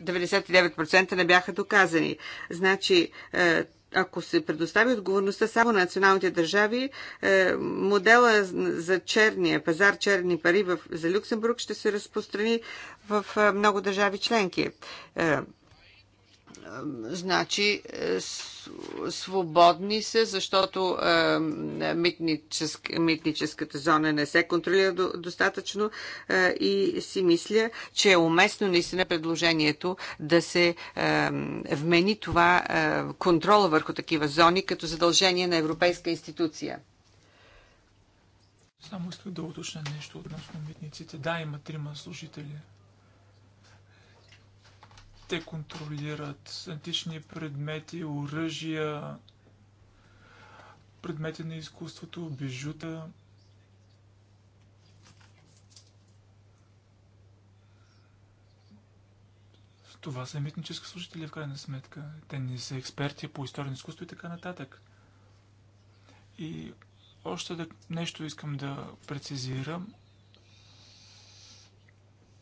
99% не бяха доказани. Значи, е, ако се предостави отговорността само на националните държави, е, модела за черния пазар, черни пари за Люксембург ще се разпространи в е, много държави членки значи е, свободни са, защото митническата зона не се контролира достатъчно е, и си мисля, че е уместно наистина предложението да се вмени това е, контрола върху такива зони като задължение на Европейска институция. Само исках да уточня нещо относно митниците. Да, има трима служители те контролират антични предмети, оръжия, предмети на изкуството, бижута. Това са митнически служители в крайна сметка. Те не са експерти по история на изкуство и така нататък. И още да, нещо искам да прецизирам.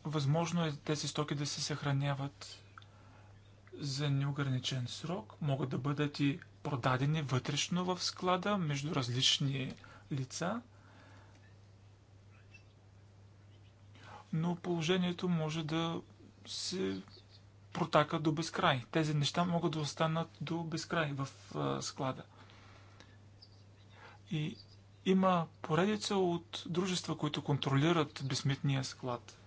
Възможно е тези стоки да се съхраняват за неограничен срок могат да бъдат и продадени вътрешно в склада между различни лица, но положението може да се протака до безкрай. Тези неща могат да останат до безкрай в склада. И има поредица от дружества, които контролират безсмитния склад.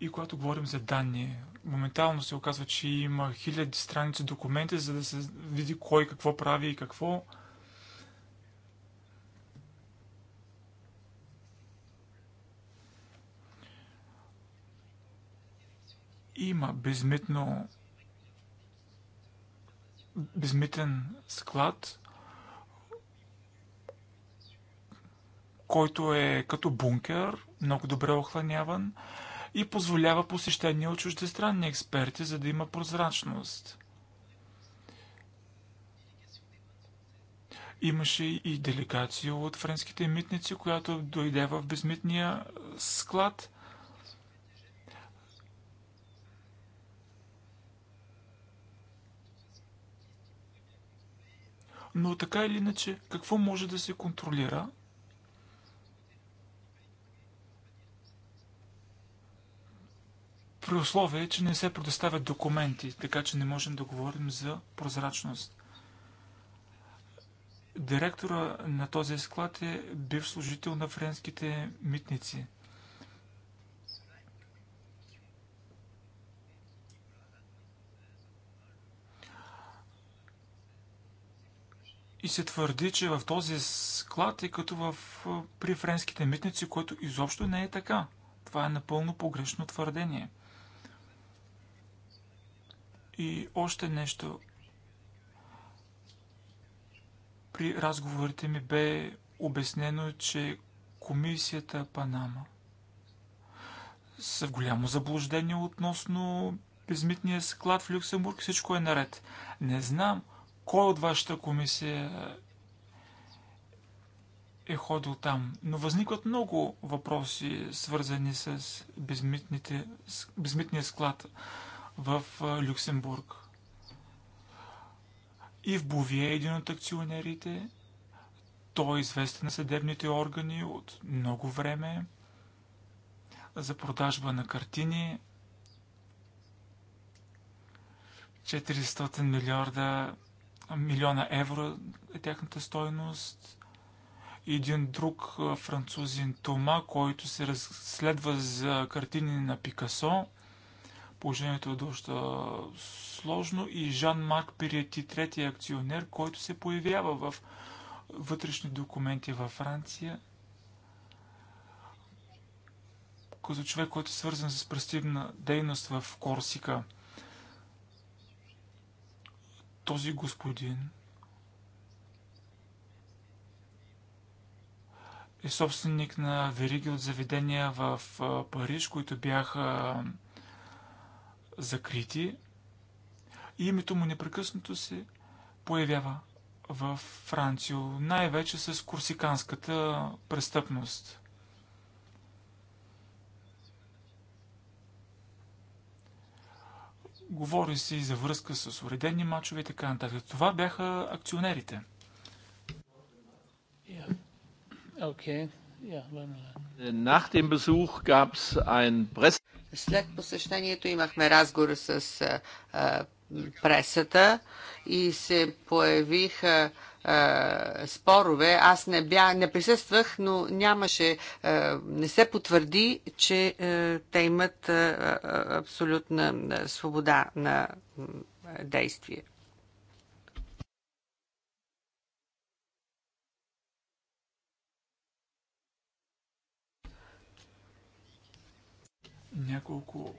И когато говорим за данни, моментално се оказва, че има хиляди страници документи, за да се види кой какво прави и какво. Има безмитно безмитен склад, който е като бункер, много добре охланяван и позволява посещение от чуждестранни експерти, за да има прозрачност. Имаше и делегация от френските митници, която дойде в безмитния склад – но така или иначе, какво може да се контролира при условие, че не се предоставят документи, така че не можем да говорим за прозрачност. Директора на този склад е бив служител на френските митници. И се твърди, че в този склад е като в, при френските митници, което изобщо не е така. Това е напълно погрешно твърдение. И още нещо. При разговорите ми бе обяснено, че комисията Панама са в голямо заблуждение относно безмитния склад в Люксембург. Всичко е наред. Не знам кой от вашата комисия е ходил там. Но възникват много въпроси, свързани с безмитните, безмитния склад в Люксембург. И в Бовие е един от акционерите. Той е известен на съдебните органи от много време за продажба на картини. 400 милиарда, милиона евро е тяхната стойност. един друг французин Тома, който се разследва за картини на Пикасо. Положението е доста сложно и Жан-Марк Перети, третия акционер, който се появява в вътрешни документи във Франция, като човек, който е свързан с престивна дейност в Корсика. Този господин е собственик на вериги от заведения в Париж, които бяха закрити и името му непрекъснато се появява в Францио най-вече с курсиканската престъпност. Говори се и за връзка с уредени мачове и така нататък. Това бяха акционерите. Yeah. Okay. След посещението имахме разговор с а, пресата и се появиха а, спорове. Аз не, бя, не присъствах, но нямаше, а, не се потвърди, че те имат абсолютна свобода на действие. Няколко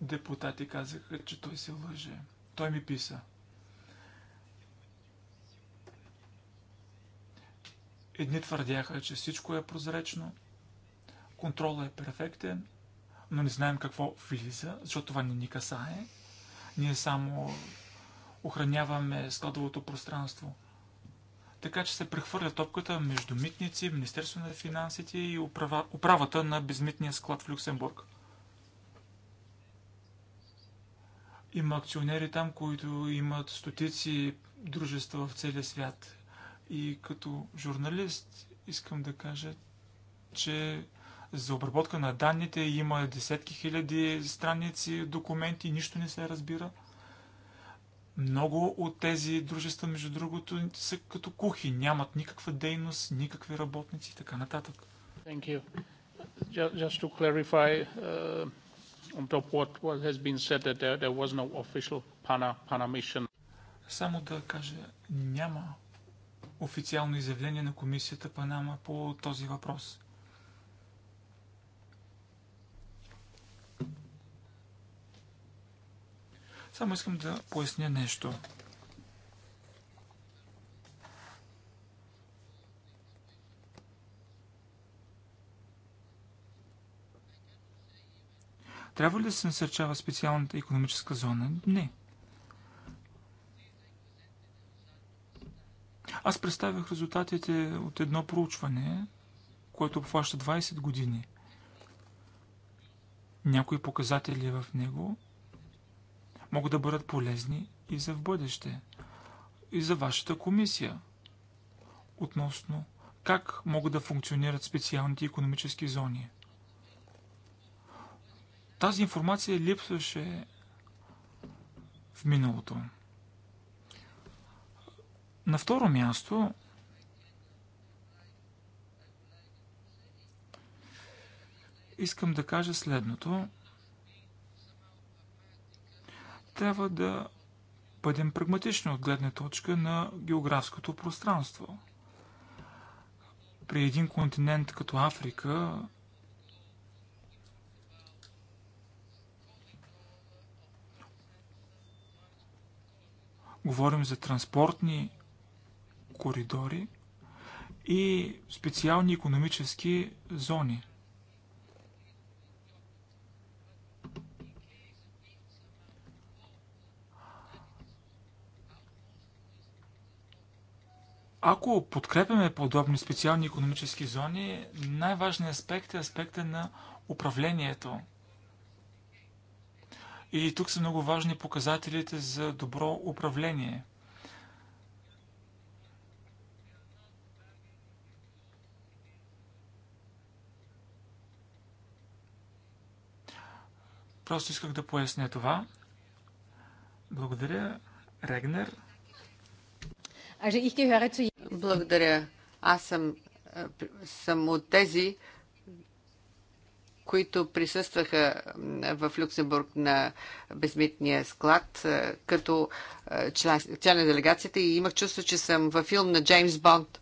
депутати казаха, че той се лъже. Той ми писа. Едни твърдяха, че всичко е прозрачно, контрола е перфектен, но не знаем какво влиза, защото това не ни касае. Ние само охраняваме складовото пространство. Така че се прехвърля топката между митници, Министерство на финансите и управа, управата на безмитния склад в Люксембург. Има акционери там, които имат стотици дружества в целия свят. И като журналист искам да кажа, че за обработка на данните има десетки хиляди страници документи, нищо не се разбира. Много от тези дружества, между другото, са като кухи, нямат никаква дейност, никакви работници и така нататък. Thank you. Just to clarify, uh on top what, what has been said that there, there was no official PANA, PANA mission. Само да кажа, няма официално изявление на комисията Панама по този въпрос. Само искам да поясня нещо. Трябва ли да се насърчава специалната економическа зона? Не. Аз представях резултатите от едно проучване, което обхваща 20 години. Някои показатели в него могат да бъдат полезни и за в бъдеще, и за вашата комисия. Относно как могат да функционират специалните економически зони. Тази информация липсваше в миналото. На второ място искам да кажа следното. Трябва да бъдем прагматични от гледна точка на географското пространство. При един континент като Африка Говорим за транспортни коридори и специални економически зони. Ако подкрепяме подобни специални економически зони, най-важният аспект е аспекта на управлението – и тук са много важни показателите за добро управление. Просто исках да поясня това. Благодаря, Регнер. Благодаря. Аз съм, е, съм от тези, които присъстваха в Люксембург на безмитния склад като член, член на делегацията и имах чувство, че съм във филм на Джеймс Бонд.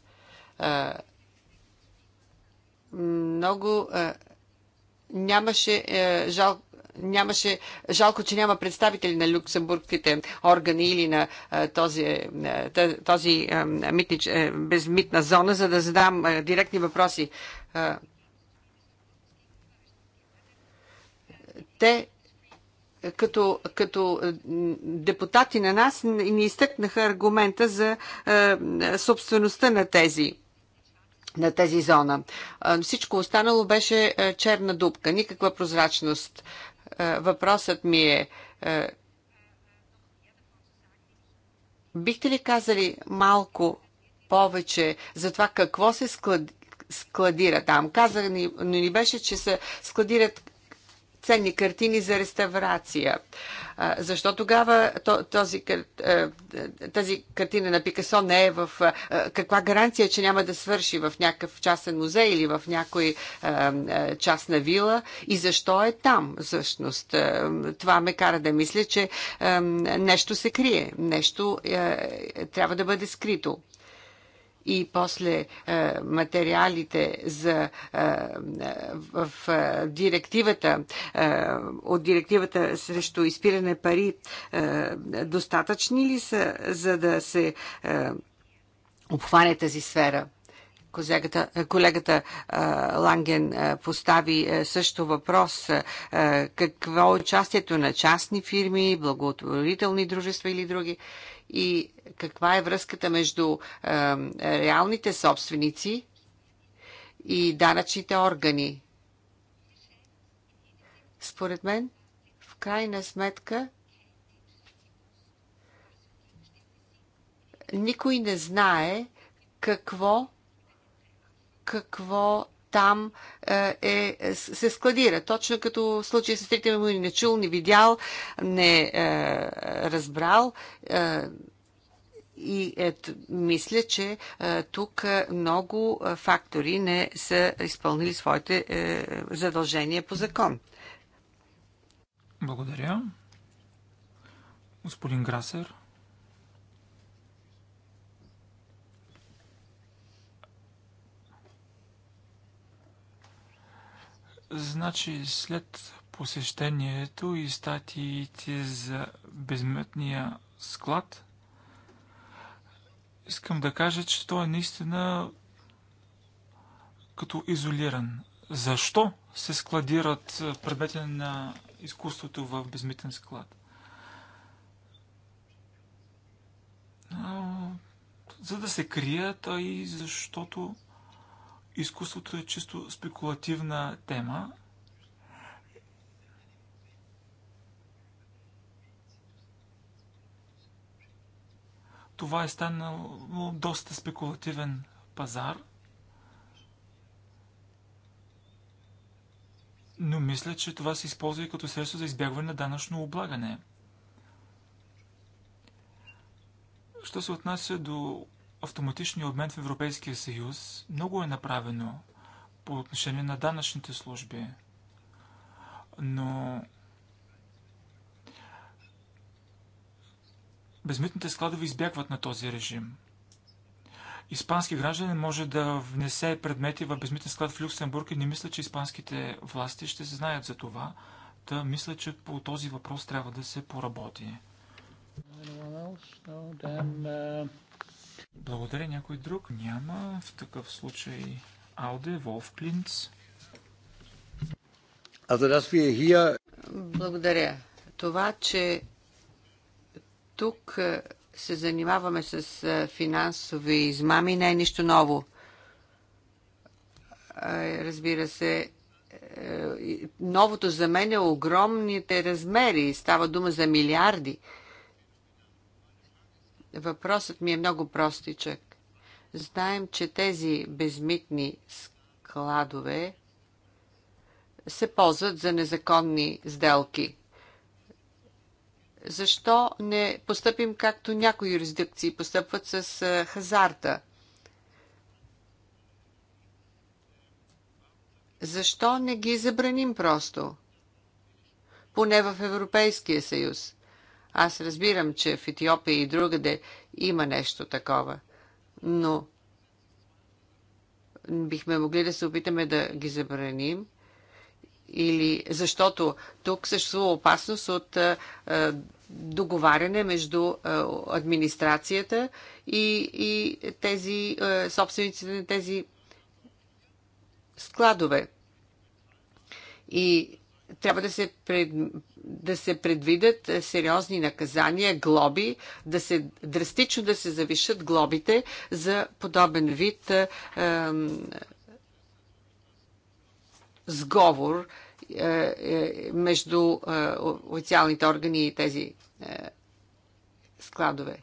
Много нямаше жал, нямаше, жалко, че няма представители на люксембургските органи или на този, този митнич, безмитна зона, за да задам директни въпроси. те като, като е, депутати на нас ни изтъкнаха аргумента за е, собствеността на тези на тези зона. Е, всичко останало беше е, черна дупка, никаква прозрачност. Въпросът ми е, бихте ли казали малко повече за това какво се склад, складира там. Казали ни, ни беше, че се складират ценни картини за реставрация. Защо тогава този, тази картина на Пикасо не е в... Каква гаранция, че няма да свърши в някакъв частен музей или в някой частна вила? И защо е там, всъщност? Това ме кара да мисля, че нещо се крие. Нещо е, е, трябва да бъде скрито и после е, материалите за, е, в, в е, директивата, от директивата срещу изпиране пари достатъчни ли са, за да се обхване тази сфера? Колегата, колегата Ланген постави също въпрос какво е участието на частни фирми, благотворителни дружества или други и каква е връзката между е, реалните собственици и данъчните органи. Според мен, в крайна сметка, никой не знае какво какво там е, е, се складира. Точно като в случая с сестрите му не чул, не видял, не е, разбрал. Е, и е, мисля, че е, тук много фактори не са изпълнили своите е, задължения по закон. Благодаря. Господин Грасер. Значи след посещението и статиите за безметния склад, искам да кажа, че той е наистина като изолиран. Защо се складират предмети на изкуството в безмитен склад? За да се крият, а и защото изкуството е чисто спекулативна тема. Това е станало доста спекулативен пазар, но мисля, че това се използва и като средство за избягване на данъчно облагане. Що се отнася до автоматичния обмен в Европейския съюз много е направено по отношение на данъчните служби, но безмитните складове избягват на този режим. Испански гражданин може да внесе предмети в безмитен склад в Люксембург и не мисля, че испанските власти ще се знаят за това. Та мисля, че по този въпрос трябва да се поработи. Благодаря някой друг. Няма. В такъв случай Ауде, Волф Клинц. Е Благодаря. Това, че тук е, се занимаваме с е, финансови измами, не е нищо ново. Разбира се, новото за мен е огромните размери. Става дума за милиарди. Въпросът ми е много простичък. Знаем, че тези безмитни складове се ползват за незаконни сделки. Защо не постъпим както някои юрисдикции постъпват с хазарта? Защо не ги забраним просто? Поне в Европейския съюз. Аз разбирам, че в Етиопия и другаде има нещо такова, но бихме могли да се опитаме да ги забраним или защото тук съществува опасност от а, договаряне между а, администрацията и, и тези а, собствениците на тези складове. И трябва да се, пред, да се предвидят е, сериозни наказания, глоби, да се драстично да се завишат глобите за подобен вид е, е, сговор е, е, между е, официалните органи и тези е, складове.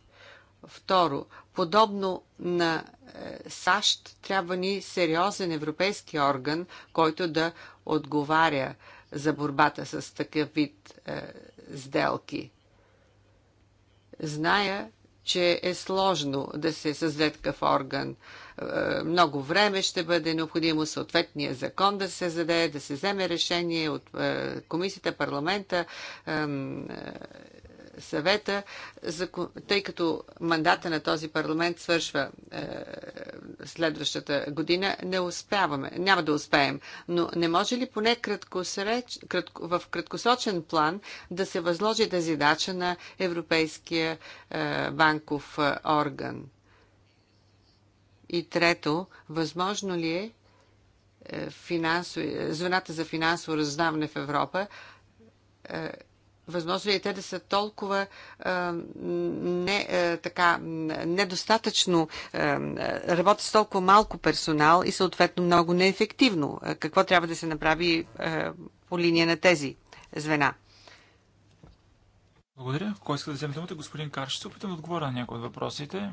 Второ, подобно на е, САЩ трябва ни сериозен европейски орган, който да отговаря за борбата с такъв вид е, сделки. Зная, че е сложно да се създаде такъв орган. Е, много време ще бъде необходимо съответния закон да се създаде, да се вземе решение от е, комисията, парламента съвета, тъй като мандата на този парламент свършва е, следващата година, не успяваме, няма да успеем. Но не може ли поне краткосреч, кратко, в краткосочен план да се възложи тази да задача на Европейския е, банков е, орган? И трето, възможно ли е финансови, звената за финансово раздаване в Европа възможно ли е те да са толкова а, е, не, а, е, така, недостатъчно, а, работят с толкова малко персонал и съответно много неефективно? А, какво трябва да се направи а, по линия на тези звена? Благодаря. Кой иска да вземе думата? Господин Карш, ще се опитам да отговоря на някои от въпросите.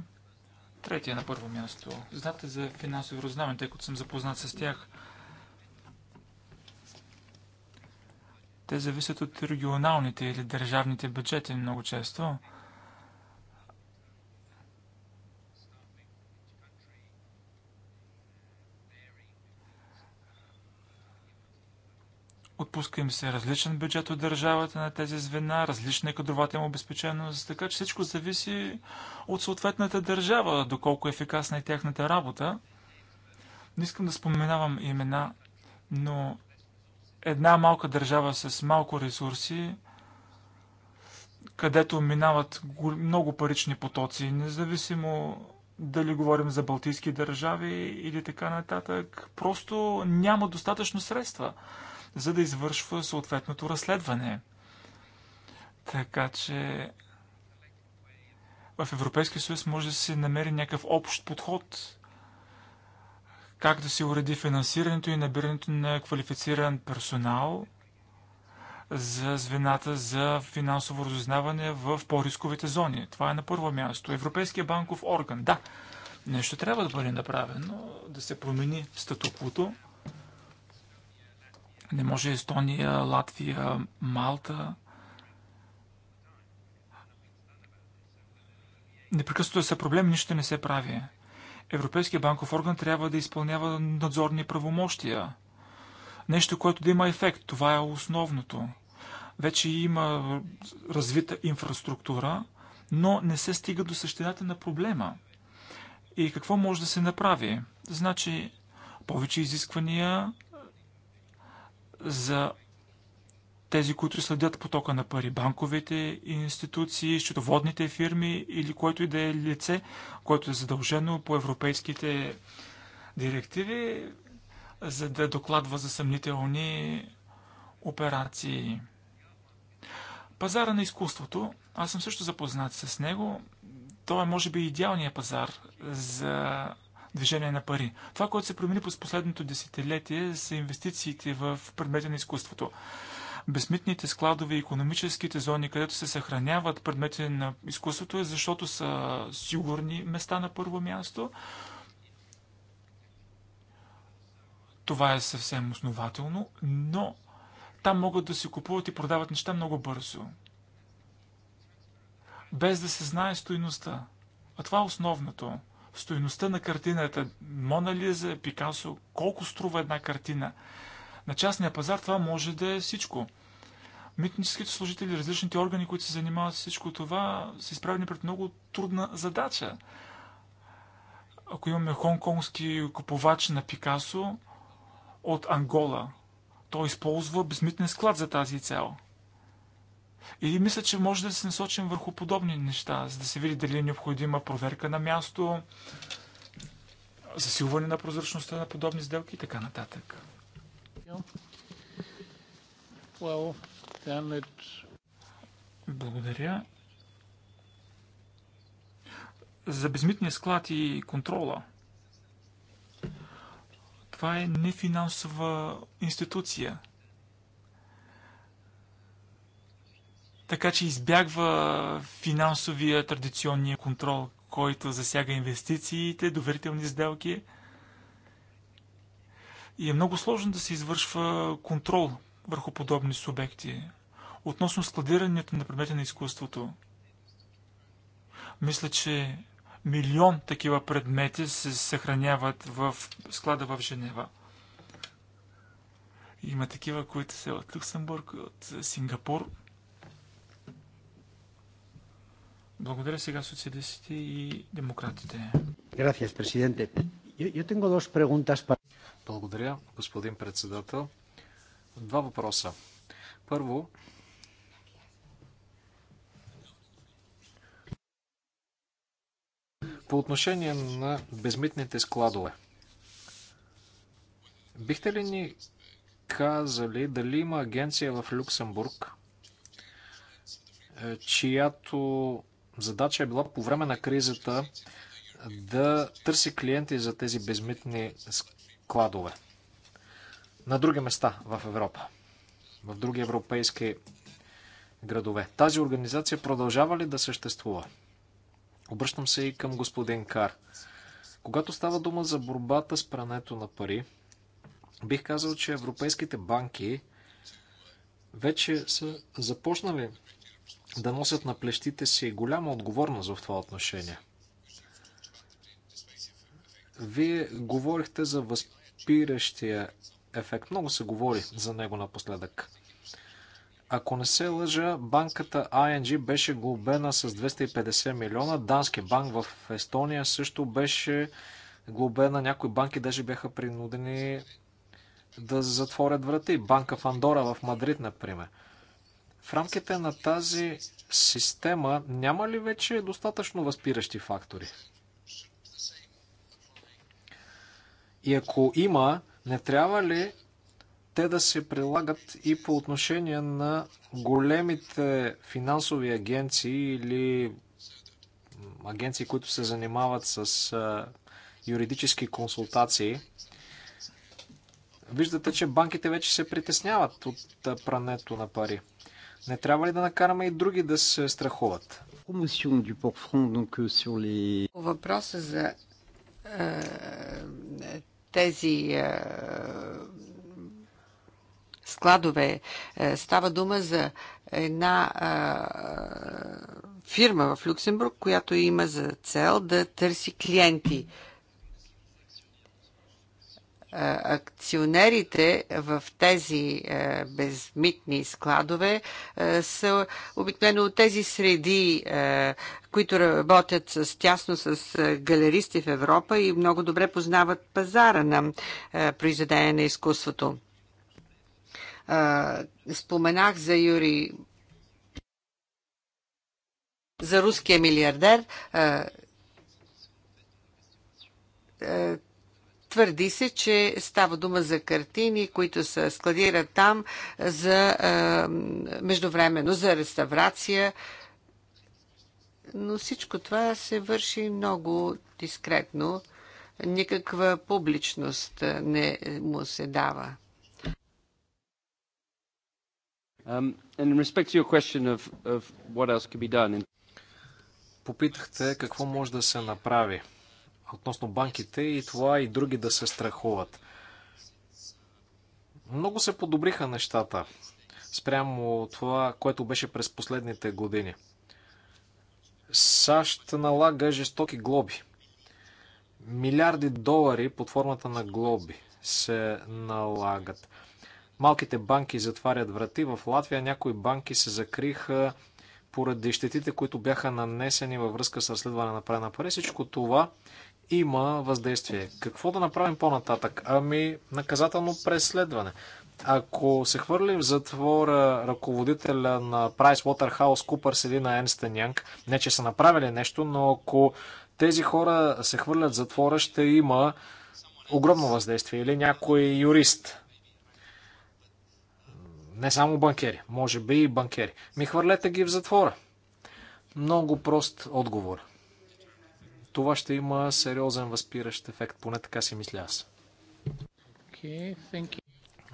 Третия на първо място. Знаете за финансови разузнаване, тъй като съм запознат с тях. Те зависят от регионалните или държавните бюджети много често. Отпуска им се различен бюджет от държавата на тези звена, различна е кадровата им обезпеченост, така че всичко зависи от съответната държава, доколко е ефикасна е тяхната работа. Не искам да споменавам имена, но една малка държава с малко ресурси, където минават много парични потоци, независимо дали говорим за балтийски държави или така нататък, просто няма достатъчно средства, за да извършва съответното разследване. Така че в Европейския съюз може да се намери някакъв общ подход как да се уреди финансирането и набирането на квалифициран персонал за звената за финансово разузнаване в по-рисковите зони. Това е на първо място. Европейския банков орган. Да, нещо трябва да бъде направено, да се промени статуквото. Не може Естония, Латвия, Малта непрекъснато са проблем, нищо не се прави. Европейския банков орган трябва да изпълнява надзорни правомощия. Нещо, което да има ефект. Това е основното. Вече има развита инфраструктура, но не се стига до същината на проблема. И какво може да се направи? Значи, повече изисквания за тези, които следят потока на пари, банковите институции, счетоводните фирми или което и да е лице, което е задължено по европейските директиви, за да докладва за съмнителни операции. Пазара на изкуството, аз съм също запознат с него, той е може би идеалният пазар за движение на пари. Това, което се промени през последното десетилетие, са инвестициите в предмети на изкуството безмитните складове и економическите зони, където се съхраняват предмети на изкуството, е защото са сигурни места на първо място. Това е съвсем основателно, но там могат да се купуват и продават неща много бързо. Без да се знае стоиността. А това е основното. Стоиността на картината. Мона Лиза, е Пикасо, колко струва една картина. На частния пазар това може да е всичко. Митническите служители, различните органи, които се занимават с всичко това, са изправени пред много трудна задача. Ако имаме хонконгски купувач на Пикасо от Ангола, той използва безмитен склад за тази цел. И мисля, че може да се насочим върху подобни неща, за да се види дали е необходима проверка на място, засилване на прозрачността на подобни сделки и така нататък. Well, благодаря. За безмитния склад и контрола. Това е нефинансова институция. Така че избягва финансовия традиционния контрол, който засяга инвестициите, доверителни сделки. И е много сложно да се извършва контрол върху подобни субекти. Относно складирането на предмети на изкуството, мисля, че милион такива предмети се съхраняват в склада в Женева. Има такива, които са от Люксембург, от Сингапур. Благодаря сега социалистите и демократите. Благодаря, господин председател. Два въпроса. Първо, по отношение на безмитните складове. Бихте ли ни казали дали има агенция в Люксембург, е, чиято задача е била по време на кризата да търси клиенти за тези безмитни складове? на други места в Европа, в други европейски градове. Тази организация продължава ли да съществува? Обръщам се и към господин Кар. Когато става дума за борбата с прането на пари, бих казал, че европейските банки вече са започнали да носят на плещите си голяма отговорност в това отношение. Вие говорихте за възпиращия ефект. Много се говори за него напоследък. Ако не се лъжа, банката ING беше глобена с 250 милиона. Дански банк в Естония също беше глобена. Някои банки даже бяха принудени да затворят врати. Банка в Андора в Мадрид, например. В рамките на тази система няма ли вече достатъчно възпиращи фактори? И ако има, не трябва ли те да се прилагат и по отношение на големите финансови агенции или агенции, които се занимават с юридически консултации? Виждате, че банките вече се притесняват от прането на пари. Не трябва ли да накараме и други да се страхуват? Euh, Въпросът за тези е, складове. Е, става дума за една е, фирма в Люксембург, която има за цел да търси клиенти акционерите в тези безмитни складове са обикновено от тези среди, които работят с, тясно с галеристи в Европа и много добре познават пазара на произведение на изкуството. Споменах за Юрий за руския милиардер Твърди се, че става дума за картини, които се складират там за е, междувременно за реставрация. Но всичко това се върши много дискретно. Никаква публичност не му се дава. Um, Попитахте какво може да се направи относно банките и това и други да се страхуват. Много се подобриха нещата спрямо това, което беше през последните години. САЩ налага жестоки глоби. Милиарди долари под формата на глоби се налагат. Малките банки затварят врати. В Латвия някои банки се закриха поради щетите, които бяха нанесени във връзка с разследване на пране на пари. Всичко това има въздействие. Какво да направим по-нататък? Ами, наказателно преследване. Ако се хвърли в затвора ръководителя на PricewaterhouseCoopers или на Ernst Young, не че са направили нещо, но ако тези хора се хвърлят в затвора, ще има огромно въздействие. Или някой юрист, не само банкери, може би и банкери. Ми хвърлете ги в затвора. Много прост отговор това ще има сериозен възпиращ ефект, поне така си мисля аз. Okay,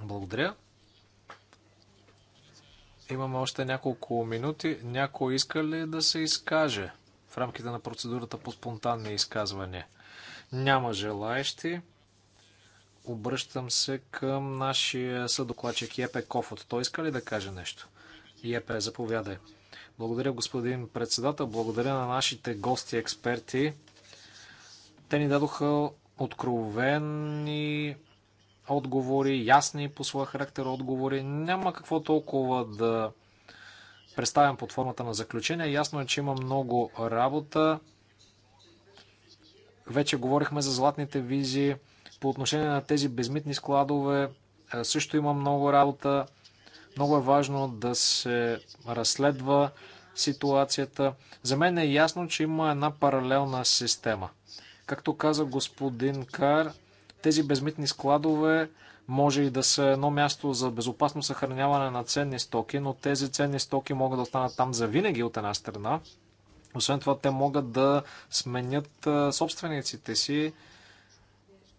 Благодаря. Имаме още няколко минути. Някой иска ли да се изкаже в рамките на процедурата по спонтанни изказвания? Няма желаещи. Обръщам се към нашия съдокладчик Епе Кофот. Той иска ли да каже нещо? Епе, заповядай. Благодаря, господин председател. Благодаря на нашите гости експерти. Те ни дадоха откровени отговори, ясни по своя характер отговори. Няма какво толкова да представям под формата на заключение. Ясно е, че има много работа. Вече говорихме за златните визи. По отношение на тези безмитни складове е, също има много работа. Много е важно да се разследва ситуацията. За мен е ясно, че има една паралелна система. Както каза господин Кар, тези безмитни складове може и да са едно място за безопасно съхраняване на ценни стоки, но тези ценни стоки могат да останат там за винаги от една страна. Освен това, те могат да сменят собствениците си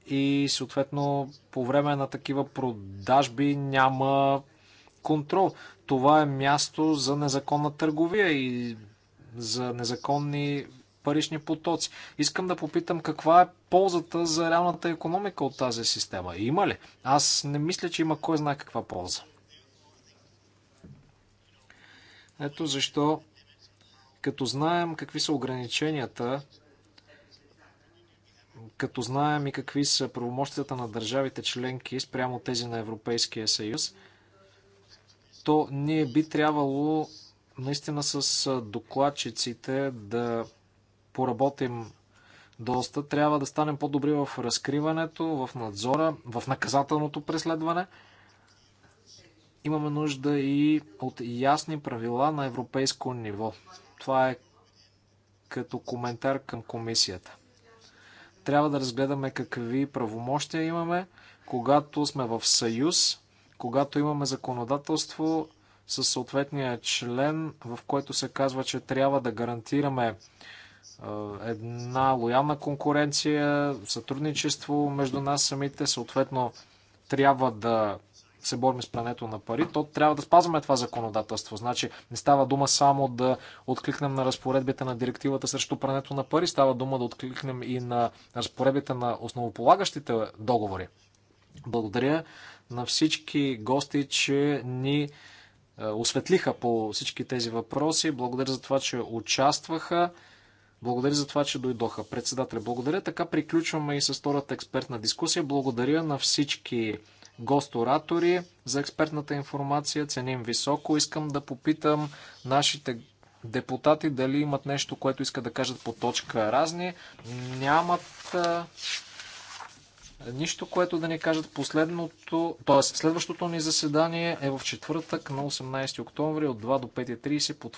и съответно по време на такива продажби няма контрол. Това е място за незаконна търговия и за незаконни парични потоци. Искам да попитам каква е ползата за реалната економика от тази система. Има ли? Аз не мисля, че има кой знае каква полза. Ето защо, като знаем какви са ограниченията, като знаем и какви са правомощията на държавите членки спрямо тези на Европейския съюз, то ние би трябвало наистина с докладчиците да поработим доста. Трябва да станем по-добри в разкриването, в надзора, в наказателното преследване. Имаме нужда и от ясни правила на европейско ниво. Това е като коментар към комисията. Трябва да разгледаме какви правомощия имаме, когато сме в съюз когато имаме законодателство със съответния член, в който се казва, че трябва да гарантираме една лоялна конкуренция, сътрудничество между нас самите, съответно трябва да се борим с прането на пари, то трябва да спазваме това законодателство. Значи не става дума само да откликнем на разпоредбите на директивата срещу прането на пари, става дума да откликнем и на разпоредбите на основополагащите договори. Благодаря на всички гости, че ни е, осветлиха по всички тези въпроси. Благодаря за това, че участваха. Благодаря за това, че дойдоха. Председателя, благодаря. Така приключваме и с втората експертна дискусия. Благодаря на всички гост-оратори за експертната информация. Ценим високо. Искам да попитам нашите депутати дали имат нещо, което искат да кажат по точка разни. Нямат Нищо, което да ни кажат последното, т.е. следващото ни заседание е в четвъртък на 18 октомври от 2 до 5.30 под